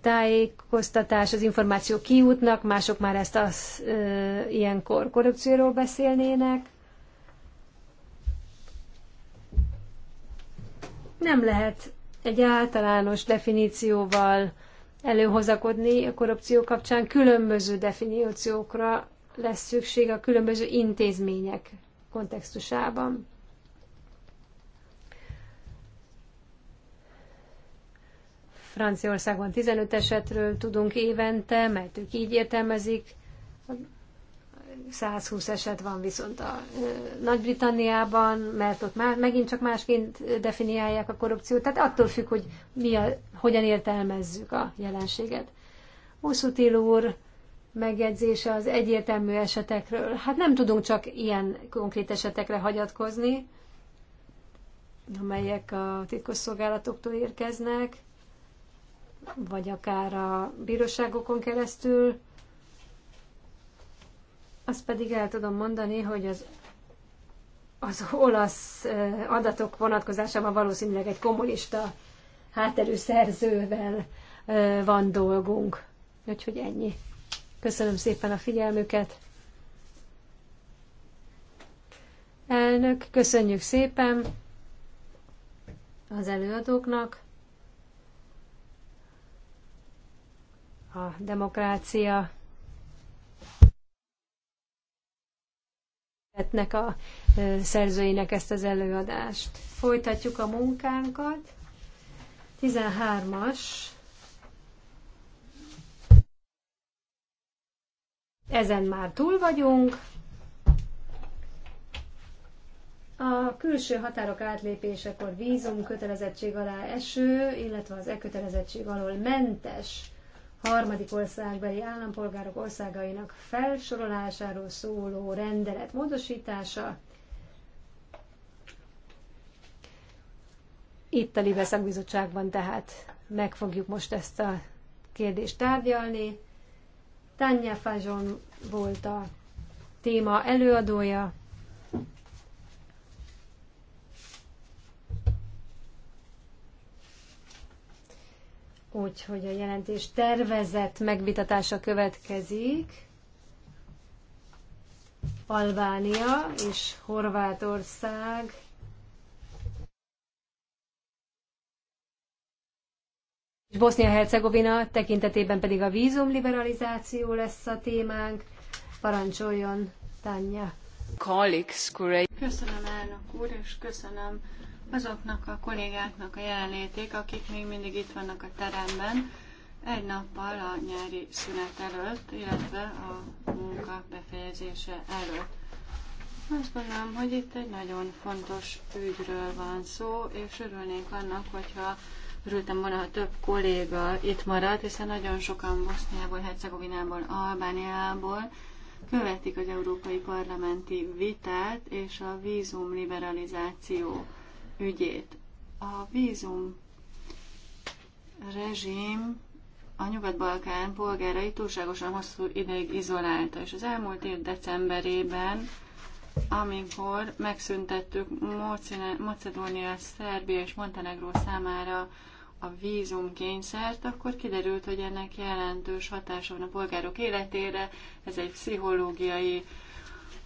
tájékoztatás, az információ kiútnak, mások már ezt az, ilyenkor korrupcióról beszélnének. Nem lehet egy általános definícióval előhozakodni a korrupció kapcsán, különböző definíciókra lesz szükség a különböző intézmények kontextusában. Franciaországban 15 esetről tudunk évente, mert ők így értelmezik 120 eset van viszont a Nagy-Britanniában, mert ott már megint csak másként definiálják a korrupciót, tehát attól függ, hogy mi a, hogyan értelmezzük a jelenséget. Muszutil úr megjegyzése az egyértelmű esetekről. Hát nem tudunk csak ilyen konkrét esetekre hagyatkozni, amelyek a titkosszolgálatoktól érkeznek, vagy akár a bíróságokon keresztül azt pedig el tudom mondani, hogy az, az olasz adatok vonatkozásában valószínűleg egy kommunista hátterű szerzővel van dolgunk. Úgyhogy ennyi. Köszönöm szépen a figyelmüket. Elnök, köszönjük szépen az előadóknak. A demokrácia szeretnek a szerzőinek ezt az előadást. Folytatjuk a munkánkat. 13-as. Ezen már túl vagyunk. A külső határok átlépésekor vízum kötelezettség alá eső, illetve az e kötelezettség alól mentes harmadik országbeli állampolgárok országainak felsorolásáról szóló rendelet módosítása. Itt a Libe szakbizottságban tehát meg fogjuk most ezt a kérdést tárgyalni. Tanya Fajon volt a téma előadója. Úgyhogy a jelentés tervezett megvitatása következik. Albánia és Horvátország és Bosznia-Hercegovina tekintetében pedig a vízumliberalizáció lesz a témánk. Parancsoljon, Tanja! Köszönöm, elnök úr, és köszönöm azoknak a kollégáknak a jelenlétét, akik még mindig itt vannak a teremben, egy nappal a nyári szünet előtt, illetve a munka befejezése előtt. Azt gondolom, hogy itt egy nagyon fontos ügyről van szó, és örülnék annak, hogyha örültem volna, ha több kolléga itt maradt, hiszen nagyon sokan Boszniából, Hercegovinából, Albániából követik az európai parlamenti vitát és a vízum liberalizáció ügyét. A vízum rezsim a Nyugat-Balkán polgárai túlságosan hosszú ideig izolálta, és az elmúlt év decemberében, amikor megszüntettük Macedónia, Szerbia és Montenegró számára a vízumkényszert, akkor kiderült, hogy ennek jelentős hatása van a polgárok életére, ez egy pszichológiai uh,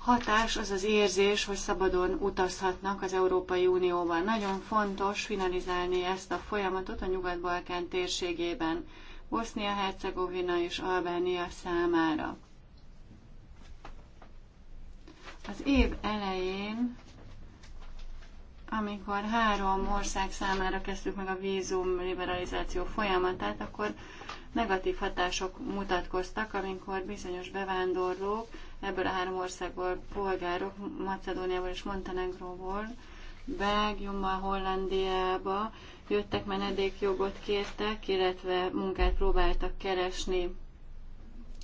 hatás az az érzés, hogy szabadon utazhatnak az Európai Unióban. Nagyon fontos finalizálni ezt a folyamatot a Nyugat-Balkán térségében, Bosznia-Hercegovina és Albánia számára. Az év elején, amikor három ország számára kezdtük meg a vízum liberalizáció folyamatát, akkor negatív hatások mutatkoztak, amikor bizonyos bevándorlók ebből a három országból polgárok, Macedóniából és Montenegróból, Belgiummal, Hollandiába jöttek, menedékjogot kértek, illetve munkát próbáltak keresni.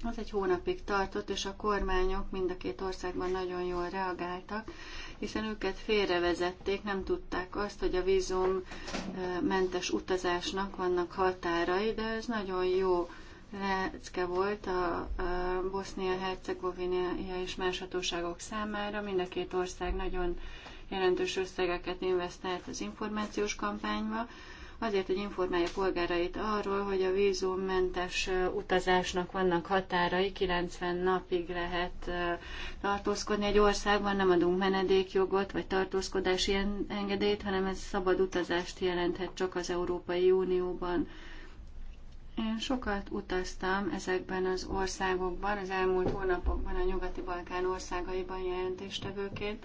Az egy hónapig tartott, és a kormányok mind a két országban nagyon jól reagáltak, hiszen őket félrevezették, nem tudták azt, hogy a vízummentes utazásnak vannak határai, de ez nagyon jó lecke volt a, a bosznia hercegovina és más hatóságok számára. Mind a két ország nagyon jelentős összegeket investált az információs kampányba, azért, hogy informálja polgárait arról, hogy a vízummentes utazásnak vannak határai, 90 napig lehet tartózkodni egy országban, nem adunk menedékjogot vagy tartózkodási engedélyt, hanem ez szabad utazást jelenthet csak az Európai Unióban én sokat utaztam ezekben az országokban, az elmúlt hónapokban a nyugati-balkán országaiban jelentéstevőként,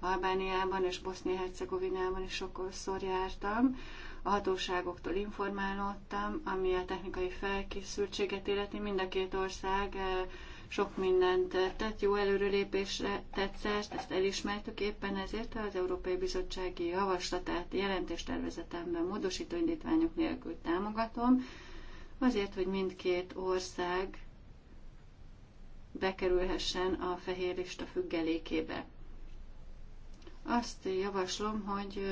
Albániában és Bosznia-Hercegovinában is sokszor jártam. A hatóságoktól informálódtam, ami a technikai felkészültséget illeti. Mind a két ország eh, sok mindent tett, jó előrelépésre tetszett, ezt elismertük éppen ezért az Európai Bizottsági Javaslatát jelentéstervezetemben módosító indítványok nélkül támogatom azért, hogy mindkét ország bekerülhessen a fehér lista függelékébe. Azt javaslom, hogy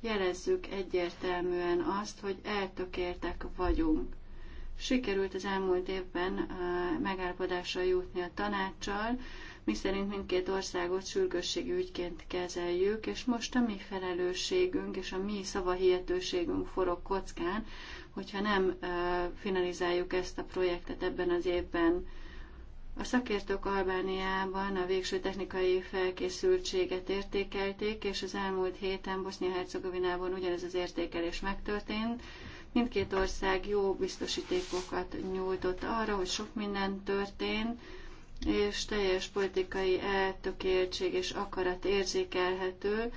jelezzük egyértelműen azt, hogy eltökértek vagyunk. Sikerült az elmúlt évben megállapodásra jutni a tanácssal, miszerint mindkét országot sürgősségi ügyként kezeljük, és most a mi felelősségünk és a mi szavahihetőségünk forog kockán, hogyha nem finalizáljuk ezt a projektet ebben az évben. A szakértők Albániában a végső technikai felkészültséget értékelték, és az elmúlt héten Bosznia-Hercegovinában ugyanez az értékelés megtörtént. Mindkét ország jó biztosítékokat nyújtott arra, hogy sok minden történt, és teljes politikai eltökéltség és akarat érzékelhető,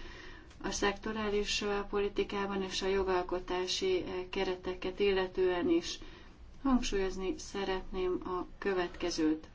a szektorális politikában és a jogalkotási kereteket illetően is. Hangsúlyozni szeretném a következőt.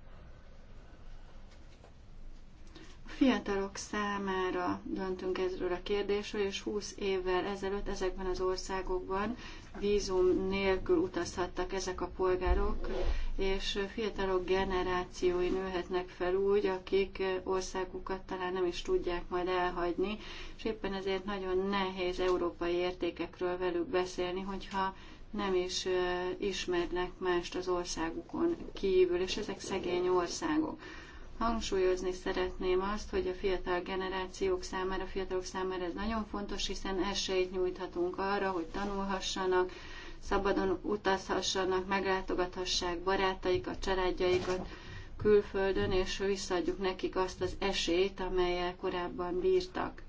A fiatalok számára döntünk ezről a kérdésről, és 20 évvel ezelőtt ezekben az országokban vízum nélkül utazhattak ezek a polgárok, és fiatalok generációi nőhetnek fel úgy, akik országukat talán nem is tudják majd elhagyni, és éppen ezért nagyon nehéz európai értékekről velük beszélni, hogyha nem is ismernek mást az országukon kívül, és ezek szegény országok. Hangsúlyozni szeretném azt, hogy a fiatal generációk számára, a fiatalok számára ez nagyon fontos, hiszen esélyt nyújthatunk arra, hogy tanulhassanak, szabadon utazhassanak, meglátogathassák barátaikat, családjaikat külföldön, és visszaadjuk nekik azt az esélyt, amelyel korábban bírtak.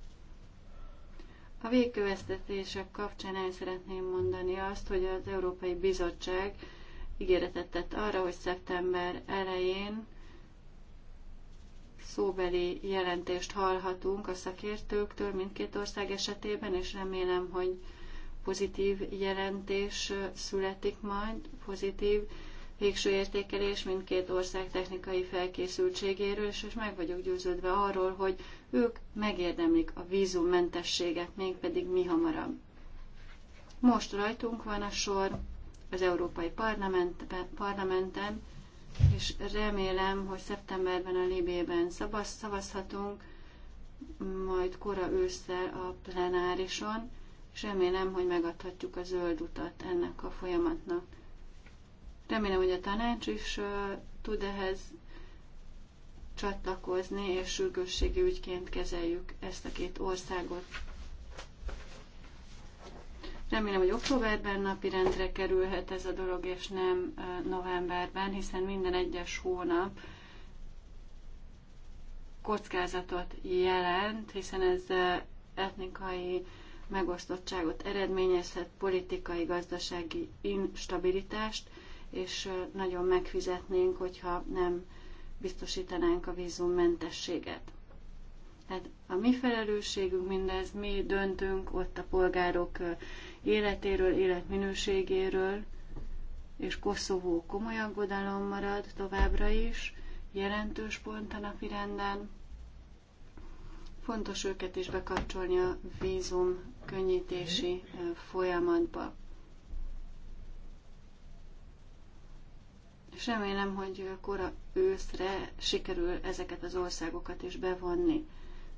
A végkövesztetések kapcsán el szeretném mondani azt, hogy az Európai Bizottság ígéretet tett arra, hogy szeptember elején szóbeli jelentést hallhatunk a szakértőktől mindkét ország esetében, és remélem, hogy pozitív jelentés születik majd, pozitív végső értékelés mindkét ország technikai felkészültségéről, és most meg vagyok győződve arról, hogy ők megérdemlik a vízummentességet, mégpedig mi hamarabb. Most rajtunk van a sor az Európai Parlamenten, és remélem, hogy szeptemberben a Libében szavaz, szavazhatunk, majd kora ősszel a plenárison, és remélem, hogy megadhatjuk a zöld utat ennek a folyamatnak. Remélem, hogy a tanács is uh, tud ehhez csatlakozni, és sürgősségi ügyként kezeljük ezt a két országot. Remélem, hogy októberben napirendre kerülhet ez a dolog, és nem novemberben, hiszen minden egyes hónap kockázatot jelent, hiszen ez etnikai megosztottságot eredményezhet, politikai, gazdasági instabilitást, és nagyon megfizetnénk, hogyha nem biztosítanánk a vízummentességet. Tehát a mi felelősségünk mindez, mi döntünk, ott a polgárok életéről, életminőségéről, és Koszovó komoly aggodalom marad továbbra is, jelentős pont a napi renden. Fontos őket is bekapcsolni a vízum könnyítési folyamatba. És remélem, hogy kora őszre sikerül ezeket az országokat is bevonni.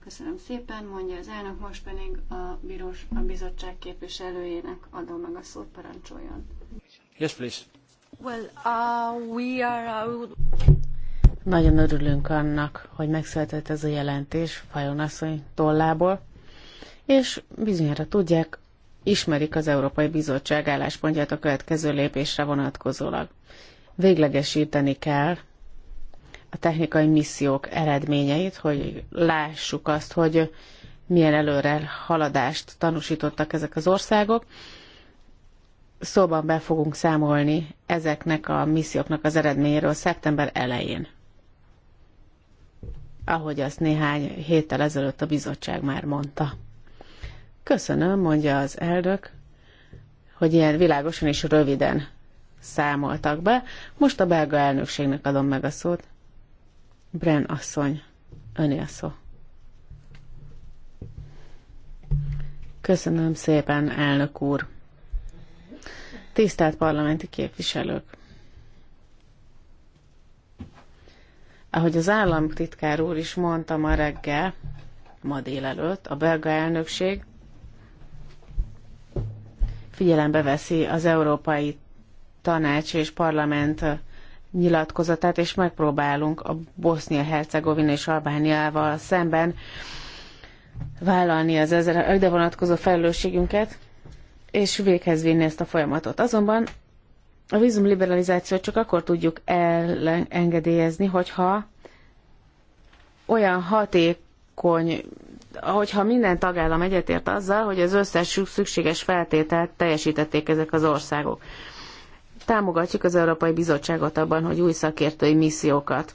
Köszönöm szépen, mondja az elnök, most pedig a, bírós, a bizottság képviselőjének adom meg a szót, parancsoljon. Yes, please. Well, uh, we are, out. Uh, Nagyon örülünk annak, hogy megszületett ez a jelentés Fajon asszony tollából, és bizonyára tudják, ismerik az Európai Bizottság álláspontját a következő lépésre vonatkozólag. Véglegesíteni kell a technikai missziók eredményeit, hogy lássuk azt, hogy milyen előre haladást tanúsítottak ezek az országok. Szóban be fogunk számolni ezeknek a misszióknak az eredményéről szeptember elején. Ahogy azt néhány héttel ezelőtt a bizottság már mondta. Köszönöm, mondja az elnök, hogy ilyen világosan és röviden számoltak be. Most a belga elnökségnek adom meg a szót. Bren asszony, önél szó. Köszönöm szépen, elnök úr. Tisztelt parlamenti képviselők! Ahogy az államtitkár úr is mondta ma reggel, ma délelőtt, a belga elnökség figyelembe veszi az Európai Tanács és Parlament nyilatkozatát, és megpróbálunk a Bosznia-Hercegovina és Albániával szemben vállalni az ezre ide vonatkozó felelősségünket, és véghez vinni ezt a folyamatot. Azonban a vízumliberalizációt csak akkor tudjuk elengedélyezni, hogyha olyan hatékony, hogyha minden tagállam egyetért azzal, hogy az összes szükséges feltételt teljesítették ezek az országok támogatjuk az Európai Bizottságot abban, hogy új szakértői missziókat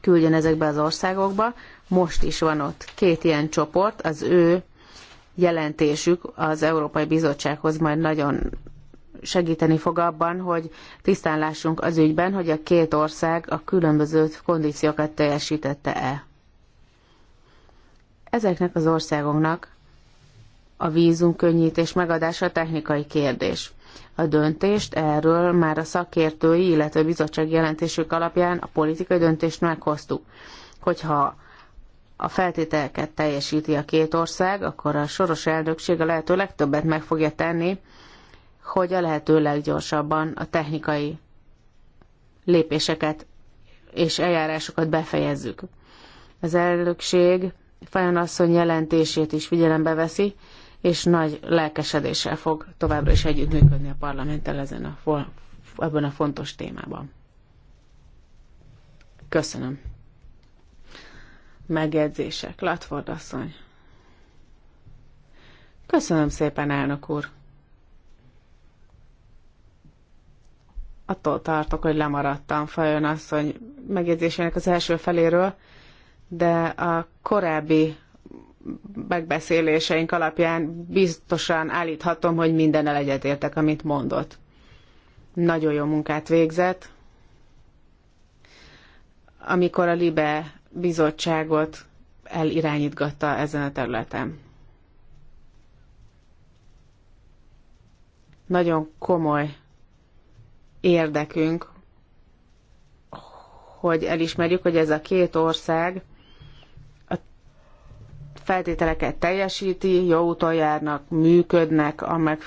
küldjön ezekbe az országokba. Most is van ott két ilyen csoport, az ő jelentésük az Európai Bizottsághoz majd nagyon segíteni fog abban, hogy tisztán lássunk az ügyben, hogy a két ország a különböző kondíciókat teljesítette-e. Ezeknek az országoknak a könnyítés megadása technikai kérdés. A döntést erről már a szakértői, illetve a bizottság jelentésük alapján a politikai döntést meghoztuk. Hogyha a feltételeket teljesíti a két ország, akkor a soros elnökség a lehető legtöbbet meg fogja tenni, hogy a lehető leggyorsabban a technikai lépéseket és eljárásokat befejezzük. Az elnökség Fajon asszony jelentését is figyelembe veszi, és nagy lelkesedéssel fog továbbra is együttműködni a parlamenttel ezen a, ebben a fontos témában. Köszönöm. Megjegyzések. Latford asszony. Köszönöm szépen, elnök úr. Attól tartok, hogy lemaradtam Fajon asszony megjegyzésének az első feléről, de a korábbi megbeszéléseink alapján biztosan állíthatom, hogy minden egyetértek, amit mondott. Nagyon jó munkát végzett. Amikor a LIBE bizottságot elirányítgatta ezen a területen. Nagyon komoly érdekünk, hogy elismerjük, hogy ez a két ország feltételeket teljesíti, jó úton járnak, működnek a meg,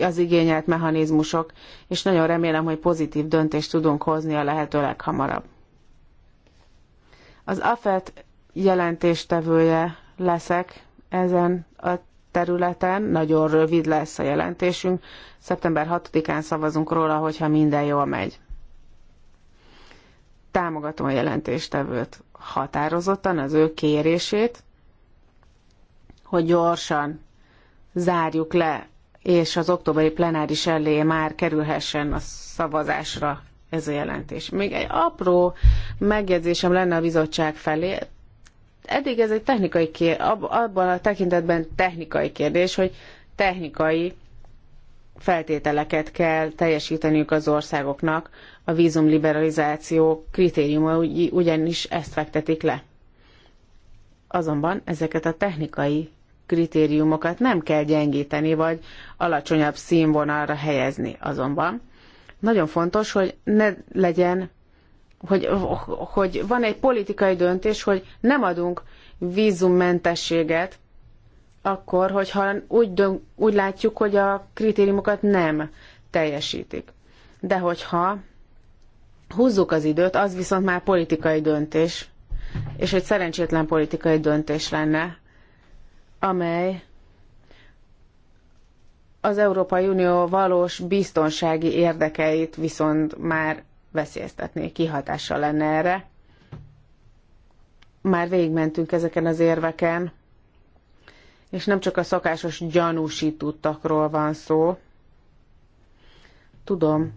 az igényelt mechanizmusok, és nagyon remélem, hogy pozitív döntést tudunk hozni a lehető leghamarabb. Az AFET jelentéstevője leszek ezen a területen, nagyon rövid lesz a jelentésünk. Szeptember 6-án szavazunk róla, hogyha minden jól megy. Támogatom a jelentéstevőt határozottan, az ő kérését, hogy gyorsan zárjuk le, és az októberi plenáris elé már kerülhessen a szavazásra ez a jelentés. Még egy apró megjegyzésem lenne a bizottság felé. Eddig ez egy technikai kérdés, abban a tekintetben technikai kérdés, hogy technikai feltételeket kell teljesíteniük az országoknak, a vízumliberalizáció kritériuma ugyanis ezt fektetik le. Azonban ezeket a technikai kritériumokat nem kell gyengíteni, vagy alacsonyabb színvonalra helyezni azonban. Nagyon fontos, hogy ne legyen, hogy, hogy van egy politikai döntés, hogy nem adunk vízummentességet, akkor, hogyha úgy, dönt, úgy látjuk, hogy a kritériumokat nem teljesítik. De hogyha húzzuk az időt, az viszont már politikai döntés, és egy szerencsétlen politikai döntés lenne, amely az Európai Unió valós biztonsági érdekeit viszont már veszélyeztetné, kihatása lenne erre. Már végigmentünk ezeken az érveken, és nem csak a szokásos gyanúsítottakról van szó. Tudom,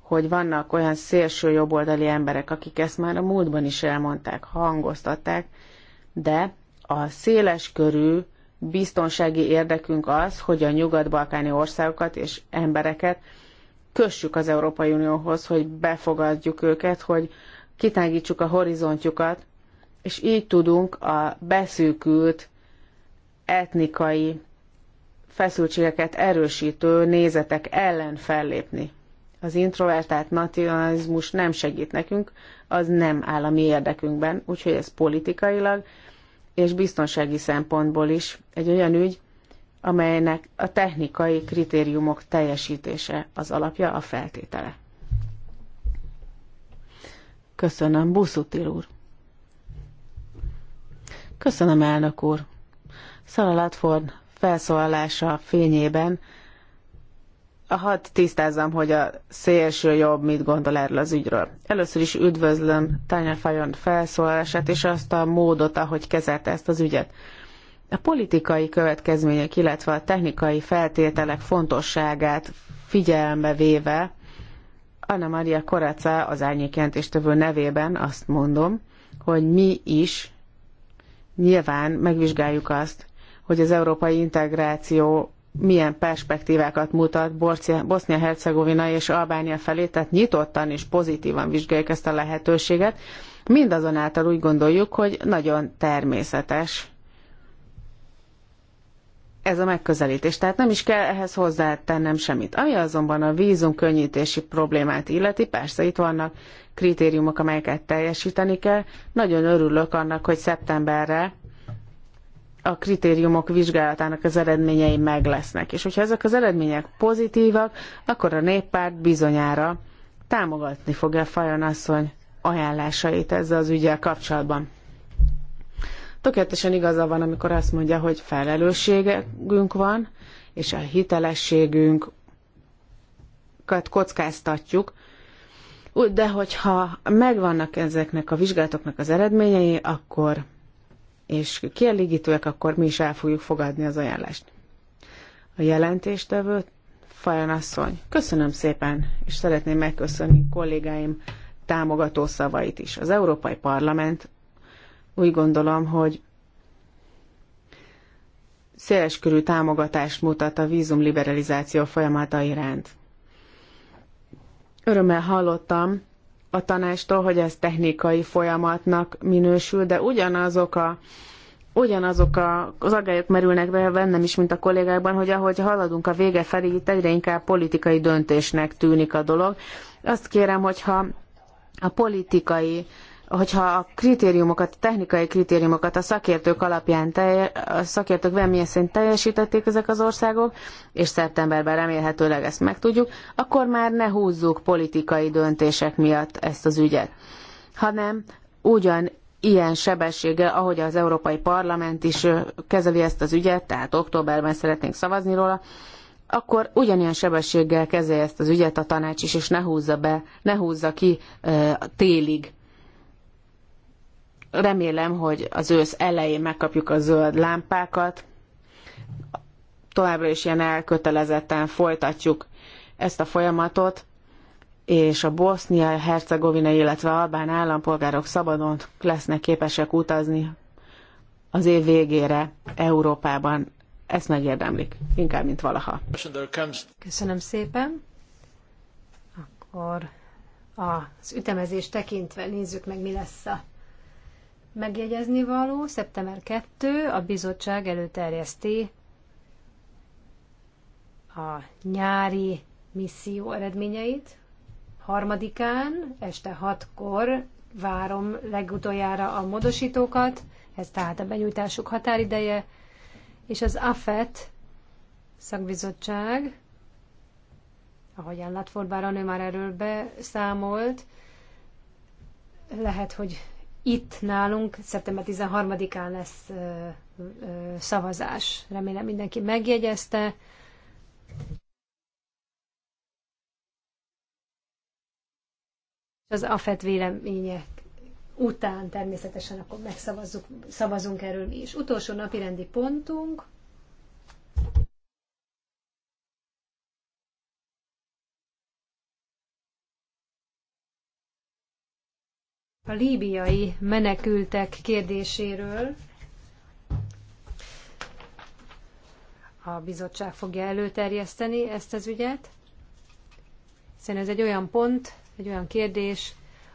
hogy vannak olyan szélső jobboldali emberek, akik ezt már a múltban is elmondták, hangoztatták, de a széles körű biztonsági érdekünk az, hogy a nyugat-balkáni országokat és embereket kössük az Európai Unióhoz, hogy befogadjuk őket, hogy kitágítsuk a horizontjukat, és így tudunk a beszűkült etnikai feszültségeket erősítő nézetek ellen fellépni. Az introvertált nacionalizmus nem segít nekünk, az nem áll a mi érdekünkben, úgyhogy ez politikailag és biztonsági szempontból is egy olyan ügy, amelynek a technikai kritériumok teljesítése az alapja, a feltétele. Köszönöm, Buszutil úr. Köszönöm, elnök úr. Szalalatford felszólalása fényében hadd tisztázzam, hogy a szélső jobb mit gondol erről az ügyről. Először is üdvözlöm Tanya Fajon felszólalását és azt a módot, ahogy kezelte ezt az ügyet. A politikai következmények, illetve a technikai feltételek fontosságát figyelembe véve, Anna Maria Koraca az árnyékjelentéstevő nevében azt mondom, hogy mi is nyilván megvizsgáljuk azt, hogy az európai integráció milyen perspektívákat mutat Bosznia-Hercegovina és Albánia felé, tehát nyitottan és pozitívan vizsgáljuk ezt a lehetőséget. Mindazonáltal úgy gondoljuk, hogy nagyon természetes ez a megközelítés. Tehát nem is kell ehhez hozzátennem semmit. Ami azonban a vízum könnyítési problémát illeti, persze itt vannak kritériumok, amelyeket teljesíteni kell. Nagyon örülök annak, hogy szeptemberre a kritériumok vizsgálatának az eredményei meg lesznek. És hogyha ezek az eredmények pozitívak, akkor a néppárt bizonyára támogatni fogja Fajon asszony ajánlásait ezzel az ügyel kapcsolatban. Tökéletesen igaza van, amikor azt mondja, hogy felelősségünk van, és a hitelességünket kockáztatjuk, de hogyha megvannak ezeknek a vizsgálatoknak az eredményei, akkor és kielégítőek, akkor mi is el fogjuk fogadni az ajánlást. A jelentéstevő Fajan asszony, köszönöm szépen, és szeretném megköszönni kollégáim támogató szavait is. Az Európai Parlament úgy gondolom, hogy széleskörű támogatást mutat a vízumliberalizáció folyamata iránt. Örömmel hallottam a tanástól, hogy ez technikai folyamatnak minősül, de ugyanazok a ugyanazok a, az aggályok merülnek be bennem is, mint a kollégákban, hogy ahogy haladunk a vége felé, itt egyre inkább politikai döntésnek tűnik a dolog. Azt kérem, hogyha a politikai hogyha a kritériumokat, a technikai kritériumokat a szakértők alapján, telje, a szakértők véleménye szerint teljesítették ezek az országok, és szeptemberben remélhetőleg ezt megtudjuk, akkor már ne húzzuk politikai döntések miatt ezt az ügyet, hanem ugyan ilyen sebességgel, ahogy az Európai Parlament is kezeli ezt az ügyet, tehát októberben szeretnénk szavazni róla, akkor ugyanilyen sebességgel kezelje ezt az ügyet a tanács is, és ne húzza be, ne húzza ki e, télig Remélem, hogy az ősz elején megkapjuk a zöld lámpákat. Továbbra is ilyen elkötelezetten folytatjuk ezt a folyamatot, és a bosznia-hercegovinai, illetve albán állampolgárok szabadon lesznek képesek utazni az év végére Európában. Ezt megérdemlik, inkább, mint valaha. Köszönöm szépen. Akkor az ütemezést tekintve nézzük meg, mi lesz a megjegyezni való. Szeptember 2 a bizottság előterjeszti a nyári misszió eredményeit. Harmadikán este 6-kor várom legutoljára a módosítókat, ez tehát a benyújtásuk határideje, és az AFET szakbizottság, ahogyan Latford Báron ő már erről beszámolt, lehet, hogy itt nálunk szeptember 13-án lesz ö, ö, szavazás. Remélem mindenki megjegyezte. Az AFET véleménye után természetesen akkor megszavazzuk, szavazunk erről mi is. Utolsó napi rendi pontunk. a líbiai menekültek kérdéséről a bizottság fogja előterjeszteni ezt az ügyet, hiszen ez egy olyan pont, egy olyan kérdés,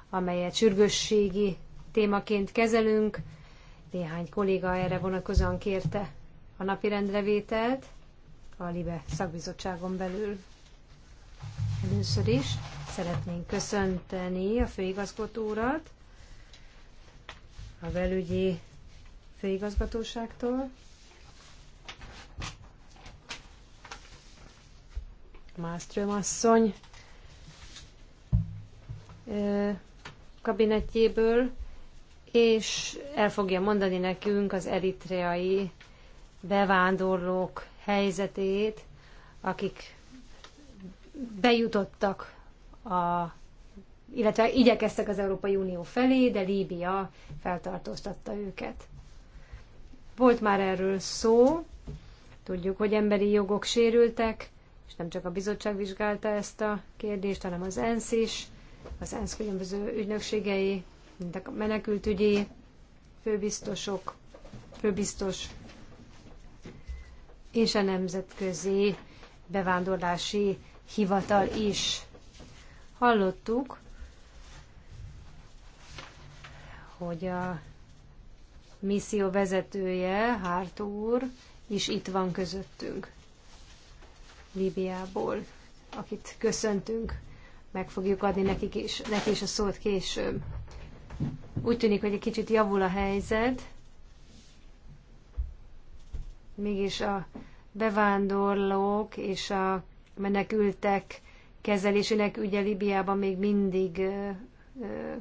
amelyet sürgősségi témaként kezelünk. Néhány kolléga erre vonatkozóan kérte a napi rendrevételt a LIBE szakbizottságon belül. Először is szeretnénk köszönteni a főigazgató a belügyi főigazgatóságtól. Mástrom asszony kabinetjéből, és el fogja mondani nekünk az eritreai bevándorlók helyzetét, akik bejutottak a illetve igyekeztek az Európai Unió felé, de Líbia feltartóztatta őket. Volt már erről szó, tudjuk, hogy emberi jogok sérültek, és nem csak a bizottság vizsgálta ezt a kérdést, hanem az ENSZ is, az ENSZ különböző ügynökségei, mint a menekültügyi főbiztosok, főbiztos, és a nemzetközi bevándorlási hivatal is. Hallottuk, hogy a misszió vezetője, Hártó úr, is itt van közöttünk, Líbiából, akit köszöntünk. Meg fogjuk adni nekik is, neki is a szót később. Úgy tűnik, hogy egy kicsit javul a helyzet, mégis a bevándorlók és a menekültek kezelésének ügye Libiában még mindig ö, ö,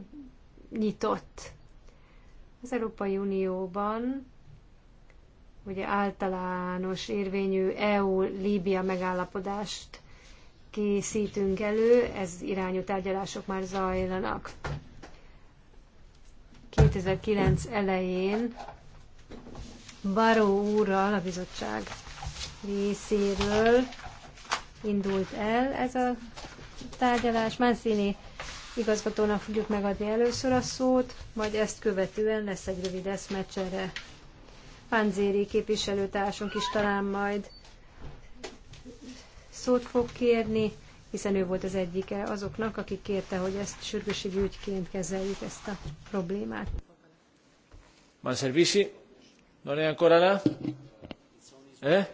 nyitott az Európai Unióban ugye általános érvényű EU-Líbia megállapodást készítünk elő, ez irányú tárgyalások már zajlanak. 2009 elején Baró úrral a bizottság részéről indult el ez a tárgyalás. Mászini igazgatónak fogjuk megadni először a szót, majd ezt követően lesz egy rövid eszmecsere. Panzéri képviselőtársunk is talán majd szót fog kérni, hiszen ő volt az egyike azoknak, aki kérte, hogy ezt sürgőségi ügyként kezeljük ezt a problémát. Man servisi? Non è ancora là? Eh?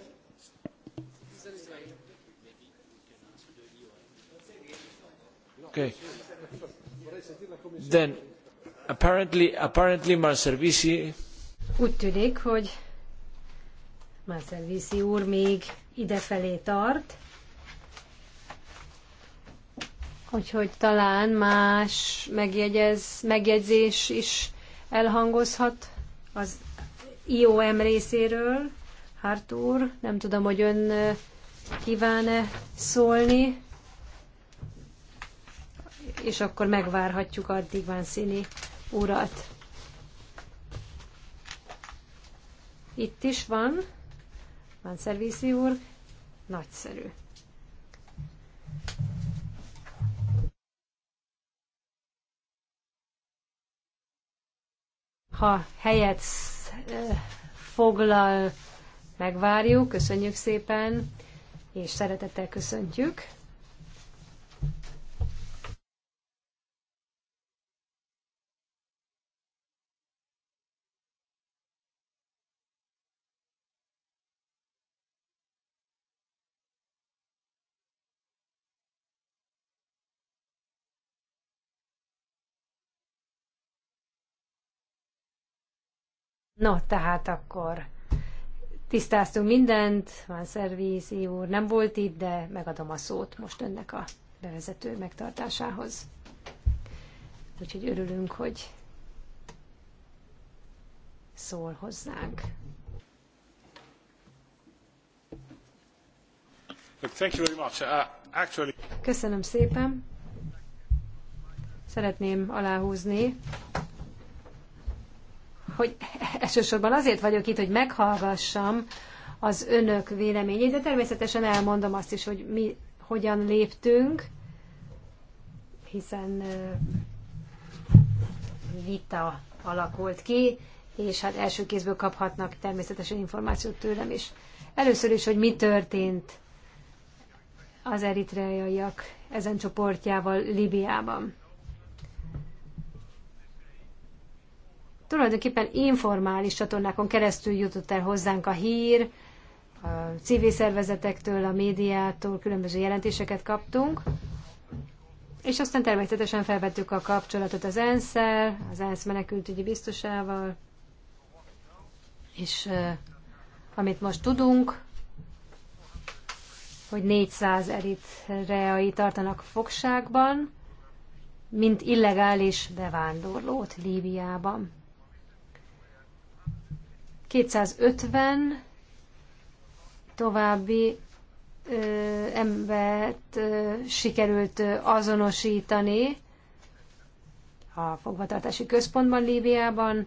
Okay. Úgy tűnik, hogy Manservisi úr még idefelé tart, úgyhogy talán más megjegyez, megjegyzés is elhangozhat az IOM részéről. Hart úr, nem tudom, hogy ön kíván-e szólni és akkor megvárhatjuk addig Van Színi urat. Itt is van, van szervízi úr, nagyszerű. Ha helyet foglal, megvárjuk, köszönjük szépen, és szeretettel köszöntjük. No, tehát akkor tisztáztunk mindent, van szervíz, úr, nem volt itt, de megadom a szót most önnek a bevezető megtartásához. Úgyhogy örülünk, hogy szól hozzánk. Uh, Köszönöm szépen. Szeretném aláhúzni, hogy elsősorban azért vagyok itt, hogy meghallgassam az önök véleményét, de természetesen elmondom azt is, hogy mi hogyan léptünk, hiszen vita alakult ki, és hát első kézből kaphatnak természetesen információt tőlem is. Először is, hogy mi történt az eritreaiak ezen csoportjával Libiában. tulajdonképpen informális csatornákon keresztül jutott el hozzánk a hír, a civil szervezetektől, a médiától különböző jelentéseket kaptunk, és aztán természetesen felvettük a kapcsolatot az ensz az ENSZ menekültügyi biztosával, és amit most tudunk, hogy 400 eritreai tartanak fogságban, mint illegális bevándorlót Líbiában. 250 további ö, embert ö, sikerült azonosítani a fogvatartási központban Líbiában,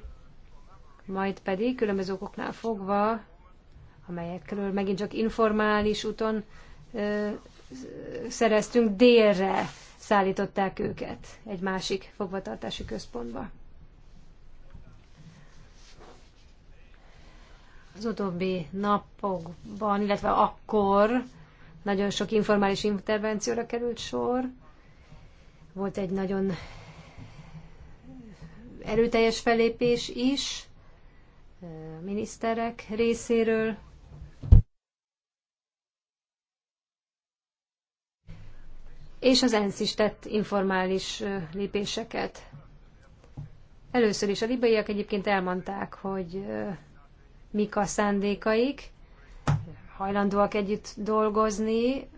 majd pedig különböző okoknál fogva, amelyekről megint csak informális úton ö, szereztünk, délre szállították őket egy másik fogvatartási központba. az utóbbi napokban, illetve akkor nagyon sok informális intervencióra került sor. Volt egy nagyon erőteljes felépés is miniszterek részéről. És az ENSZ is tett informális lépéseket. Először is a libaiak egyébként elmondták, hogy mik a szándékaik, hajlandóak együtt dolgozni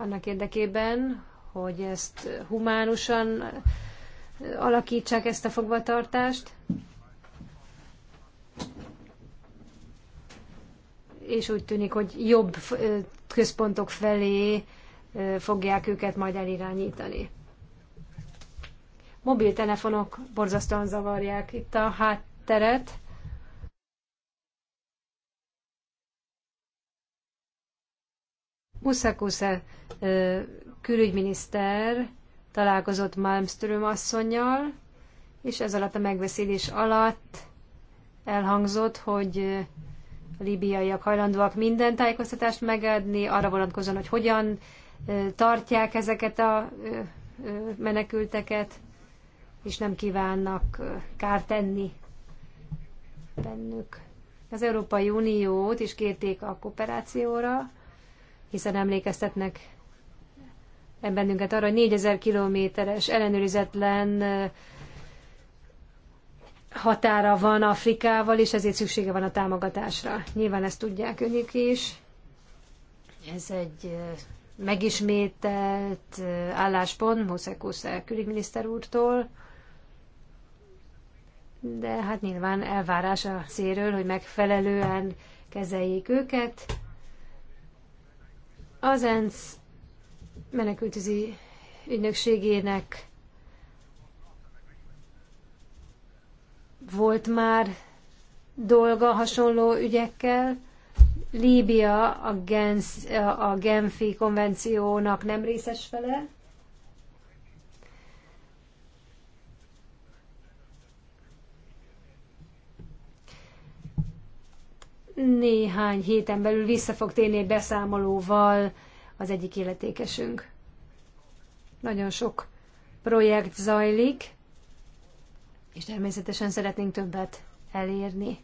annak érdekében, hogy ezt humánusan alakítsák ezt a fogvatartást. És úgy tűnik, hogy jobb központok felé fogják őket majd elirányítani. Mobiltelefonok borzasztóan zavarják itt a hátteret. Uszakusza külügyminiszter találkozott Malmström asszonynal, és ez alatt a megbeszélés alatt elhangzott, hogy a libiaiak hajlandóak minden tájékoztatást megadni, arra vonatkozóan, hogy hogyan tartják ezeket a menekülteket, és nem kívánnak kárt tenni bennük. Az Európai Uniót is kérték a kooperációra, hiszen emlékeztetnek bennünket arra, hogy 4000 kilométeres ellenőrizetlen határa van Afrikával, és ezért szüksége van a támogatásra. Nyilván ezt tudják önök is. Ez egy megismételt álláspont Moszek külügyminiszter úrtól, de hát nyilván elvárás a célről, hogy megfelelően kezeljék őket, az ENSZ menekültüzi ügynökségének volt már dolga hasonló ügyekkel. Líbia a, Gens, a Genfi konvenciónak nem részes fele, néhány héten belül vissza fog térni beszámolóval az egyik életékesünk. Nagyon sok projekt zajlik, és természetesen szeretnénk többet elérni.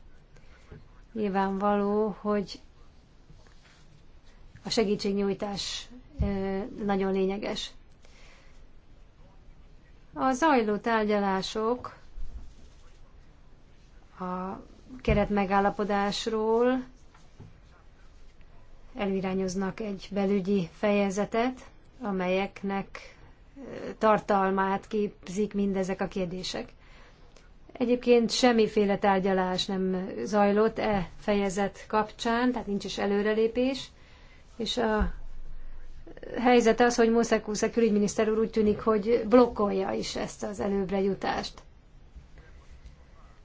Nyilvánvaló, hogy a segítségnyújtás nagyon lényeges. A zajló tárgyalások a keretmegállapodásról elirányoznak egy belügyi fejezetet, amelyeknek eh, tartalmát képzik mindezek a kérdések. Egyébként semmiféle tárgyalás nem zajlott e fejezet kapcsán, tehát nincs is előrelépés, és a helyzet az, hogy a külügyminiszter úr úgy tűnik, hogy blokkolja is ezt az előbbre jutást.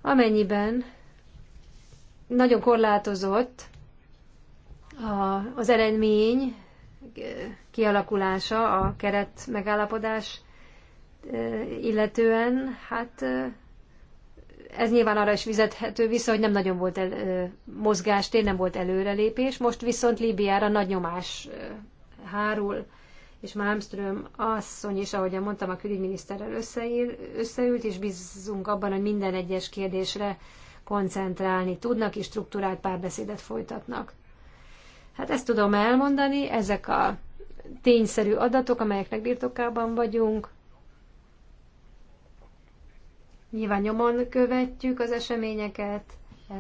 Amennyiben nagyon korlátozott a, az eredmény kialakulása a keret megállapodás illetően, hát ez nyilván arra is vizethető vissza, hogy nem nagyon volt el, tényleg nem volt előrelépés. Most viszont Líbiára nagy nyomás hárul, és Malmström asszony is, ahogy mondtam, a külügyminiszterrel összeült, és bízunk abban, hogy minden egyes kérdésre koncentrálni tudnak és struktúrált párbeszédet folytatnak. Hát ezt tudom elmondani, ezek a tényszerű adatok, amelyeknek birtokában vagyunk. Nyilván nyomon követjük az eseményeket,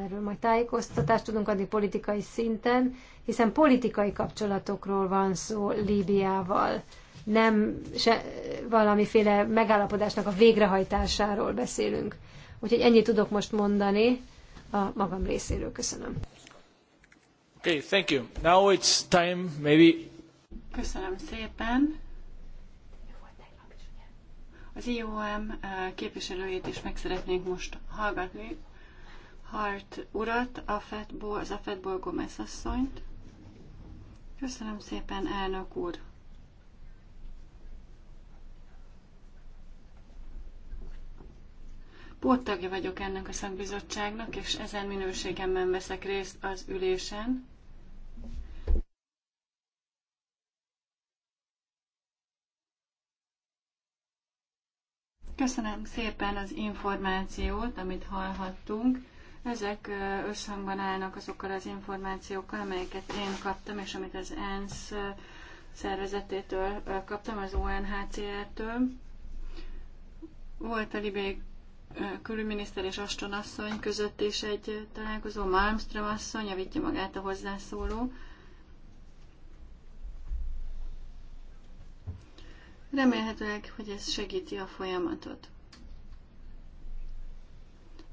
erről majd tájékoztatást tudunk adni politikai szinten, hiszen politikai kapcsolatokról van szó Líbiával, nem se, valamiféle megállapodásnak a végrehajtásáról beszélünk. Úgyhogy ennyit tudok most mondani a magam részéről. Köszönöm. Okay, thank you. Now it's time, maybe... Köszönöm szépen. Az IOM eh, képviselőjét is meg szeretnénk most hallgatni. Hart urat, a Fedból, az Afetból Gomez asszonyt. Köszönöm szépen, elnök úr! Póttagja vagyok ennek a szakbizottságnak, és ezen minőségemben veszek részt az ülésen. Köszönöm szépen az információt, amit hallhattunk. Ezek összhangban állnak azokkal az információkkal, amelyeket én kaptam, és amit az ENSZ szervezetétől kaptam, az UNHCR-től. Volt a libék külügyminiszter és Aston asszony között is egy találkozó. Malmström asszony, javítja magát a hozzászóló. Remélhetőleg, hogy ez segíti a folyamatot.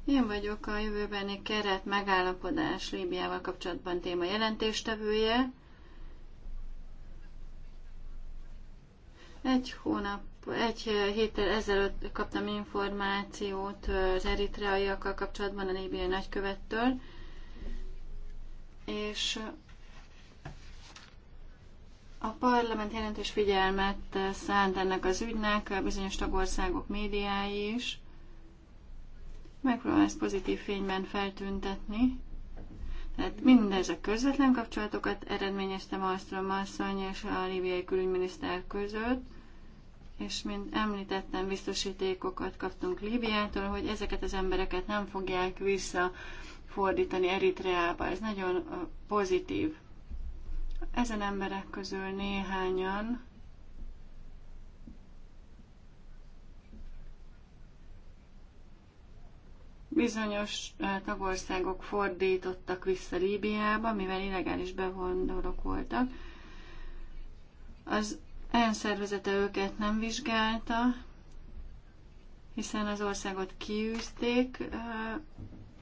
Én vagyok a jövőbeni keret megállapodás Líbiával kapcsolatban téma jelentéstevője. Egy hónap egy héttel ezelőtt kaptam információt az eritreaiakkal kapcsolatban a líbiai nagykövettől, és a parlament jelentős figyelmet szánt ennek az ügynek, a bizonyos tagországok médiái is. Megpróbálom ezt pozitív fényben feltüntetni. Tehát mindez a közvetlen kapcsolatokat eredményezte Malmström asszony és a libiai külügyminiszter között és mint említettem, biztosítékokat kaptunk Líbiától, hogy ezeket az embereket nem fogják visszafordítani Eritreába. Ez nagyon pozitív. Ezen emberek közül néhányan bizonyos tagországok fordítottak vissza Líbiába, mivel illegális bevondolok voltak. Az En szervezete őket nem vizsgálta, hiszen az országot kiűzték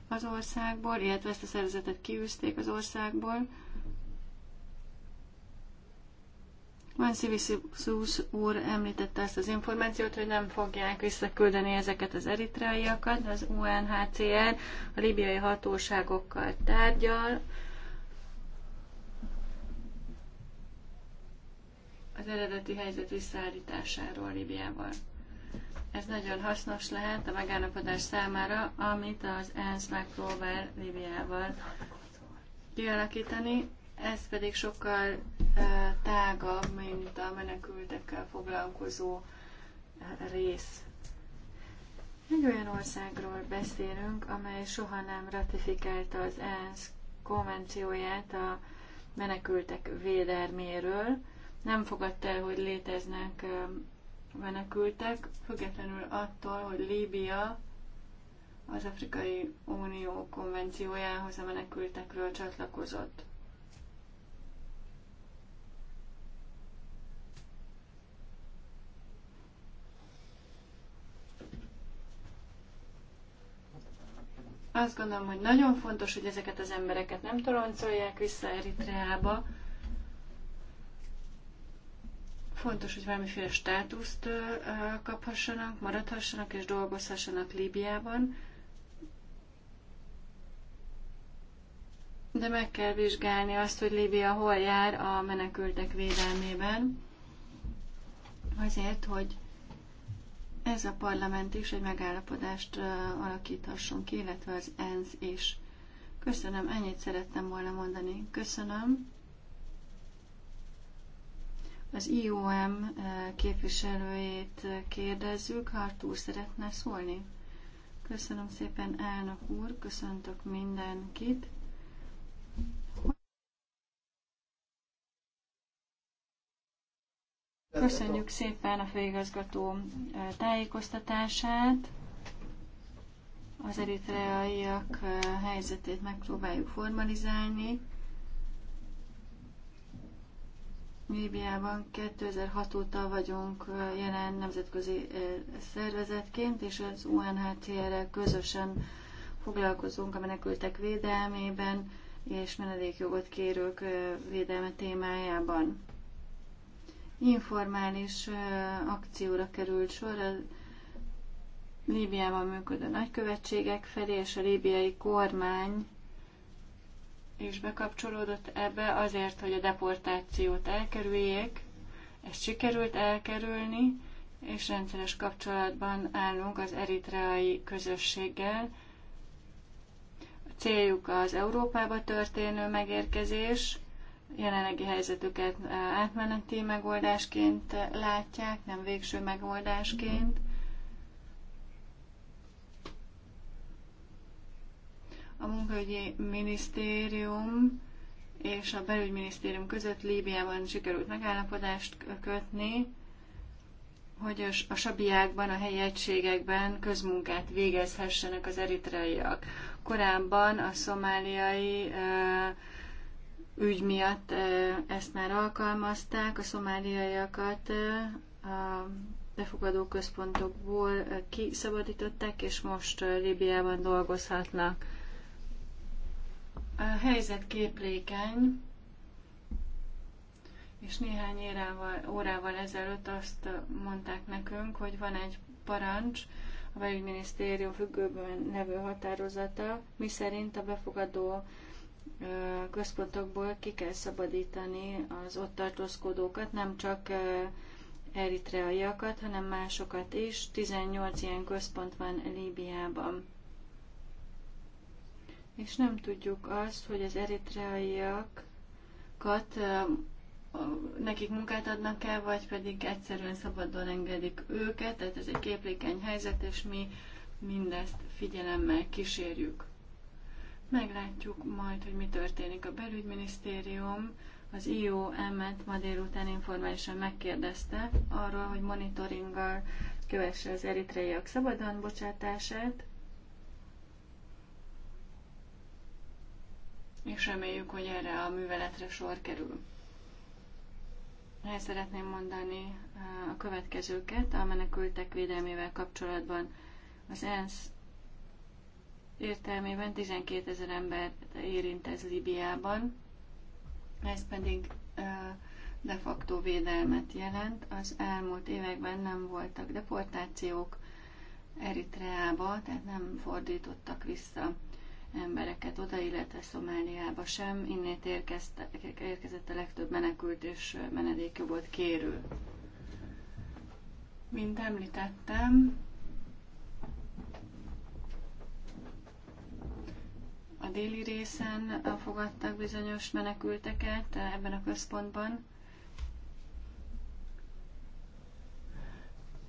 az országból, illetve ezt a szervezetet kiűzték az országból. Van Szivisszus úr említette ezt az információt, hogy nem fogják visszaküldeni ezeket az eritreaiakat, az UNHCR a libiai hatóságokkal tárgyal, az eredeti helyzet visszaállításáról Libiával. Ez nagyon hasznos lehet a megállapodás számára, amit az ENSZ megpróbál Libiával kialakítani, ez pedig sokkal tágabb, mint a menekültekkel foglalkozó rész. Egy olyan országról beszélünk, amely soha nem ratifikálta az ENSZ konvencióját a menekültek védelméről, nem fogadta el, hogy léteznek menekültek, függetlenül attól, hogy Líbia az Afrikai Unió konvenciójához a menekültekről csatlakozott. Azt gondolom, hogy nagyon fontos, hogy ezeket az embereket nem toloncolják vissza Eritreába, Fontos, hogy valamiféle státuszt kaphassanak, maradhassanak és dolgozhassanak Líbiában. De meg kell vizsgálni azt, hogy Líbia hol jár a menekültek védelmében, azért, hogy ez a parlament is egy megállapodást alakíthasson ki, illetve az ENSZ is. Köszönöm, ennyit szerettem volna mondani. Köszönöm. Az IOM eh, képviselőjét eh, kérdezzük. túl szeretne szólni? Köszönöm szépen, elnök úr, köszöntök mindenkit. Köszönjük szépen a főigazgató eh, tájékoztatását. Az eritreaiak helyzetét megpróbáljuk formalizálni. Líbiában 2006 óta vagyunk jelen nemzetközi szervezetként, és az UNHCR-rel közösen foglalkozunk a menekültek védelmében és menedékjogot kérők védelme témájában. Informális akcióra került sor a Líbiában működő nagykövetségek felé, és a líbiai kormány és bekapcsolódott ebbe azért, hogy a deportációt elkerüljék. Ezt sikerült elkerülni, és rendszeres kapcsolatban állunk az eritreai közösséggel. A céljuk az Európába történő megérkezés, jelenlegi helyzetüket átmeneti megoldásként látják, nem végső megoldásként. A munkaügyi minisztérium és a belügyminisztérium között Líbiában sikerült megállapodást kötni, hogy a sabiákban, a helyi egységekben közmunkát végezhessenek az eritreiak. Korábban a szomáliai ügy miatt ezt már alkalmazták, a szomáliaiakat a befogadó központokból kiszabadították, és most Líbiában dolgozhatnak. A helyzet képlékeny, és néhány érával, órával ezelőtt azt mondták nekünk, hogy van egy parancs, a belügyminisztérium függőben nevő határozata, miszerint a befogadó központokból ki kell szabadítani az ott tartózkodókat, nem csak eritreaiakat, hanem másokat is. 18 ilyen központ van Líbiában és nem tudjuk azt, hogy az eritreaiakat nekik munkát adnak el, vagy pedig egyszerűen szabadon engedik őket, tehát ez egy képlékeny helyzet, és mi mindezt figyelemmel kísérjük. Meglátjuk majd, hogy mi történik. A belügyminisztérium az IOM-et ma délután informálisan megkérdezte arról, hogy monitoringgal kövesse az eritreiak szabadon bocsátását, és reméljük, hogy erre a műveletre sor kerül. El szeretném mondani eh, a következőket a menekültek védelmével kapcsolatban. Az ENSZ értelmében 12 ezer embert érint ez Libiában, ez pedig eh, de facto védelmet jelent. Az elmúlt években nem voltak deportációk Eritreába, tehát nem fordítottak vissza embereket oda, illetve Szomáliába sem. Innét érkezett a legtöbb menekült és menedékjogot kérő. Mint említettem, a déli részen fogadtak bizonyos menekülteket ebben a központban.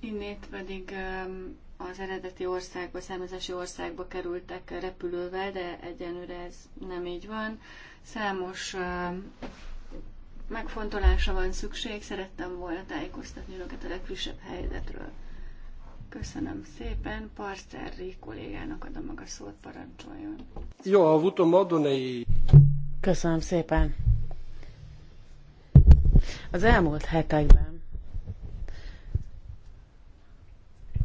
Innét pedig az eredeti országba, származási országba kerültek repülővel, de egyenlőre ez nem így van. Számos megfontolása van szükség, szerettem volna tájékoztatni önöket a legfrissebb helyzetről. Köszönöm szépen, Parcerri kollégának adom meg a szót, parancsoljon. Jó, a vutom adonai. Köszönöm szépen. Az elmúlt hetekben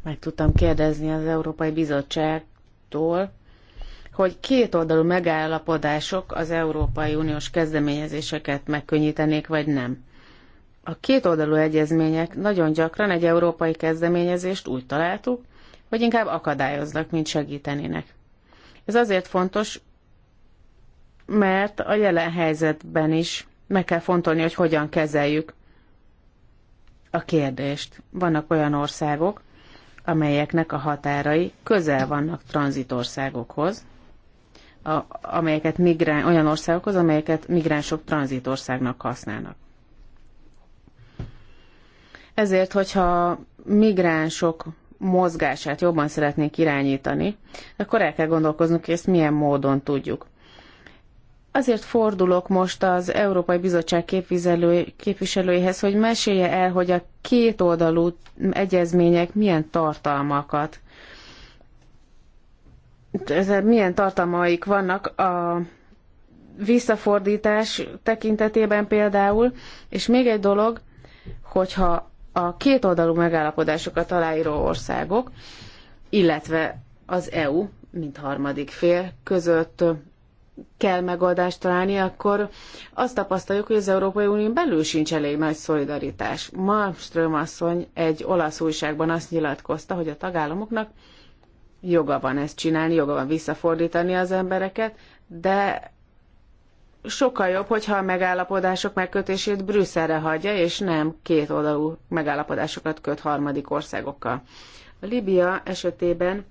meg tudtam kérdezni az Európai Bizottságtól, hogy két oldalú megállapodások az Európai Uniós kezdeményezéseket megkönnyítenék, vagy nem. A két oldalú egyezmények nagyon gyakran egy európai kezdeményezést úgy találtuk, hogy inkább akadályoznak, mint segítenének. Ez azért fontos, mert a jelen helyzetben is meg kell fontolni, hogy hogyan kezeljük a kérdést. Vannak olyan országok, amelyeknek a határai közel vannak tranzitországokhoz, a, amelyeket migrán, olyan országokhoz, amelyeket migránsok tranzitországnak használnak. Ezért, hogyha migránsok mozgását jobban szeretnék irányítani, akkor el kell gondolkoznunk, hogy ezt milyen módon tudjuk. Azért fordulok most az Európai Bizottság képviselő, képviselőihez, hogy mesélje el, hogy a kétoldalú egyezmények milyen tartalmakat, milyen tartalmaik vannak a visszafordítás tekintetében például, és még egy dolog, hogyha a kétoldalú megállapodásokat aláíró országok, illetve az EU, mint harmadik fél között kell megoldást találni, akkor azt tapasztaljuk, hogy az Európai Unión belül sincs elég nagy szolidaritás. Malmström asszony egy olasz újságban azt nyilatkozta, hogy a tagállamoknak joga van ezt csinálni, joga van visszafordítani az embereket, de sokkal jobb, hogyha a megállapodások megkötését Brüsszelre hagyja, és nem kétoldalú megállapodásokat köt harmadik országokkal. A Libia esetében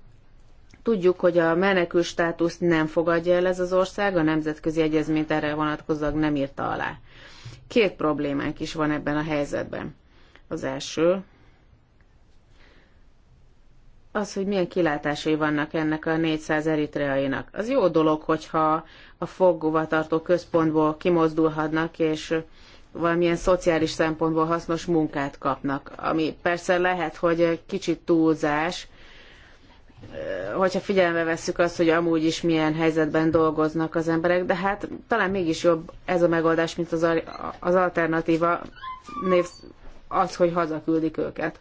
Tudjuk, hogy a menekül státuszt nem fogadja el ez az ország, a nemzetközi egyezményt erre vonatkozólag nem írta alá. Két problémánk is van ebben a helyzetben. Az első, az, hogy milyen kilátásai vannak ennek a 400 eritreainak. Az jó dolog, hogyha a fogvatartó központból kimozdulhatnak, és valamilyen szociális szempontból hasznos munkát kapnak, ami persze lehet, hogy kicsit túlzás, hogyha figyelembe vesszük azt, hogy amúgy is milyen helyzetben dolgoznak az emberek, de hát talán mégis jobb ez a megoldás, mint az, az alternatíva név az, hogy hazaküldik őket.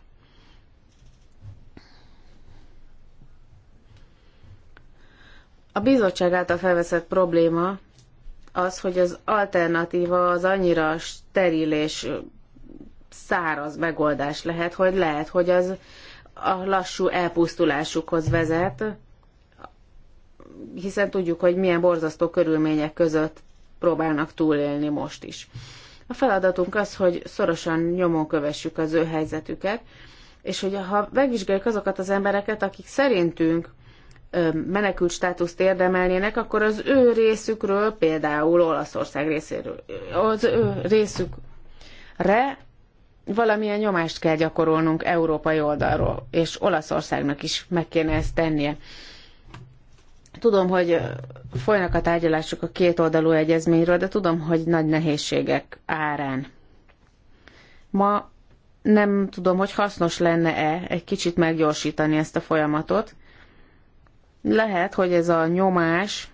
A bizottság által felveszett probléma az, hogy az alternatíva az annyira steril és száraz megoldás lehet, hogy lehet, hogy az a lassú elpusztulásukhoz vezet, hiszen tudjuk, hogy milyen borzasztó körülmények között próbálnak túlélni most is. A feladatunk az, hogy szorosan nyomon kövessük az ő helyzetüket, és hogy ha megvizsgáljuk azokat az embereket, akik szerintünk menekült státuszt érdemelnének, akkor az ő részükről, például Olaszország részéről, az ő részükre valamilyen nyomást kell gyakorolnunk európai oldalról, és Olaszországnak is meg kéne ezt tennie. Tudom, hogy folynak a tárgyalások a két oldalú egyezményről, de tudom, hogy nagy nehézségek árán. Ma nem tudom, hogy hasznos lenne-e egy kicsit meggyorsítani ezt a folyamatot. Lehet, hogy ez a nyomás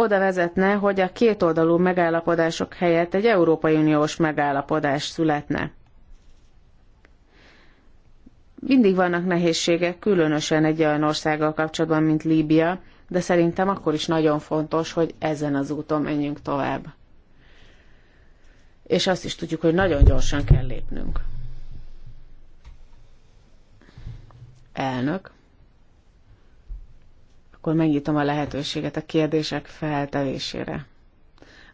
oda vezetne, hogy a kétoldalú megállapodások helyett egy Európai Uniós megállapodás születne. Mindig vannak nehézségek, különösen egy olyan országgal kapcsolatban, mint Líbia, de szerintem akkor is nagyon fontos, hogy ezen az úton menjünk tovább. És azt is tudjuk, hogy nagyon gyorsan kell lépnünk. Elnök akkor megnyitom a lehetőséget a kérdések feltevésére.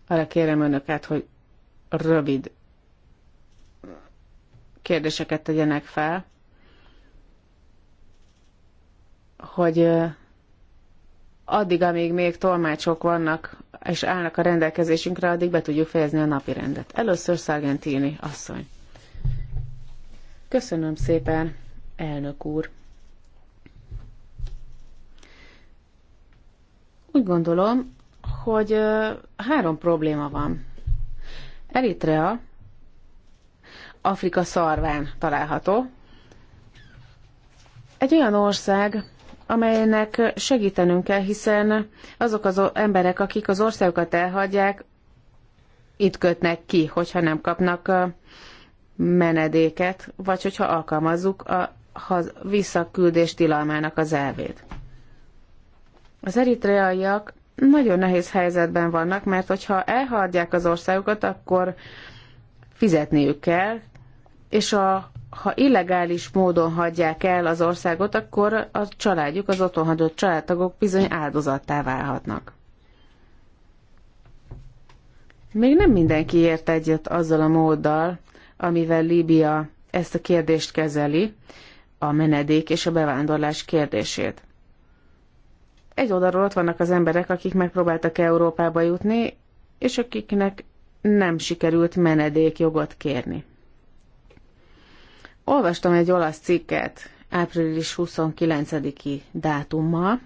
Arra kérem önöket, hogy rövid kérdéseket tegyenek fel, hogy addig, amíg még tolmácsok vannak és állnak a rendelkezésünkre, addig be tudjuk fejezni a napi rendet. Először Szargentini asszony. Köszönöm szépen, elnök úr. Úgy gondolom, hogy három probléma van. Eritrea Afrika szarván található. Egy olyan ország, amelynek segítenünk kell, hiszen azok az emberek, akik az országokat elhagyják, itt kötnek ki, hogyha nem kapnak menedéket, vagy hogyha alkalmazzuk a visszaküldés tilalmának az elvét. Az eritreaiak nagyon nehéz helyzetben vannak, mert hogyha elhagyják az országokat, akkor fizetniük kell, és a, ha illegális módon hagyják el az országot, akkor a családjuk, az otthonhagyott családtagok bizony áldozattá válhatnak. Még nem mindenki ért egyet azzal a móddal, amivel Líbia ezt a kérdést kezeli, a menedék és a bevándorlás kérdését. Egy oldalról ott vannak az emberek, akik megpróbáltak Európába jutni, és akiknek nem sikerült menedékjogot kérni. Olvastam egy olasz cikket április 29-i dátummal,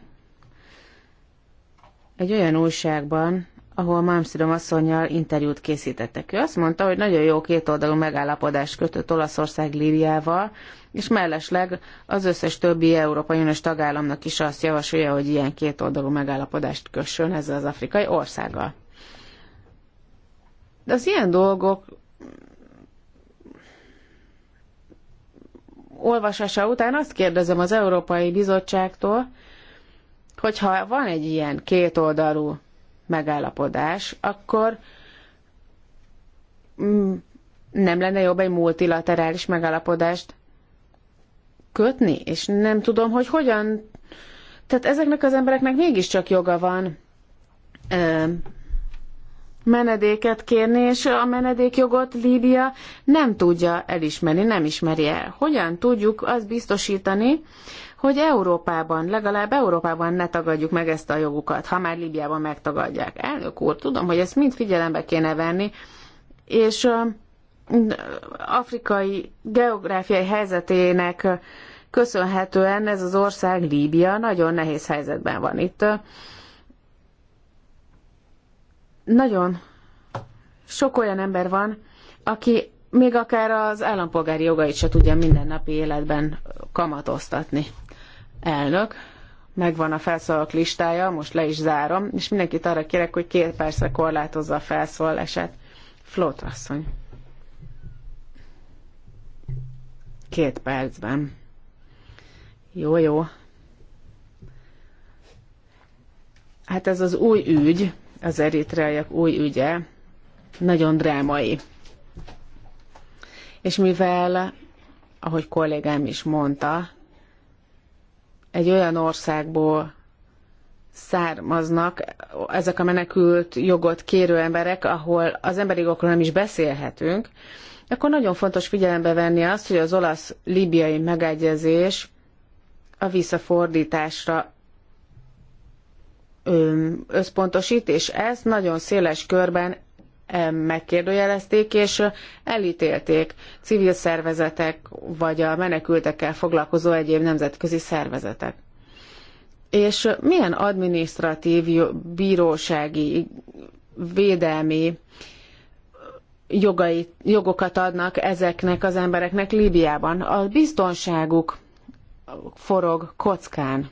egy olyan újságban, ahol Malmström asszonynal interjút készítettek. Ő azt mondta, hogy nagyon jó kétoldalú megállapodást kötött Olaszország Líriával, és mellesleg az összes többi Európai Uniós tagállamnak is azt javasolja, hogy ilyen kétoldalú megállapodást kössön ezzel az afrikai országgal. De az ilyen dolgok olvasása után azt kérdezem az Európai Bizottságtól, hogyha van egy ilyen kétoldalú megállapodás, akkor mm, nem lenne jobb egy multilaterális megállapodást kötni, és nem tudom, hogy hogyan. Tehát ezeknek az embereknek mégiscsak joga van ö, menedéket kérni, és a menedékjogot Líbia nem tudja elismerni, nem ismeri el. Hogyan tudjuk azt biztosítani, hogy Európában, legalább Európában ne tagadjuk meg ezt a jogukat, ha már Libiában megtagadják. Elnök úr, tudom, hogy ezt mind figyelembe kéne venni, és afrikai geográfiai helyzetének köszönhetően ez az ország, Líbia, nagyon nehéz helyzetben van itt. Nagyon sok olyan ember van, aki még akár az állampolgári jogait se tudja mindennapi életben kamatoztatni. Elnök, megvan a felszólalók listája, most le is zárom, és mindenkit arra kérek, hogy két percre korlátozza a felszólalását. Flót asszony. Két percben. Jó, jó. Hát ez az új ügy, az eritreaiak új ügye, nagyon drámai. És mivel, ahogy kollégám is mondta, egy olyan országból származnak ezek a menekült jogot kérő emberek, ahol az emberi jogokról nem is beszélhetünk, akkor nagyon fontos figyelembe venni azt, hogy az olasz-libiai megegyezés a visszafordításra összpontosít, és ez nagyon széles körben megkérdőjelezték és elítélték civil szervezetek vagy a menekültekkel foglalkozó egyéb nemzetközi szervezetek. És milyen administratív, bírósági, védelmi jogai, jogokat adnak ezeknek az embereknek Líbiában? A biztonságuk forog kockán.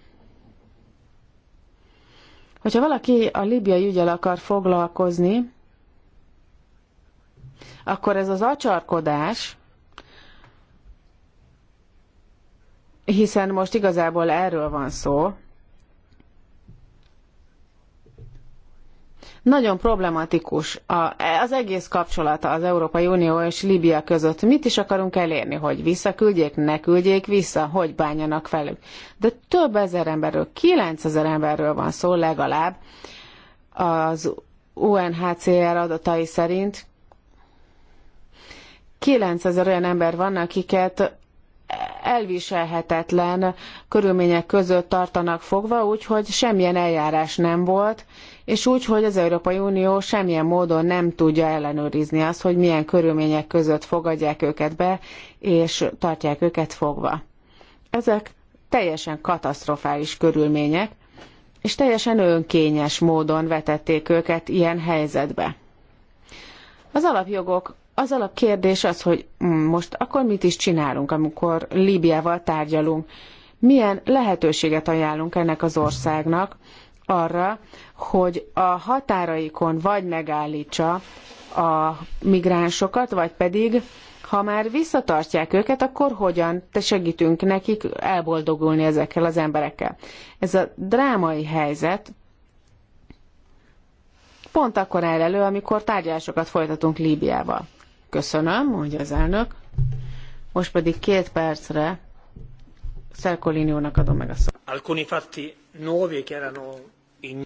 Hogyha valaki a libiai ügyel akar foglalkozni, akkor ez az acsarkodás, hiszen most igazából erről van szó, nagyon problematikus az egész kapcsolata az Európai Unió és Líbia között. Mit is akarunk elérni, hogy visszaküldjék, ne küldjék vissza, hogy bánjanak velük. De több ezer emberről, kilenc ezer emberről van szó legalább az UNHCR adatai szerint, 9000 olyan ember van, akiket elviselhetetlen körülmények között tartanak fogva, úgyhogy semmilyen eljárás nem volt, és úgy, hogy az Európai Unió semmilyen módon nem tudja ellenőrizni azt, hogy milyen körülmények között fogadják őket be, és tartják őket fogva. Ezek teljesen katasztrofális körülmények, és teljesen önkényes módon vetették őket ilyen helyzetbe. Az alapjogok az alapkérdés az, hogy mm, most akkor mit is csinálunk, amikor Líbiával tárgyalunk? Milyen lehetőséget ajánlunk ennek az országnak arra, hogy a határaikon vagy megállítsa a migránsokat, vagy pedig ha már visszatartják őket, akkor hogyan te segítünk nekik elboldogulni ezekkel az emberekkel. Ez a drámai helyzet pont akkor áll elő, amikor tárgyalásokat folytatunk Líbiával. Köszönöm, mondja az elnök. Most pedig két percre Szerkolini úrnak adom meg a szót. Alcuni fatti nuovi che erano in...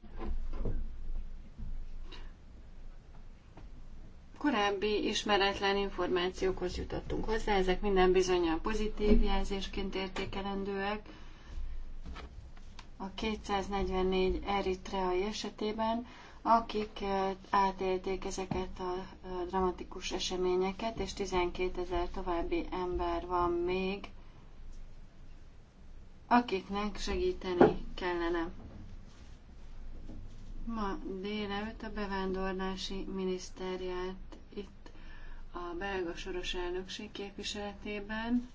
Korábbi ismeretlen információkhoz jutottunk hozzá, ezek minden bizonyal pozitív jelzésként értékelendőek. A 244 eritreai esetében akik átélték ezeket a dramatikus eseményeket, és 12 ezer további ember van még, akiknek segíteni kellene. Ma délelőtt a bevándorlási miniszter itt a belga soros elnökség képviseletében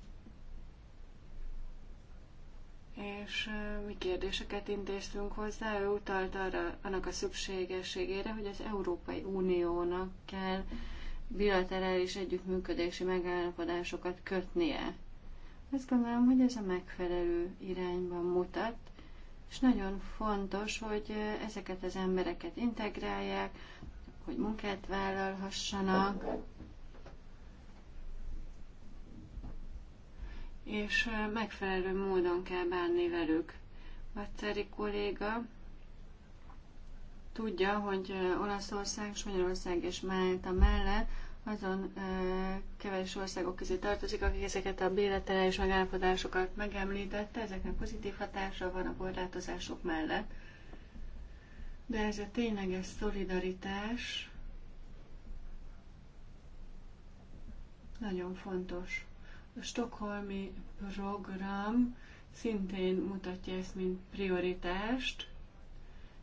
és mi kérdéseket intéztünk hozzá. Ő utalt arra, annak a szükségességére, hogy az Európai Uniónak kell bilaterális együttműködési megállapodásokat kötnie. Azt gondolom, hogy ez a megfelelő irányban mutat, és nagyon fontos, hogy ezeket az embereket integrálják, hogy munkát vállalhassanak, és megfelelő módon kell bánni velük. Vatteri kolléga tudja, hogy Olaszország, Spanyolország és Málta mellett azon kevés országok közé tartozik, akik ezeket a és megállapodásokat megemlítette, ezeknek pozitív hatása van a korlátozások mellett. De ez a tényleges szolidaritás nagyon fontos. A Stockholmi program szintén mutatja ezt, mint prioritást.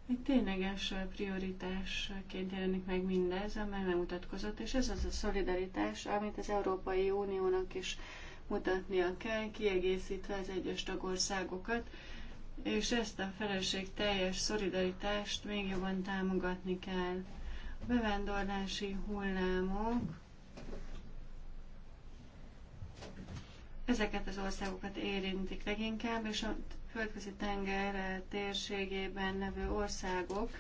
Egy tényleges prioritásként jelenik meg mindez, amely megmutatkozott, és ez az a szolidaritás, amit az Európai Uniónak is mutatnia kell, kiegészítve az egyes tagországokat, és ezt a feleség teljes szolidaritást még jobban támogatni kell. A bevándorlási hullámok Ezeket az országokat érintik leginkább, és a földközi tenger térségében levő országok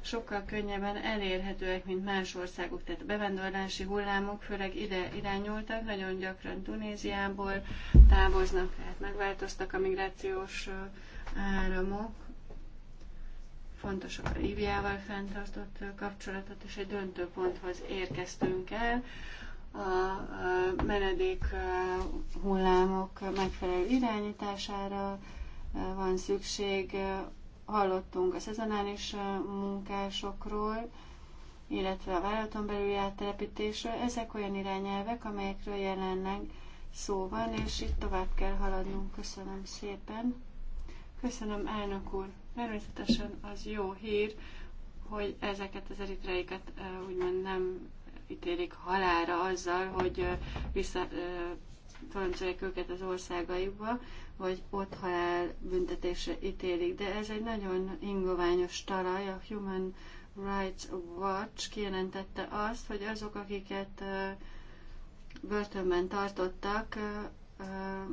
sokkal könnyebben elérhetőek, mint más országok. Tehát a bevándorlási hullámok főleg ide irányultak, nagyon gyakran Tunéziából távoznak, tehát megváltoztak a migrációs áramok. Fontos a Líbiával fenntartott kapcsolatot, és egy döntőponthoz érkeztünk el, a menedék hullámok megfelelő irányítására van szükség. Hallottunk a szezonális munkásokról, illetve a vállalaton belüli áttelepítésről. Ezek olyan irányelvek, amelyekről jelenleg szó van, és itt tovább kell haladnunk. Köszönöm szépen. Köszönöm, elnök úr. Természetesen az jó hír, hogy ezeket az eritreiket úgymond nem ítélik halára azzal, hogy visszatoloncolják őket az országaikba, vagy ott halál büntetésre ítélik. De ez egy nagyon ingoványos talaj. A Human Rights Watch kijelentette azt, hogy azok, akiket börtönben tartottak,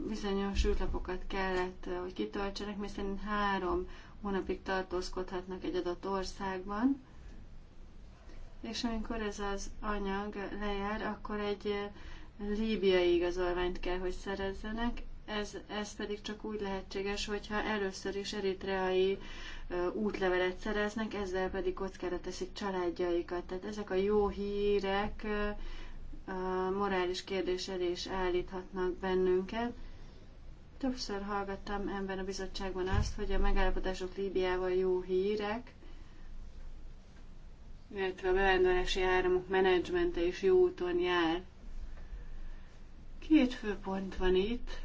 bizonyos űrlapokat kellett, hogy kitöltsenek, miszerint három hónapig tartózkodhatnak egy adott országban, és amikor ez az anyag lejár, akkor egy líbiai igazolványt kell, hogy szerezzenek, ez, ez pedig csak úgy lehetséges, hogyha először is eritreai útlevelet szereznek, ezzel pedig kockára teszik családjaikat. Tehát ezek a jó hírek morális kérdés is állíthatnak bennünket. Többször hallgattam ebben a bizottságban azt, hogy a megállapodások Líbiával jó hírek, illetve a bevándorlási áramok menedzsmente is jó úton jár. Két fő pont van itt.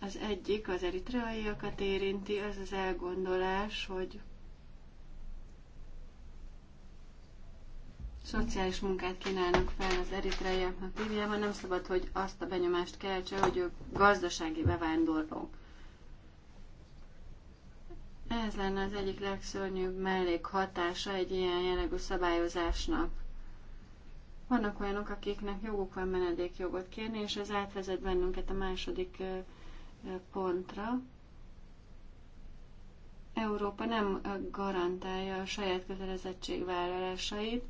Az egyik az eritreaiakat érinti, az az elgondolás, hogy szociális munkát kínálnak fel az eritreiaknak Líbiában, nem szabad, hogy azt a benyomást keltse, hogy ők gazdasági bevándorlók. Ez lenne az egyik legszörnyűbb mellékhatása egy ilyen jellegű szabályozásnak. Vannak olyanok, akiknek joguk van menedékjogot kérni, és ez átvezet bennünket a második pontra. Európa nem garantálja a saját kötelezettségvállalásait,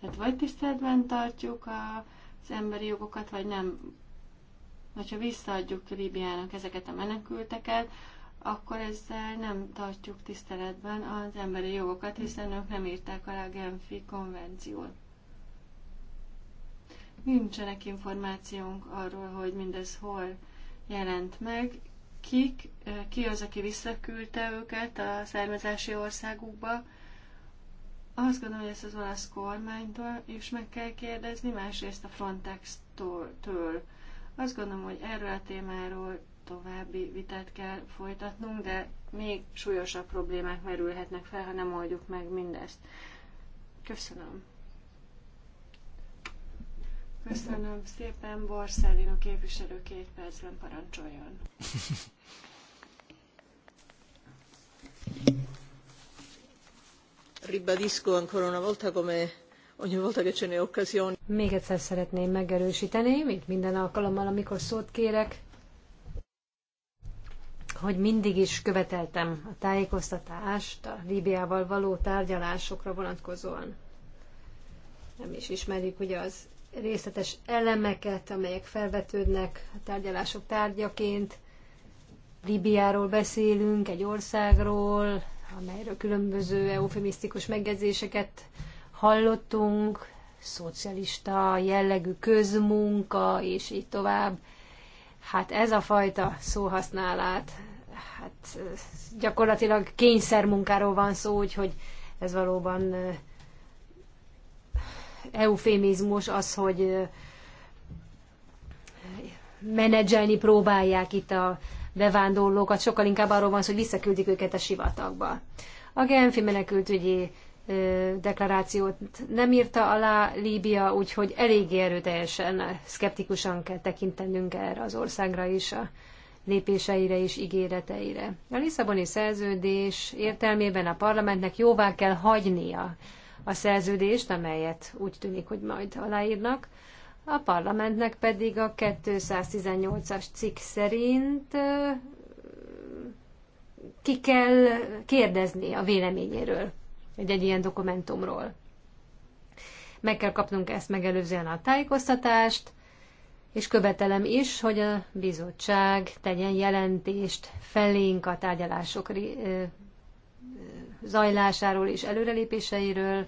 tehát vagy tiszteletben tartjuk az emberi jogokat, vagy nem. Vagy ha visszaadjuk Líbiának ezeket a menekülteket, akkor ezzel nem tartjuk tiszteletben az emberi jogokat, hiszen ők nem írták alá a Genfi konvenciót. Nincsenek információnk arról, hogy mindez hol jelent meg, kik, ki az, aki visszaküldte őket a származási országukba. Azt gondolom, hogy ezt az olasz kormánytól is meg kell kérdezni, másrészt a Frontex-től. Azt gondolom, hogy erről a témáról további vitát kell folytatnunk, de még súlyosabb problémák merülhetnek fel, ha nem oldjuk meg mindezt. Köszönöm. Köszönöm szépen, Borszellino képviselő két percben parancsoljon. Ribadisco ancora una volta come ogni volta che ce n'è occasione. Még egyszer szeretném megerősíteni, mint minden alkalommal, amikor szót kérek, hogy mindig is követeltem a tájékoztatást a Líbiával való tárgyalásokra vonatkozóan. Nem is ismerjük ugye az részletes elemeket, amelyek felvetődnek a tárgyalások tárgyaként. Líbiáról beszélünk, egy országról, amelyről különböző eufemisztikus megjegyzéseket hallottunk, szocialista jellegű közmunka, és így tovább. Hát ez a fajta szóhasználát hát gyakorlatilag kényszermunkáról van szó, úgyhogy ez valóban eufémizmus az, hogy menedzselni próbálják itt a bevándorlókat, sokkal inkább arról van szó, hogy visszaküldik őket a sivatagba. A Genfi menekültügyi deklarációt nem írta alá Líbia, úgyhogy eléggé erőteljesen, szkeptikusan kell tekintenünk erre az országra is a lépéseire és ígéreteire. A Lisszaboni szerződés értelmében a parlamentnek jóvá kell hagynia a szerződést, amelyet úgy tűnik, hogy majd aláírnak, a parlamentnek pedig a 218-as cikk szerint ki kell kérdezni a véleményéről, egy, egy ilyen dokumentumról. Meg kell kapnunk ezt megelőzően a tájékoztatást, és követelem is, hogy a bizottság tegyen jelentést felénk a tárgyalások zajlásáról és előrelépéseiről.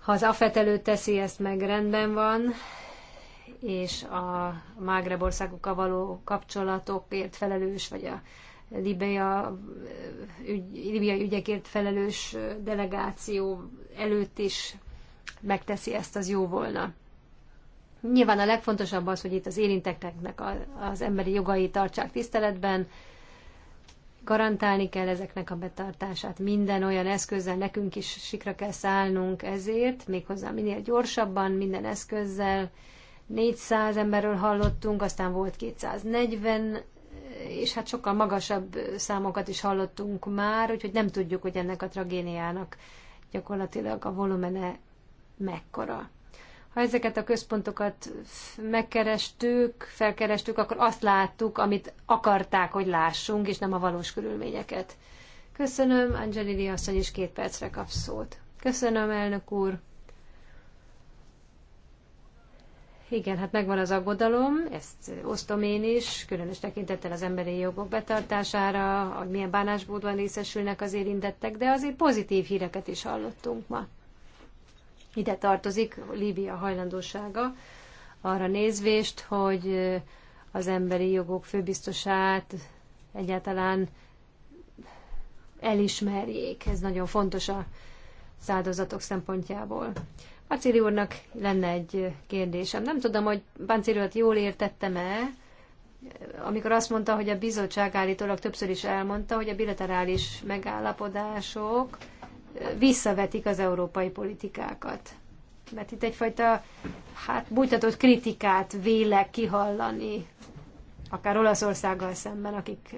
Ha az AFET előtt teszi, ezt meg rendben van, és a Mágreb országokkal való kapcsolatokért felelős, vagy a Libia, ügy, Libia ügyekért felelős delegáció előtt is megteszi ezt, az jó volna. Nyilván a legfontosabb az, hogy itt az érintetteknek az emberi jogai tartsák tiszteletben, garantálni kell ezeknek a betartását. Minden olyan eszközzel nekünk is sikra kell szállnunk ezért, méghozzá minél gyorsabban, minden eszközzel. 400 emberről hallottunk, aztán volt 240, és hát sokkal magasabb számokat is hallottunk már, úgyhogy nem tudjuk, hogy ennek a tragédiának gyakorlatilag a volumene mekkora. Ha ezeket a központokat megkerestük, felkerestük, akkor azt láttuk, amit akarták, hogy lássunk, és nem a valós körülményeket. Köszönöm, Angelini asszony is két percre kap szót. Köszönöm, elnök úr. Igen, hát megvan az aggodalom, ezt osztom én is, különös tekintettel az emberi jogok betartására, hogy milyen bánásmódban részesülnek az érintettek, de azért pozitív híreket is hallottunk ma. Ide tartozik Líbia hajlandósága arra nézvést, hogy az emberi jogok főbiztosát egyáltalán elismerjék. Ez nagyon fontos a áldozatok szempontjából. Pancéli úrnak lenne egy kérdésem. Nem tudom, hogy Pancéli urat hát jól értettem-e, amikor azt mondta, hogy a bizottság állítólag többször is elmondta, hogy a bilaterális megállapodások visszavetik az európai politikákat. Mert itt egyfajta hát, bújtatott kritikát vélek kihallani, akár Olaszországgal szemben, akik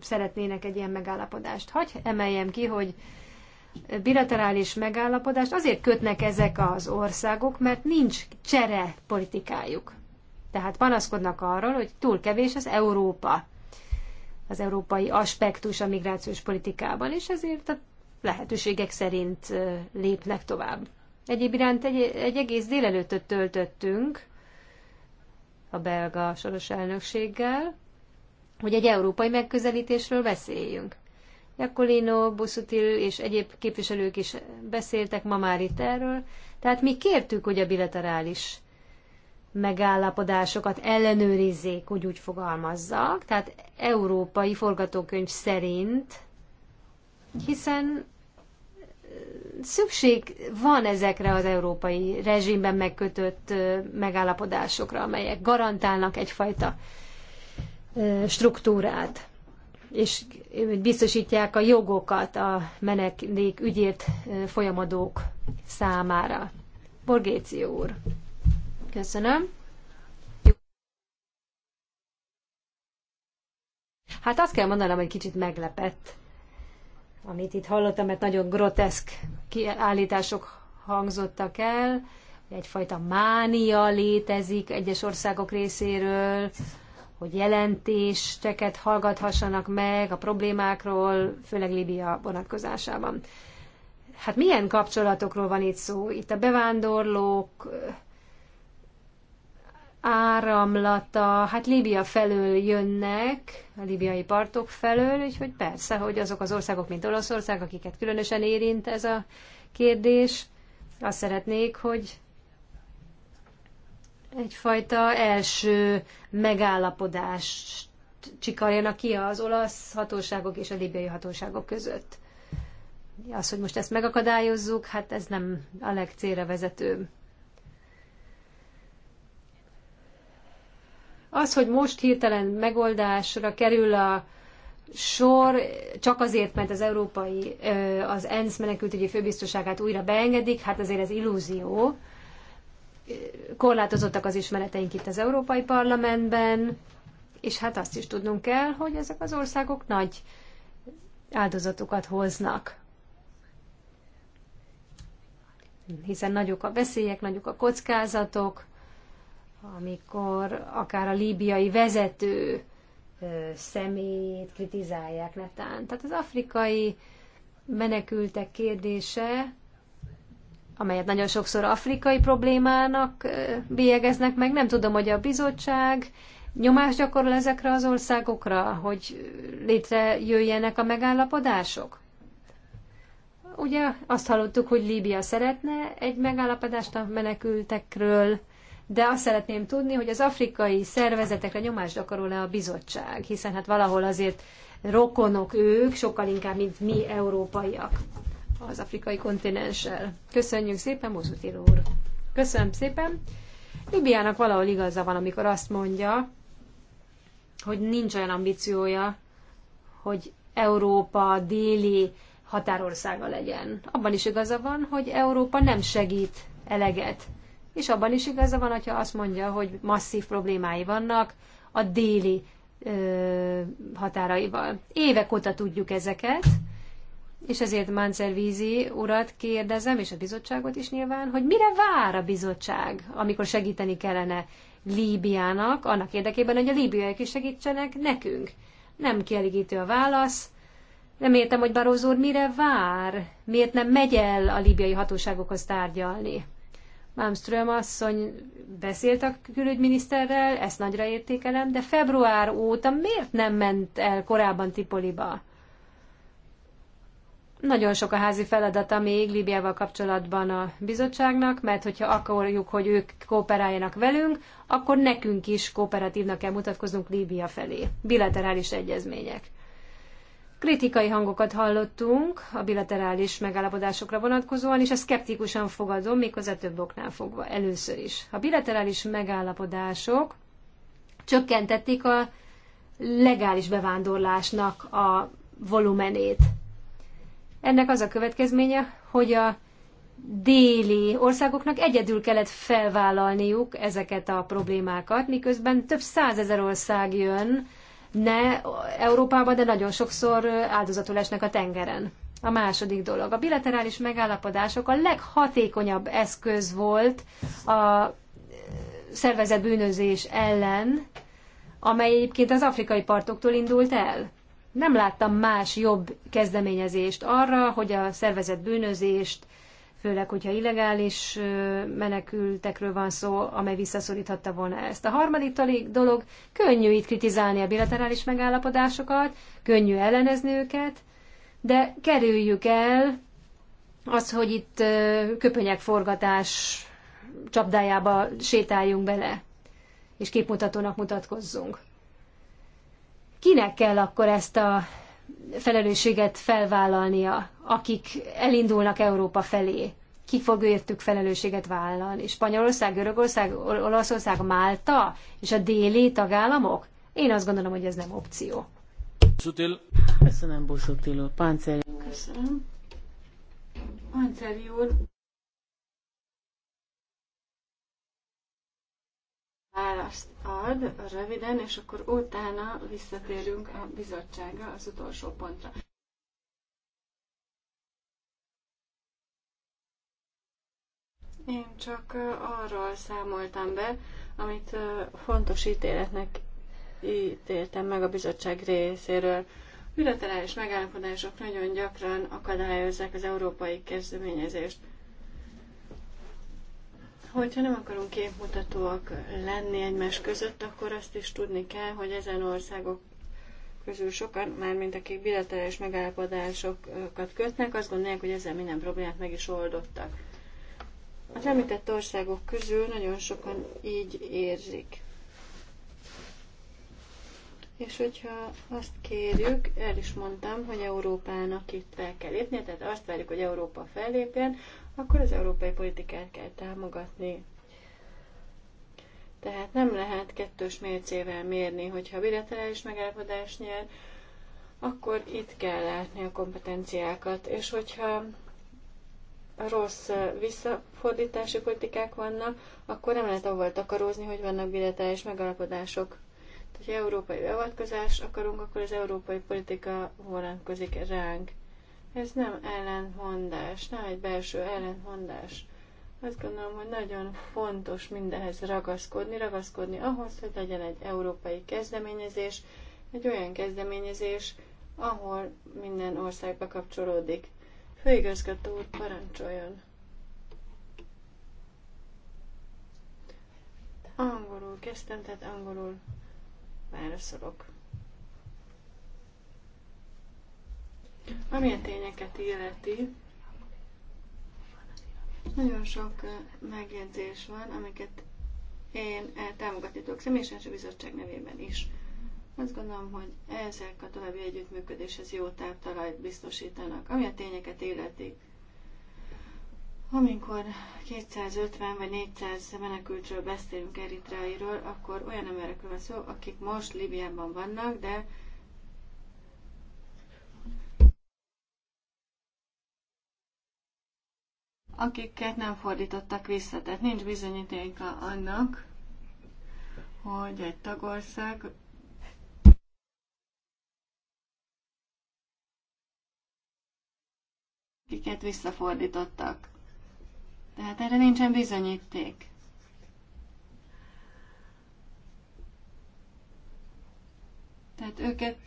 szeretnének egy ilyen megállapodást. Hagy emeljem ki, hogy bilaterális megállapodást azért kötnek ezek az országok, mert nincs csere politikájuk. Tehát panaszkodnak arról, hogy túl kevés az Európa, az európai aspektus a migrációs politikában, és ezért a lehetőségek szerint lépnek tovább. Egyéb iránt egy, egy egész délelőttöt töltöttünk a belga soros elnökséggel, hogy egy európai megközelítésről beszéljünk. Jakolino, Buszutil és egyéb képviselők is beszéltek ma már itt erről. Tehát mi kértük, hogy a bilaterális megállapodásokat ellenőrizzék, hogy úgy fogalmazzak. Tehát európai forgatókönyv szerint hiszen szükség van ezekre az európai rezsimben megkötött megállapodásokra, amelyek garantálnak egyfajta struktúrát, és biztosítják a jogokat a menekülék ügyért folyamadók számára. Borgéci úr. Köszönöm. Hát azt kell mondanom, hogy kicsit meglepett amit itt hallottam, mert nagyon groteszk állítások hangzottak el, egyfajta mánia létezik egyes országok részéről, hogy jelentéseket hallgathassanak meg a problémákról, főleg Líbia vonatkozásában. Hát milyen kapcsolatokról van itt szó? Itt a bevándorlók áramlata, hát Líbia felől jönnek, a líbiai partok felől, úgyhogy persze, hogy azok az országok, mint Olaszország, akiket különösen érint ez a kérdés, azt szeretnék, hogy egyfajta első megállapodást csikarjanak ki az olasz hatóságok és a libiai hatóságok között. Az, hogy most ezt megakadályozzuk, hát ez nem a legcélre vezetőbb. Az, hogy most hirtelen megoldásra kerül a sor, csak azért, mert az európai, az ENSZ menekültügyi főbiztoságát újra beengedik, hát azért ez illúzió. Korlátozottak az ismereteink itt az Európai Parlamentben, és hát azt is tudnunk kell, hogy ezek az országok nagy áldozatokat hoznak. Hiszen nagyok a veszélyek, nagyok a kockázatok, amikor akár a líbiai vezető személyét kritizálják netán. Tehát az afrikai menekültek kérdése, amelyet nagyon sokszor afrikai problémának bélyegeznek meg, nem tudom, hogy a bizottság nyomást gyakorol ezekre az országokra, hogy létrejöjjenek a megállapodások? Ugye azt hallottuk, hogy Líbia szeretne egy megállapodást a menekültekről, de azt szeretném tudni, hogy az afrikai szervezetekre nyomást akarol e a bizottság, hiszen hát valahol azért rokonok ők, sokkal inkább, mint mi európaiak az afrikai kontinenssel. Köszönjük szépen, Mozutil úr! Köszönöm szépen! Libiának valahol igaza van, amikor azt mondja, hogy nincs olyan ambíciója, hogy Európa déli határországa legyen. Abban is igaza van, hogy Európa nem segít eleget és abban is igaza van, hogyha azt mondja, hogy masszív problémái vannak a déli ö, határaival. Évek óta tudjuk ezeket, és ezért Manservízi urat kérdezem, és a bizottságot is nyilván, hogy mire vár a bizottság, amikor segíteni kellene Líbiának, annak érdekében, hogy a líbiaiak is segítsenek nekünk. Nem kielégítő a válasz. Nem értem, hogy Barózó úr mire vár, miért nem megy el a líbiai hatóságokhoz tárgyalni. Malmström asszony beszélt a külügyminiszterrel, ezt nagyra értékelem, de február óta miért nem ment el korábban Tipoliba? Nagyon sok a házi feladata még Líbiával kapcsolatban a bizottságnak, mert hogyha akarjuk, hogy ők kooperáljanak velünk, akkor nekünk is kooperatívnak kell mutatkoznunk Líbia felé. Bilaterális egyezmények. Kritikai hangokat hallottunk a bilaterális megállapodásokra vonatkozóan, és ezt szkeptikusan fogadom, méghozzá több oknál fogva először is. A bilaterális megállapodások csökkentették a legális bevándorlásnak a volumenét. Ennek az a következménye, hogy a déli országoknak egyedül kellett felvállalniuk ezeket a problémákat, miközben több százezer ország jön ne Európában, de nagyon sokszor áldozatul esnek a tengeren. A második dolog. A bilaterális megállapodások a leghatékonyabb eszköz volt a szervezett bűnözés ellen, amely egyébként az afrikai partoktól indult el. Nem láttam más jobb kezdeményezést arra, hogy a szervezett bűnözést főleg, hogyha illegális menekültekről van szó, amely visszaszoríthatta volna ezt. A harmadik dolog, könnyű itt kritizálni a bilaterális megállapodásokat, könnyű ellenezni őket, de kerüljük el az, hogy itt köpönyek forgatás csapdájába sétáljunk bele, és képmutatónak mutatkozzunk. Kinek kell akkor ezt a felelősséget felvállalnia? akik elindulnak Európa felé. Ki fog értük felelősséget vállalni? Spanyolország, Görögország, Olaszország, Málta és a déli tagállamok? Én azt gondolom, hogy ez nem opció. Szutil. Köszönöm, Busutil úr. Páncéli Köszönöm. Páncéli úr. Választ ad röviden, és akkor utána visszatérünk a bizottságra az utolsó pontra. Én csak arról számoltam be, amit fontos ítéletnek ítéltem meg a bizottság részéről. Bilaterális megállapodások nagyon gyakran akadályozzák az európai kezdeményezést. Hogyha nem akarunk képmutatóak lenni egymás között, akkor azt is tudni kell, hogy ezen országok közül sokan, mármint akik bilaterális megállapodásokat kötnek, azt gondolják, hogy ezzel minden problémát meg is oldottak. Az említett országok közül nagyon sokan így érzik. És hogyha azt kérjük, el is mondtam, hogy Európának itt fel kell lépnie, tehát azt várjuk, hogy Európa fellépjen, akkor az európai politikát kell támogatni. Tehát nem lehet kettős mércével mérni, hogyha bilaterális megállapodás nyer, akkor itt kell látni a kompetenciákat, és hogyha rossz visszafordítási politikák vannak, akkor nem lehet avval takarózni, hogy vannak bilaterális megalapodások. Tehát, ha európai beavatkozás akarunk, akkor az európai politika vonatkozik ránk. Ez nem ellentmondás, nem egy belső ellentmondás. Azt gondolom, hogy nagyon fontos mindehez ragaszkodni, ragaszkodni ahhoz, hogy legyen egy európai kezdeményezés, egy olyan kezdeményezés, ahol minden ország bekapcsolódik. Főigazgató úr, parancsoljon! Angolul kezdtem, tehát angolul válaszolok. Ami a tényeket illeti, nagyon sok megjegyzés van, amiket én eh, támogatni tudok személyesen, és a bizottság nevében is. Azt gondolom, hogy ezek a további együttműködéshez jó táptalajt biztosítanak, ami a tényeket illeti. Amikor 250 vagy 400 menekültről beszélünk Eritreairól, akkor olyan emberekről van szó, akik most Libiában vannak, de akiket nem fordítottak vissza. Tehát nincs bizonyítéka annak, hogy egy tagország kiket visszafordítottak. Tehát erre nincsen bizonyíték. Tehát őket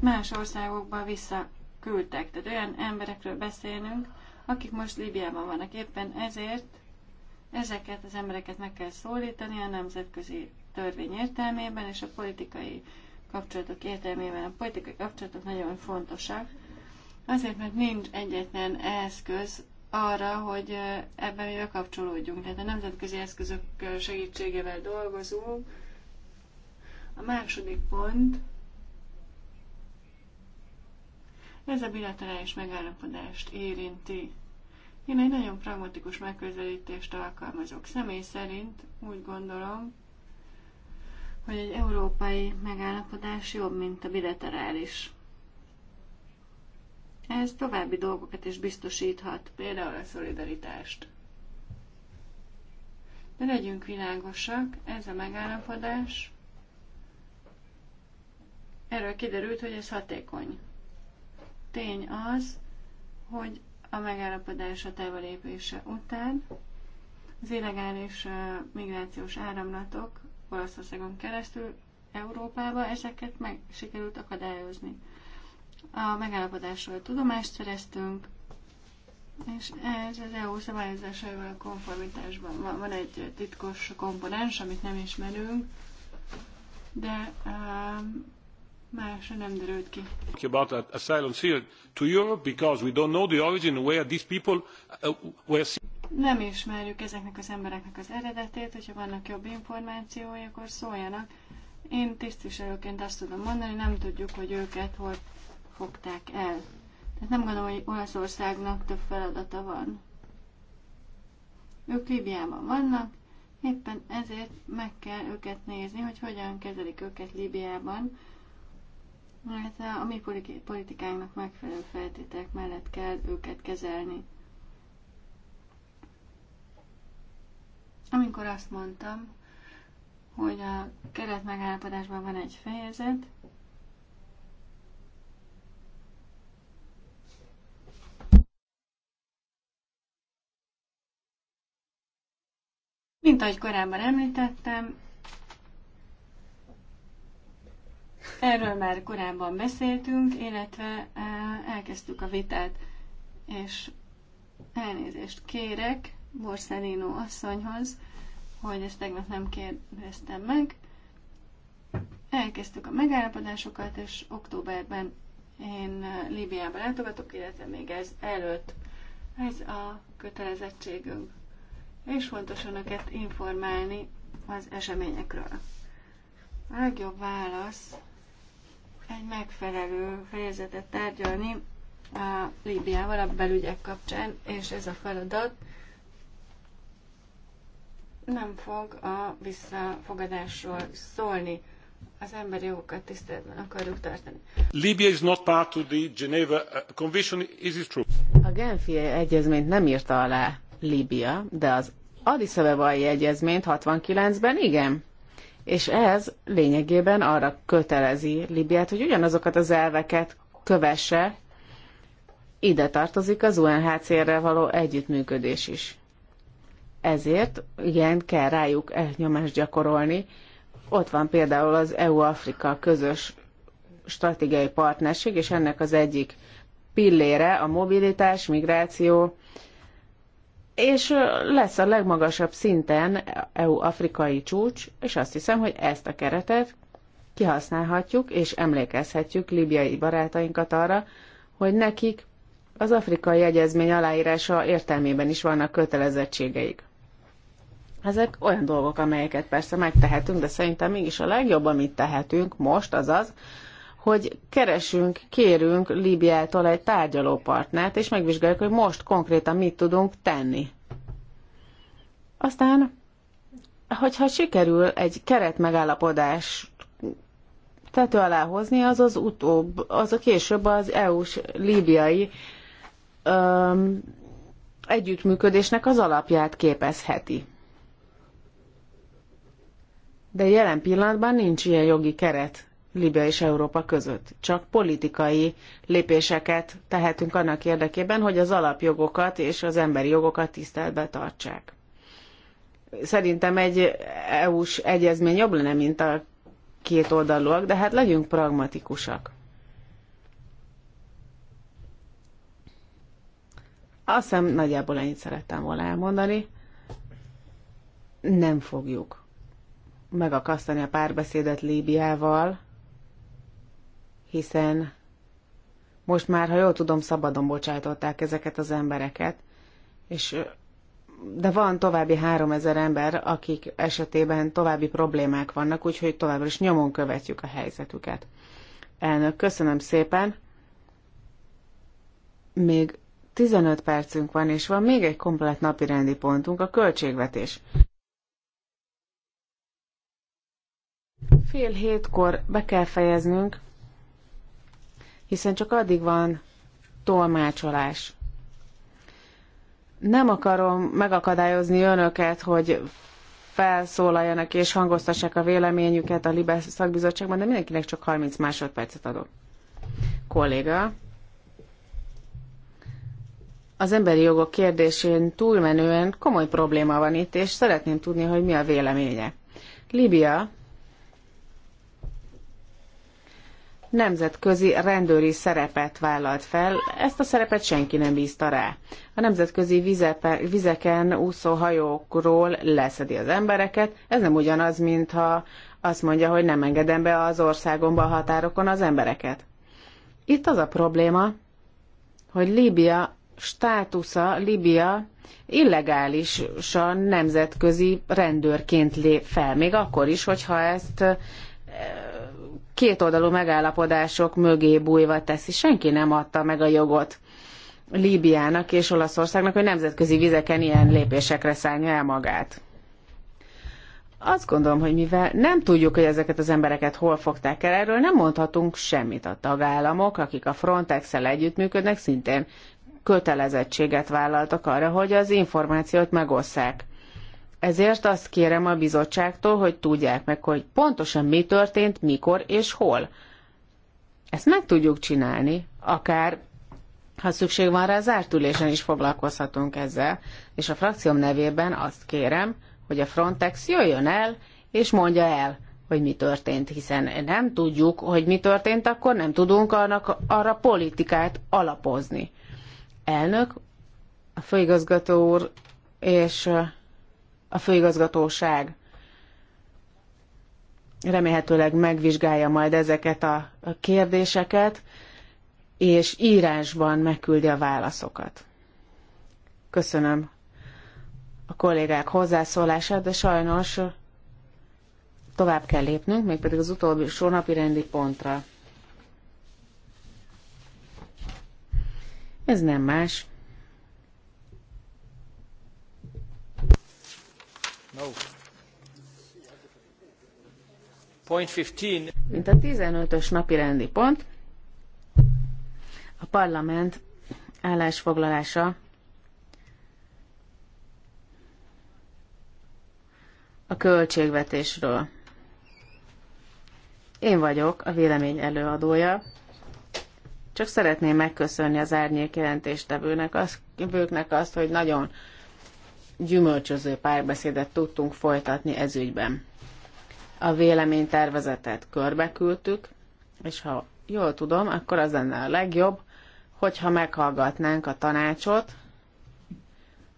más országokba visszaküldtek. Tehát olyan emberekről beszélünk, akik most Líbiában vannak. Éppen ezért ezeket az embereket meg kell szólítani a nemzetközi törvény értelmében és a politikai kapcsolatok értelmében. A politikai kapcsolatok nagyon fontosak, Azért, mert nincs egyetlen eszköz arra, hogy ebben mivel kapcsolódjunk. Tehát a nemzetközi eszközök segítségevel dolgozunk. A második pont, ez a bilaterális megállapodást érinti. Én egy nagyon pragmatikus megközelítést alkalmazok. Személy szerint úgy gondolom, hogy egy európai megállapodás jobb, mint a bilaterális. Ez további dolgokat is biztosíthat, például a szolidaritást. De legyünk világosak, ez a megállapodás, erről kiderült, hogy ez hatékony. Tény az, hogy a megállapodás a lépése után az illegális migrációs áramlatok Olaszországon keresztül Európába ezeket meg sikerült akadályozni. A megállapodásról tudomást szereztünk, és ez az EU szabályozásával a konformitásban van, van egy titkos komponens, amit nem ismerünk, de uh, másra nem derült ki. About asylum sealed to Europe because we don't know the origin where these people uh, were nem ismerjük ezeknek az embereknek az eredetét, hogyha vannak jobb információi, akkor szóljanak. Én tisztviselőként azt tudom mondani, nem tudjuk, hogy őket hol fogták el. Tehát nem gondolom, hogy Olaszországnak több feladata van. Ők Líbiában vannak, éppen ezért meg kell őket nézni, hogy hogyan kezelik őket Líbiában, mert a mi politikánknak megfelelő feltételek mellett kell őket kezelni. Amikor azt mondtam, hogy a keretmegállapodásban van egy fejezet, Mint ahogy korábban említettem, erről már korábban beszéltünk, illetve e, elkezdtük a vitát, és elnézést kérek Borszelino asszonyhoz, hogy ezt tegnap nem kérdeztem meg. Elkezdtük a megállapodásokat, és októberben én e, Líbiába látogatok, illetve még ez előtt. Ez a kötelezettségünk és fontos önöket informálni az eseményekről. A legjobb válasz egy megfelelő fejezetet tárgyalni a Líbiával a belügyek kapcsán, és ez a feladat nem fog a visszafogadásról szólni. Az emberi jogokat tiszteletben akarjuk tartani. Libya is not part to the Geneva uh, Convention, is it true? A Genfi egyezményt nem írta alá Líbia, de az Addis Abebai egyezményt 69-ben, igen. És ez lényegében arra kötelezi Libiát, hogy ugyanazokat az elveket kövesse, ide tartozik az UNHCR-rel való együttműködés is. Ezért igen, kell rájuk nyomást gyakorolni. Ott van például az EU-Afrika közös stratégiai partnerség, és ennek az egyik pillére a mobilitás, migráció és lesz a legmagasabb szinten EU-afrikai csúcs, és azt hiszem, hogy ezt a keretet kihasználhatjuk, és emlékezhetjük libiai barátainkat arra, hogy nekik az afrikai egyezmény aláírása értelmében is vannak kötelezettségeik. Ezek olyan dolgok, amelyeket persze megtehetünk, de szerintem mégis a legjobb, amit tehetünk most, az az, hogy keresünk, kérünk Líbiától egy tárgyalópartnert, és megvizsgáljuk, hogy most konkrétan mit tudunk tenni. Aztán, hogyha sikerül egy keretmegállapodás tető alá hozni, az az utóbb, az a később az EU-s líbiai öm, együttműködésnek az alapját képezheti. De jelen pillanatban nincs ilyen jogi keret Libia és Európa között. Csak politikai lépéseket tehetünk annak érdekében, hogy az alapjogokat és az emberi jogokat tiszteletbe tartsák. Szerintem egy EU-s egyezmény jobb lenne, mint a két oldalúak, de hát legyünk pragmatikusak. Azt hiszem nagyjából ennyit szerettem volna elmondani. Nem fogjuk megakasztani a párbeszédet Líbiával, hiszen most már, ha jól tudom, szabadon bocsájtották ezeket az embereket, és de van további három ezer ember, akik esetében további problémák vannak, úgyhogy továbbra is nyomon követjük a helyzetüket. Elnök, köszönöm szépen. Még 15 percünk van, és van még egy komplet napi rendi pontunk, a költségvetés. Fél hétkor be kell fejeznünk, hiszen csak addig van tolmácsolás. Nem akarom megakadályozni önöket, hogy felszólaljanak és hangoztassák a véleményüket a Libes szakbizottságban, de mindenkinek csak 30 másodpercet adok. Kolléga, az emberi jogok kérdésén túlmenően komoly probléma van itt, és szeretném tudni, hogy mi a véleménye. Libia nemzetközi rendőri szerepet vállalt fel, ezt a szerepet senki nem bízta rá. A nemzetközi vizepe, vizeken úszó hajókról leszedi az embereket, ez nem ugyanaz, mintha azt mondja, hogy nem engedem be az országomba a határokon az embereket. Itt az a probléma, hogy Líbia státusza, Líbia illegálisan nemzetközi rendőrként lép fel, még akkor is, hogyha ezt kétoldalú megállapodások mögé bújva teszi. Senki nem adta meg a jogot Líbiának és Olaszországnak, hogy nemzetközi vizeken ilyen lépésekre szállja el magát. Azt gondolom, hogy mivel nem tudjuk, hogy ezeket az embereket hol fogták el, erről nem mondhatunk semmit a tagállamok, akik a Frontex-el együttműködnek, szintén kötelezettséget vállaltak arra, hogy az információt megosszák. Ezért azt kérem a bizottságtól, hogy tudják meg, hogy pontosan mi történt, mikor és hol. Ezt meg tudjuk csinálni, akár ha szükség van rá, zárt ülésen is foglalkozhatunk ezzel, és a frakcióm nevében azt kérem, hogy a Frontex jöjjön el, és mondja el, hogy mi történt, hiszen nem tudjuk, hogy mi történt, akkor nem tudunk annak, arra politikát alapozni. Elnök, a főigazgató úr és a főigazgatóság remélhetőleg megvizsgálja majd ezeket a kérdéseket, és írásban megküldi a válaszokat. Köszönöm a kollégák hozzászólását, de sajnos tovább kell lépnünk, mégpedig az utóbbi sónapi rendi pontra. Ez nem más, No. Point 15. Mint a 15-ös napi rendi pont, a parlament állásfoglalása a költségvetésről. Én vagyok a vélemény előadója. Csak szeretném megköszönni az árnyék jelentéstevőnek, az, azt, hogy nagyon gyümölcsöző párbeszédet tudtunk folytatni ezügyben. A véleménytervezetet körbeküldtük, és ha jól tudom, akkor az lenne a legjobb, hogyha meghallgatnánk a tanácsot,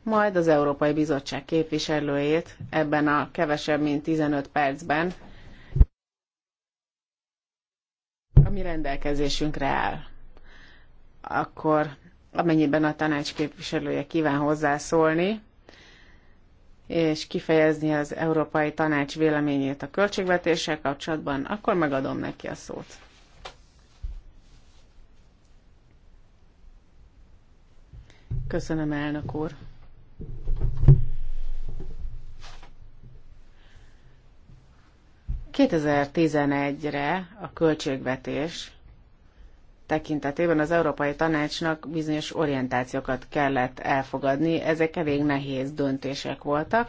majd az Európai Bizottság képviselőjét ebben a kevesebb, mint 15 percben, ami rendelkezésünkre áll. Akkor amennyiben a tanács képviselője kíván hozzászólni, és kifejezni az Európai Tanács véleményét a költségvetéssel kapcsolatban, akkor megadom neki a szót. Köszönöm, elnök úr. ...2011-re a költségvetés tekintetében az Európai Tanácsnak bizonyos orientációkat kellett elfogadni. Ezek elég nehéz döntések voltak,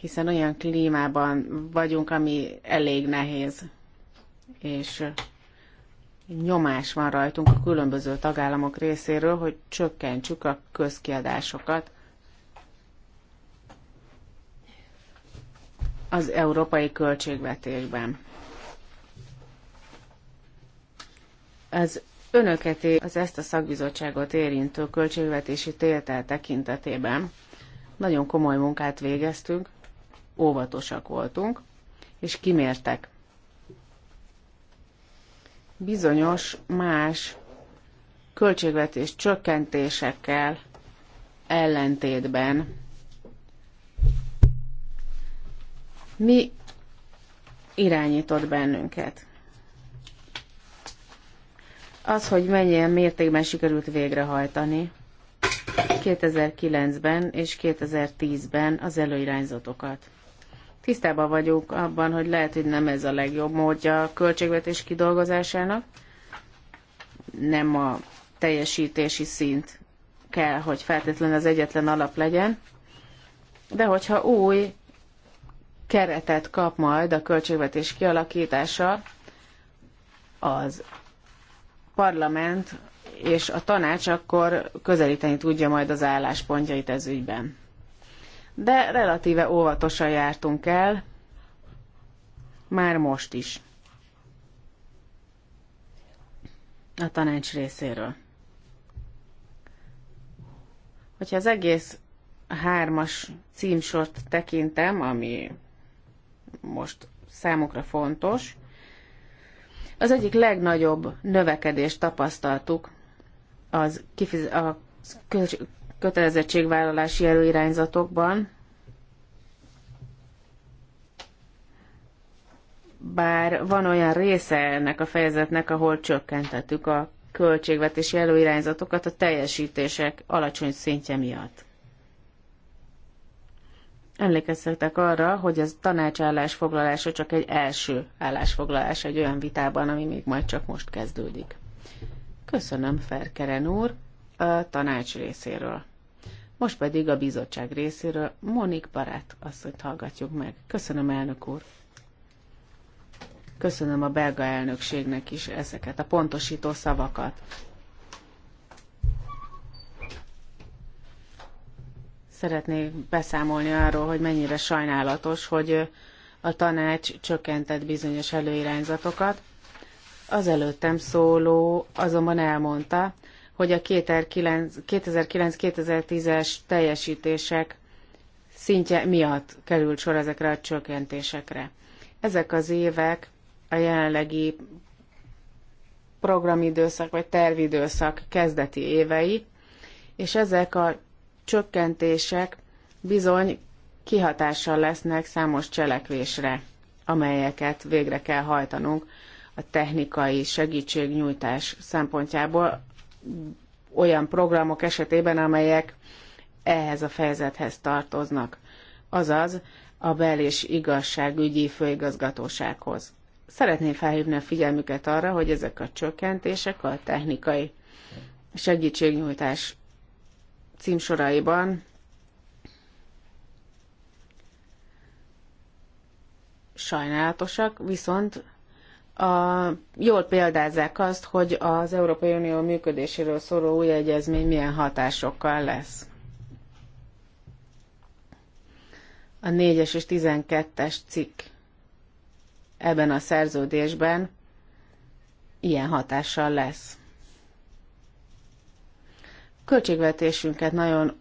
hiszen olyan klímában vagyunk, ami elég nehéz, és nyomás van rajtunk a különböző tagállamok részéről, hogy csökkentsük a közkiadásokat. az európai költségvetésben. az önöket, az ezt a szakbizottságot érintő költségvetési tétel tekintetében nagyon komoly munkát végeztünk, óvatosak voltunk, és kimértek. Bizonyos más költségvetés csökkentésekkel ellentétben mi irányított bennünket. Az, hogy mennyien mértékben sikerült végrehajtani 2009-ben és 2010-ben az előirányzatokat. Tisztában vagyunk abban, hogy lehet, hogy nem ez a legjobb módja a költségvetés kidolgozásának, nem a teljesítési szint kell, hogy feltétlenül az egyetlen alap legyen, de hogyha új keretet kap majd a költségvetés kialakítása, az parlament és a tanács akkor közelíteni tudja majd az álláspontjait ez ügyben. De relatíve óvatosan jártunk el, már most is. A tanács részéről. Hogyha az egész hármas címsort tekintem, ami most számukra fontos, az egyik legnagyobb növekedést tapasztaltuk az kifiz- a kötelezettségvállalási előirányzatokban, bár van olyan része ennek a fejezetnek, ahol csökkentettük a költségvetési előirányzatokat a teljesítések alacsony szintje miatt emlékeztetek arra, hogy az tanácsállás foglalása csak egy első állásfoglalás egy olyan vitában, ami még majd csak most kezdődik. Köszönöm, Ferkeren úr, a tanács részéről. Most pedig a bizottság részéről Monik Barát asszonyt hallgatjuk meg. Köszönöm, elnök úr. Köszönöm a belga elnökségnek is ezeket a pontosító szavakat. Szeretnék beszámolni arról, hogy mennyire sajnálatos, hogy a tanács csökkentett bizonyos előirányzatokat. Az előttem szóló azonban elmondta, hogy a 2009-2010-es teljesítések szintje miatt került sor ezekre a csökkentésekre. Ezek az évek a jelenlegi programidőszak vagy tervidőszak kezdeti évei, és ezek a csökkentések bizony kihatással lesznek számos cselekvésre, amelyeket végre kell hajtanunk a technikai segítségnyújtás szempontjából olyan programok esetében, amelyek ehhez a fejezethez tartoznak, azaz a bel- és igazságügyi főigazgatósághoz. Szeretném felhívni a figyelmüket arra, hogy ezek a csökkentések a technikai segítségnyújtás címsoraiban sajnálatosak, viszont a, jól példázzák azt, hogy az Európai Unió működéséről szóló új egyezmény milyen hatásokkal lesz. A 4-es és 12-es cikk ebben a szerződésben ilyen hatással lesz költségvetésünket nagyon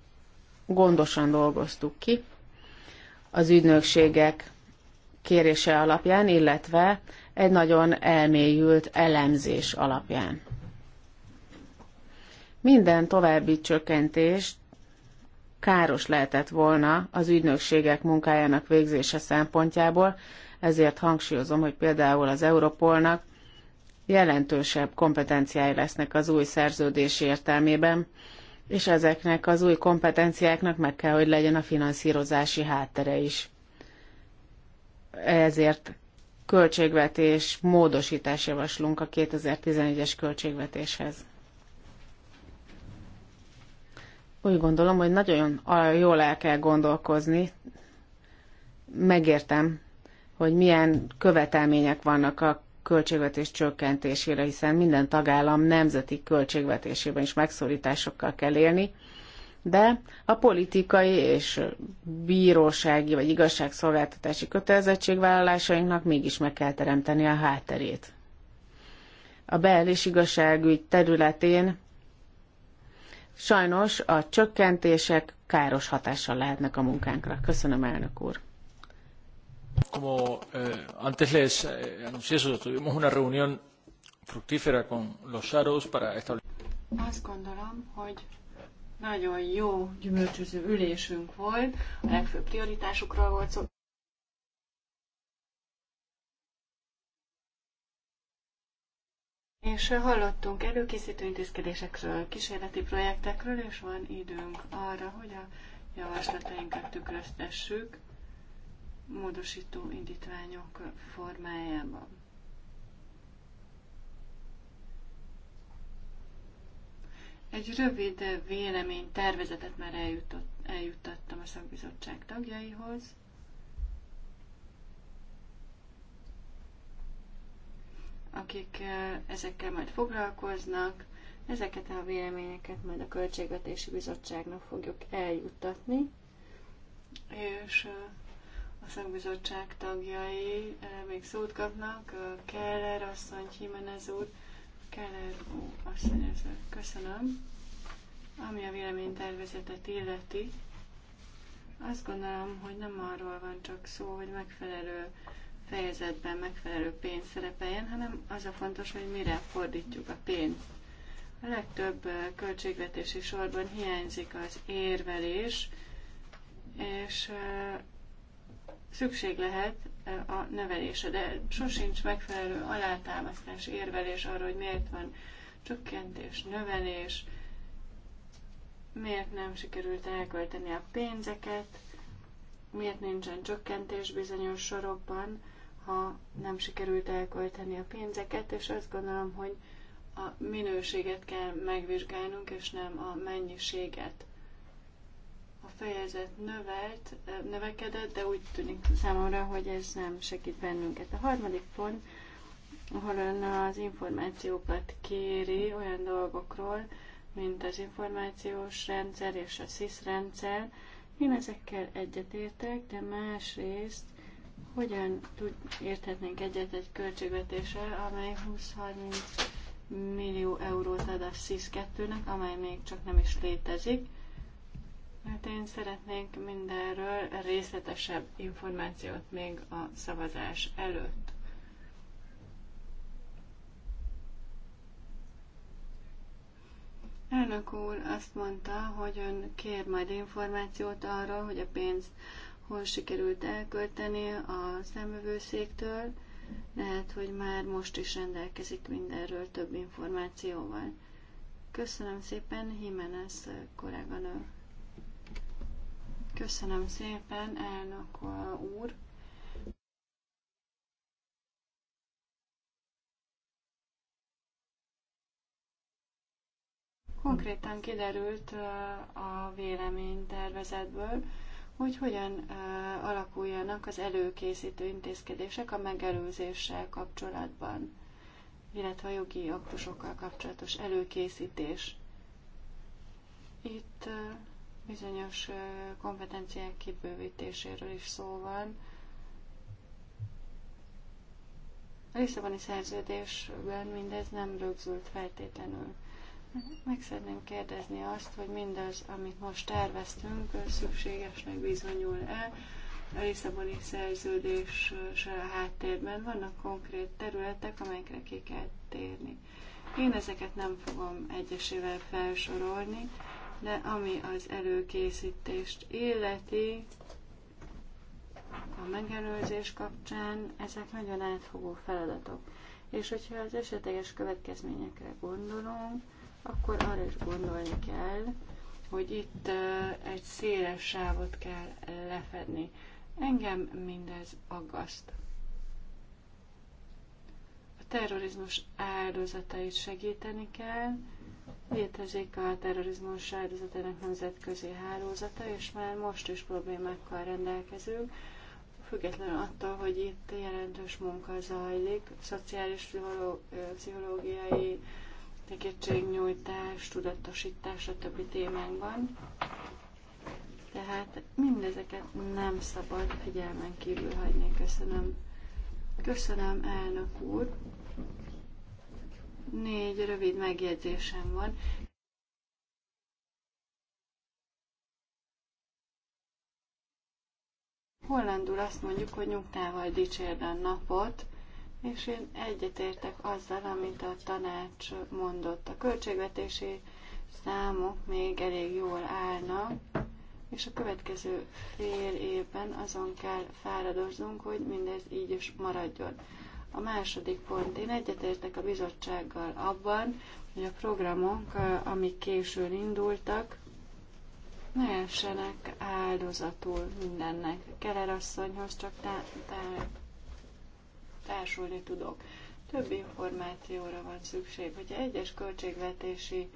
gondosan dolgoztuk ki az ügynökségek kérése alapján, illetve egy nagyon elmélyült elemzés alapján. Minden további csökkentés káros lehetett volna az ügynökségek munkájának végzése szempontjából, ezért hangsúlyozom, hogy például az Europolnak jelentősebb kompetenciái lesznek az új szerződés értelmében, és ezeknek az új kompetenciáknak meg kell, hogy legyen a finanszírozási háttere is. Ezért költségvetés módosítás javaslunk a 2011-es költségvetéshez. Úgy gondolom, hogy nagyon jól el kell gondolkozni. Megértem, hogy milyen követelmények vannak a költségvetés csökkentésére, hiszen minden tagállam nemzeti költségvetésében is megszorításokkal kell élni, de a politikai és bírósági vagy igazságszolgáltatási kötelezettségvállalásainknak mégis meg kell teremteni a hátterét. A bel- és igazságügy területén sajnos a csökkentések káros hatással lehetnek a munkánkra. Köszönöm, elnök úr! Como eh, antes les eh, anuncié, tuvimos una reunión fructífera con los SAROS para establecer. Azt gondolom, hogy nagyon jó gyümölcsöző ülésünk volt, a legfőbb prioritásukról volt szó. És hallottunk előkészítő intézkedésekről, kísérleti projektekről, és van időnk arra, hogy a javaslatainkat tükröztessük módosító indítványok formájában. Egy rövid vélemény tervezetet már eljutott, eljuttattam a szakbizottság tagjaihoz. akik ezekkel majd foglalkoznak, ezeket a véleményeket majd a Költségvetési Bizottságnak fogjuk eljuttatni, és a szakbizottság tagjai eh, még szót kapnak, eh, Keller asszony, Jimenez úr, Keller ó, asszony, köszönöm. Ami a véleménytervezetet illeti, azt gondolom, hogy nem arról van csak szó, hogy megfelelő fejezetben megfelelő pénz szerepeljen, hanem az a fontos, hogy mire fordítjuk a pénzt. A legtöbb eh, költségvetési sorban hiányzik az érvelés, és szükség lehet a növelése, de sosincs megfelelő alátámasztás, érvelés arra, hogy miért van csökkentés, növelés, miért nem sikerült elkölteni a pénzeket, miért nincsen csökkentés bizonyos sorokban, ha nem sikerült elkölteni a pénzeket, és azt gondolom, hogy a minőséget kell megvizsgálnunk, és nem a mennyiséget fejezet növelt, növekedett, de úgy tűnik számomra, hogy ez nem segít bennünket. A harmadik pont, ahol ön az információkat kéri olyan dolgokról, mint az információs rendszer és a SIS rendszer. Én ezekkel egyetértek, de másrészt hogyan tud, érthetnénk egyet egy költségvetéssel, amely 20-30 millió eurót ad a SIS 2-nek, amely még csak nem is létezik. Hát én szeretnék mindenről részletesebb információt még a szavazás előtt. Elnök úr azt mondta, hogy ön kér majd információt arról, hogy a pénzt hol sikerült elkölteni a szemövőszéktől. Lehet, hogy már most is rendelkezik mindenről több információval. Köszönöm szépen, Jimenez kolléganő. Köszönöm szépen, elnök uh, úr. Konkrétan kiderült uh, a véleménytervezetből, hogy hogyan uh, alakuljanak az előkészítő intézkedések a megelőzéssel kapcsolatban, illetve a jogi aktusokkal kapcsolatos előkészítés. Itt Bizonyos kompetenciák kibővítéséről is szó van. A Lisszaboni szerződésben mindez nem rögzült feltétlenül. Meg szeretném kérdezni azt, hogy mindaz, amit most terveztünk, szükségesnek bizonyul-e. A Lisszaboni szerződés a háttérben vannak konkrét területek, amelyekre ki kell térni. Én ezeket nem fogom egyesével felsorolni, de ami az előkészítést illeti, a megelőzés kapcsán, ezek nagyon átfogó feladatok. És hogyha az esetleges következményekre gondolunk, akkor arra is gondolni kell, hogy itt egy széles sávot kell lefedni. Engem mindez aggaszt. A terrorizmus áldozatait segíteni kell, Létezik a terrorizmus áldozatának nemzetközi hálózata, és már most is problémákkal rendelkezünk, függetlenül attól, hogy itt jelentős munka zajlik, szociális, pszichológiai segítségnyújtás, tudatosítás, a többi témánkban. Tehát mindezeket nem szabad figyelmen kívül hagyni. Köszönöm. Köszönöm, elnök úr. Négy rövid megjegyzésem van. Hollandul azt mondjuk, hogy nyugtával dicsérd a napot, és én egyetértek azzal, amit a tanács mondott. A költségvetési számok még elég jól állnak, és a következő fél évben azon kell fáradoznunk, hogy mindez így is maradjon. A második pont, én egyetértek a bizottsággal abban, hogy a programok, amik későn indultak, ne essenek áldozatul mindennek. Keller asszonyhoz csak tá- tá- társulni tudok. Több információra van szükség, hogy egyes költségvetési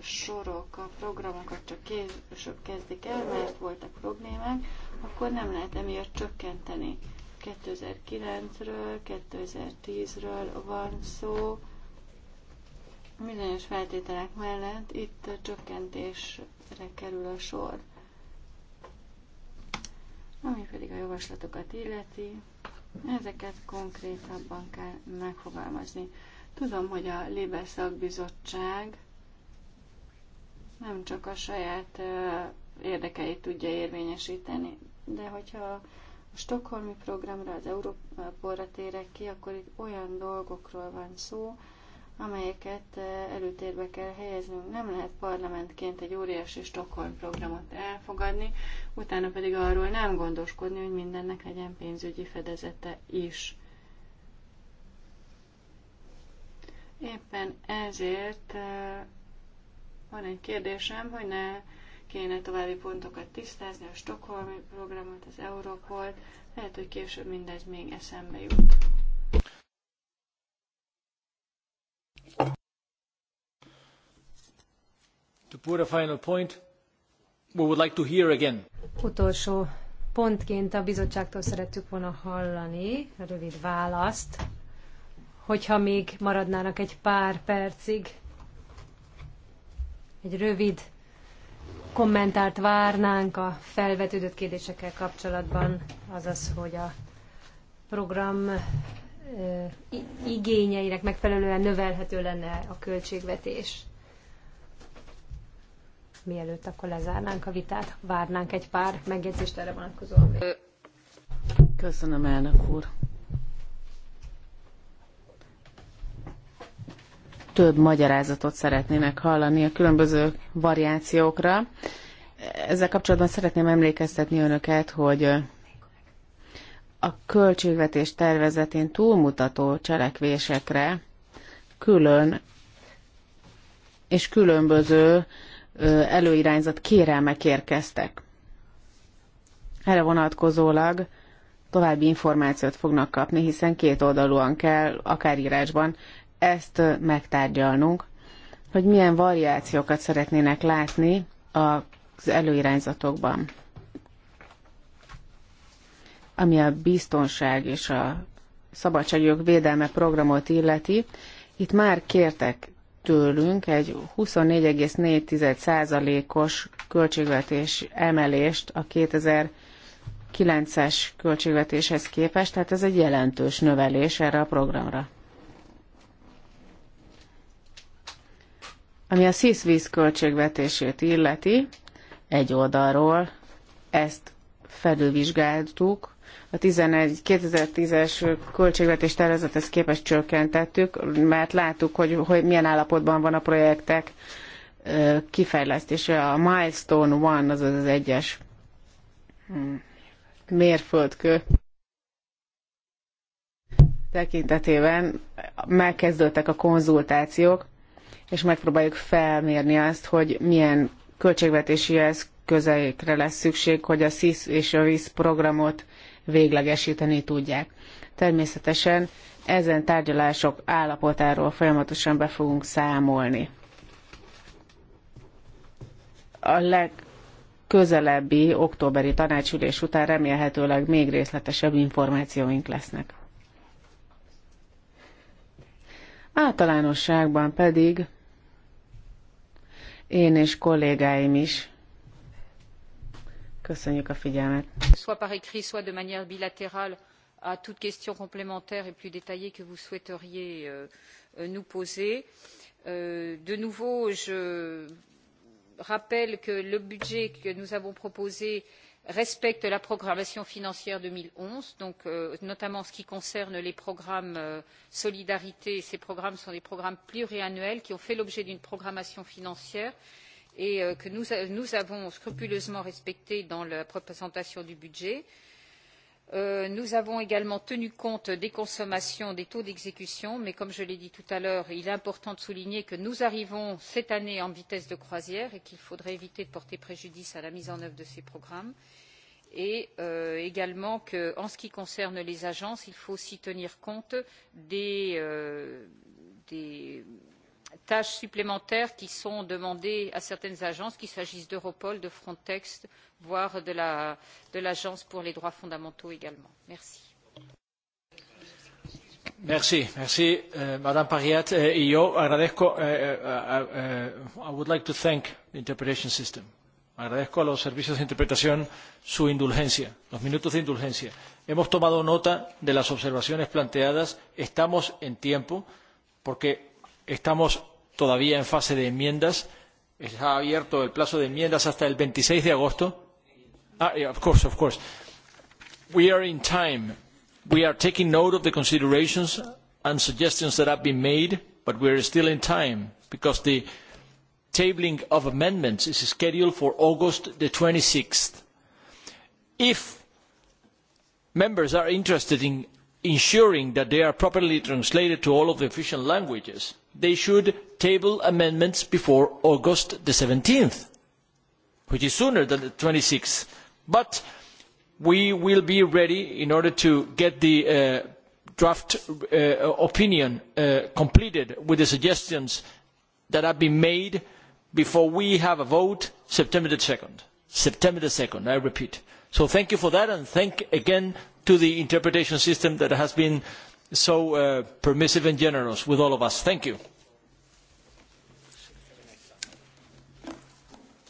sorok, a programokat csak később kezdik el, mert voltak problémák, akkor nem lehet emiatt csökkenteni. 2009-ről, 2010-ről van szó. Bizonyos feltételek mellett itt a csökkentésre kerül a sor. Ami pedig a javaslatokat illeti, ezeket konkrétabban kell megfogalmazni. Tudom, hogy a Lébe Szakbizottság nem csak a saját érdekeit tudja érvényesíteni, de hogyha a Stockholmi programra, az Európa térek ki, akkor itt olyan dolgokról van szó, amelyeket eh, előtérbe kell helyeznünk. Nem lehet parlamentként egy óriási Stockholm programot elfogadni, utána pedig arról nem gondoskodni, hogy mindennek legyen pénzügyi fedezete is. Éppen ezért eh, van egy kérdésem, hogy ne kéne további pontokat tisztázni, a Stockholmi programot, az Europolt, lehet, hogy később mindez még eszembe jut. To put a final point, we would like to hear again. Utolsó pontként a bizottságtól szerettük volna hallani a rövid választ, hogyha még maradnának egy pár percig, egy rövid kommentárt várnánk a felvetődött kérdésekkel kapcsolatban, azaz, hogy a program igényeinek megfelelően növelhető lenne a költségvetés. Mielőtt akkor lezárnánk a vitát, várnánk egy pár megjegyzést erre vonatkozóan. Köszönöm, elnök úr. több magyarázatot szeretnének hallani a különböző variációkra. Ezzel kapcsolatban szeretném emlékeztetni önöket, hogy a költségvetés tervezetén túlmutató cselekvésekre külön és különböző előirányzat kérelmek érkeztek. Erre vonatkozólag további információt fognak kapni, hiszen két oldalúan kell, akár írásban ezt megtárgyalnunk, hogy milyen variációkat szeretnének látni az előirányzatokban, ami a biztonság és a szabadságjog védelme programot illeti. Itt már kértek tőlünk egy 24,4%-os költségvetés emelést a 2009-es költségvetéshez képest, tehát ez egy jelentős növelés erre a programra. Ami a szízvíz költségvetését illeti, egy oldalról ezt felülvizsgáltuk, a 11, 2010-es költségvetés tervezethez képest csökkentettük, mert láttuk, hogy, hogy milyen állapotban van a projektek kifejlesztése. A Milestone One, az az egyes hmm, mérföldkő tekintetében megkezdődtek a konzultációk, és megpróbáljuk felmérni azt, hogy milyen költségvetési eszközeikre lesz szükség, hogy a SZISZ és a VISZ programot véglegesíteni tudják. Természetesen ezen tárgyalások állapotáról folyamatosan be fogunk számolni. A legközelebbi októberi tanácsülés után remélhetőleg még részletesebb információink lesznek. Általánosságban pedig én és kollégáim is. Köszönjük a figyelmet. Soit par écrit, soit de manière bilatérale à toute question complémentaire et plus détaillée que vous souhaiteriez euh, nous poser. Euh, de nouveau, je rappelle que le budget que nous avons proposé euh, respecte la programmation financière deux mille onze euh, notamment en ce qui concerne les programmes de euh, solidarité ces programmes sont des programmes pluriannuels qui ont fait l'objet d'une programmation financière et euh, que nous avons scrupuleusement respectée dans la présentation du budget. et Euh, nous avons également tenu compte des consommations des taux d'exécution mais comme je l'ai dit tout à l'heure il est important de souligner que nous arrivons cette année en vitesse de croisière et qu'il faudrait éviter de porter préjudice à la mise en œuvre de ces programmes et euh, également qu'en ce qui concerne les agences il faut aussi tenir compte des euh, tâches supplémentaires qui sont demandées à certaines agences qu'il s'agisse d'europol de frontex voire de l'agence pour les droits fondamentaux également. merci. Merci, euh, Pariat. Eh, yo agradezco, eh, eh, I would like to thank the interpretation system. Agradezco a los servicios de interpretación su indulgencia, los minutos de indulgencia. Hemos tomado nota de las observaciones planteadas, estamos en tiempo, porque Estamos todavía en fase de enmiendas. Está abierto el plazo de enmiendas hasta el 26 de agosto. Ah, yeah, of course, of course. We are in time. We are taking note of the considerations and suggestions that have been made, but we are still in time because the tabling of amendments is scheduled for August the 26th. If members are interested in ensuring that they are properly translated to all of the official languages, they should table amendments before seventeen august which is sooner than the twenty sixth but we will be ready in order to get the uh, draft uh, opinion uh, completed with the suggestions that have been made before we have a vote on september two september two i repeat. so thank you for that and thanks again to the interpretation system that has been so uh, permissive and generous with all of us. Thank you.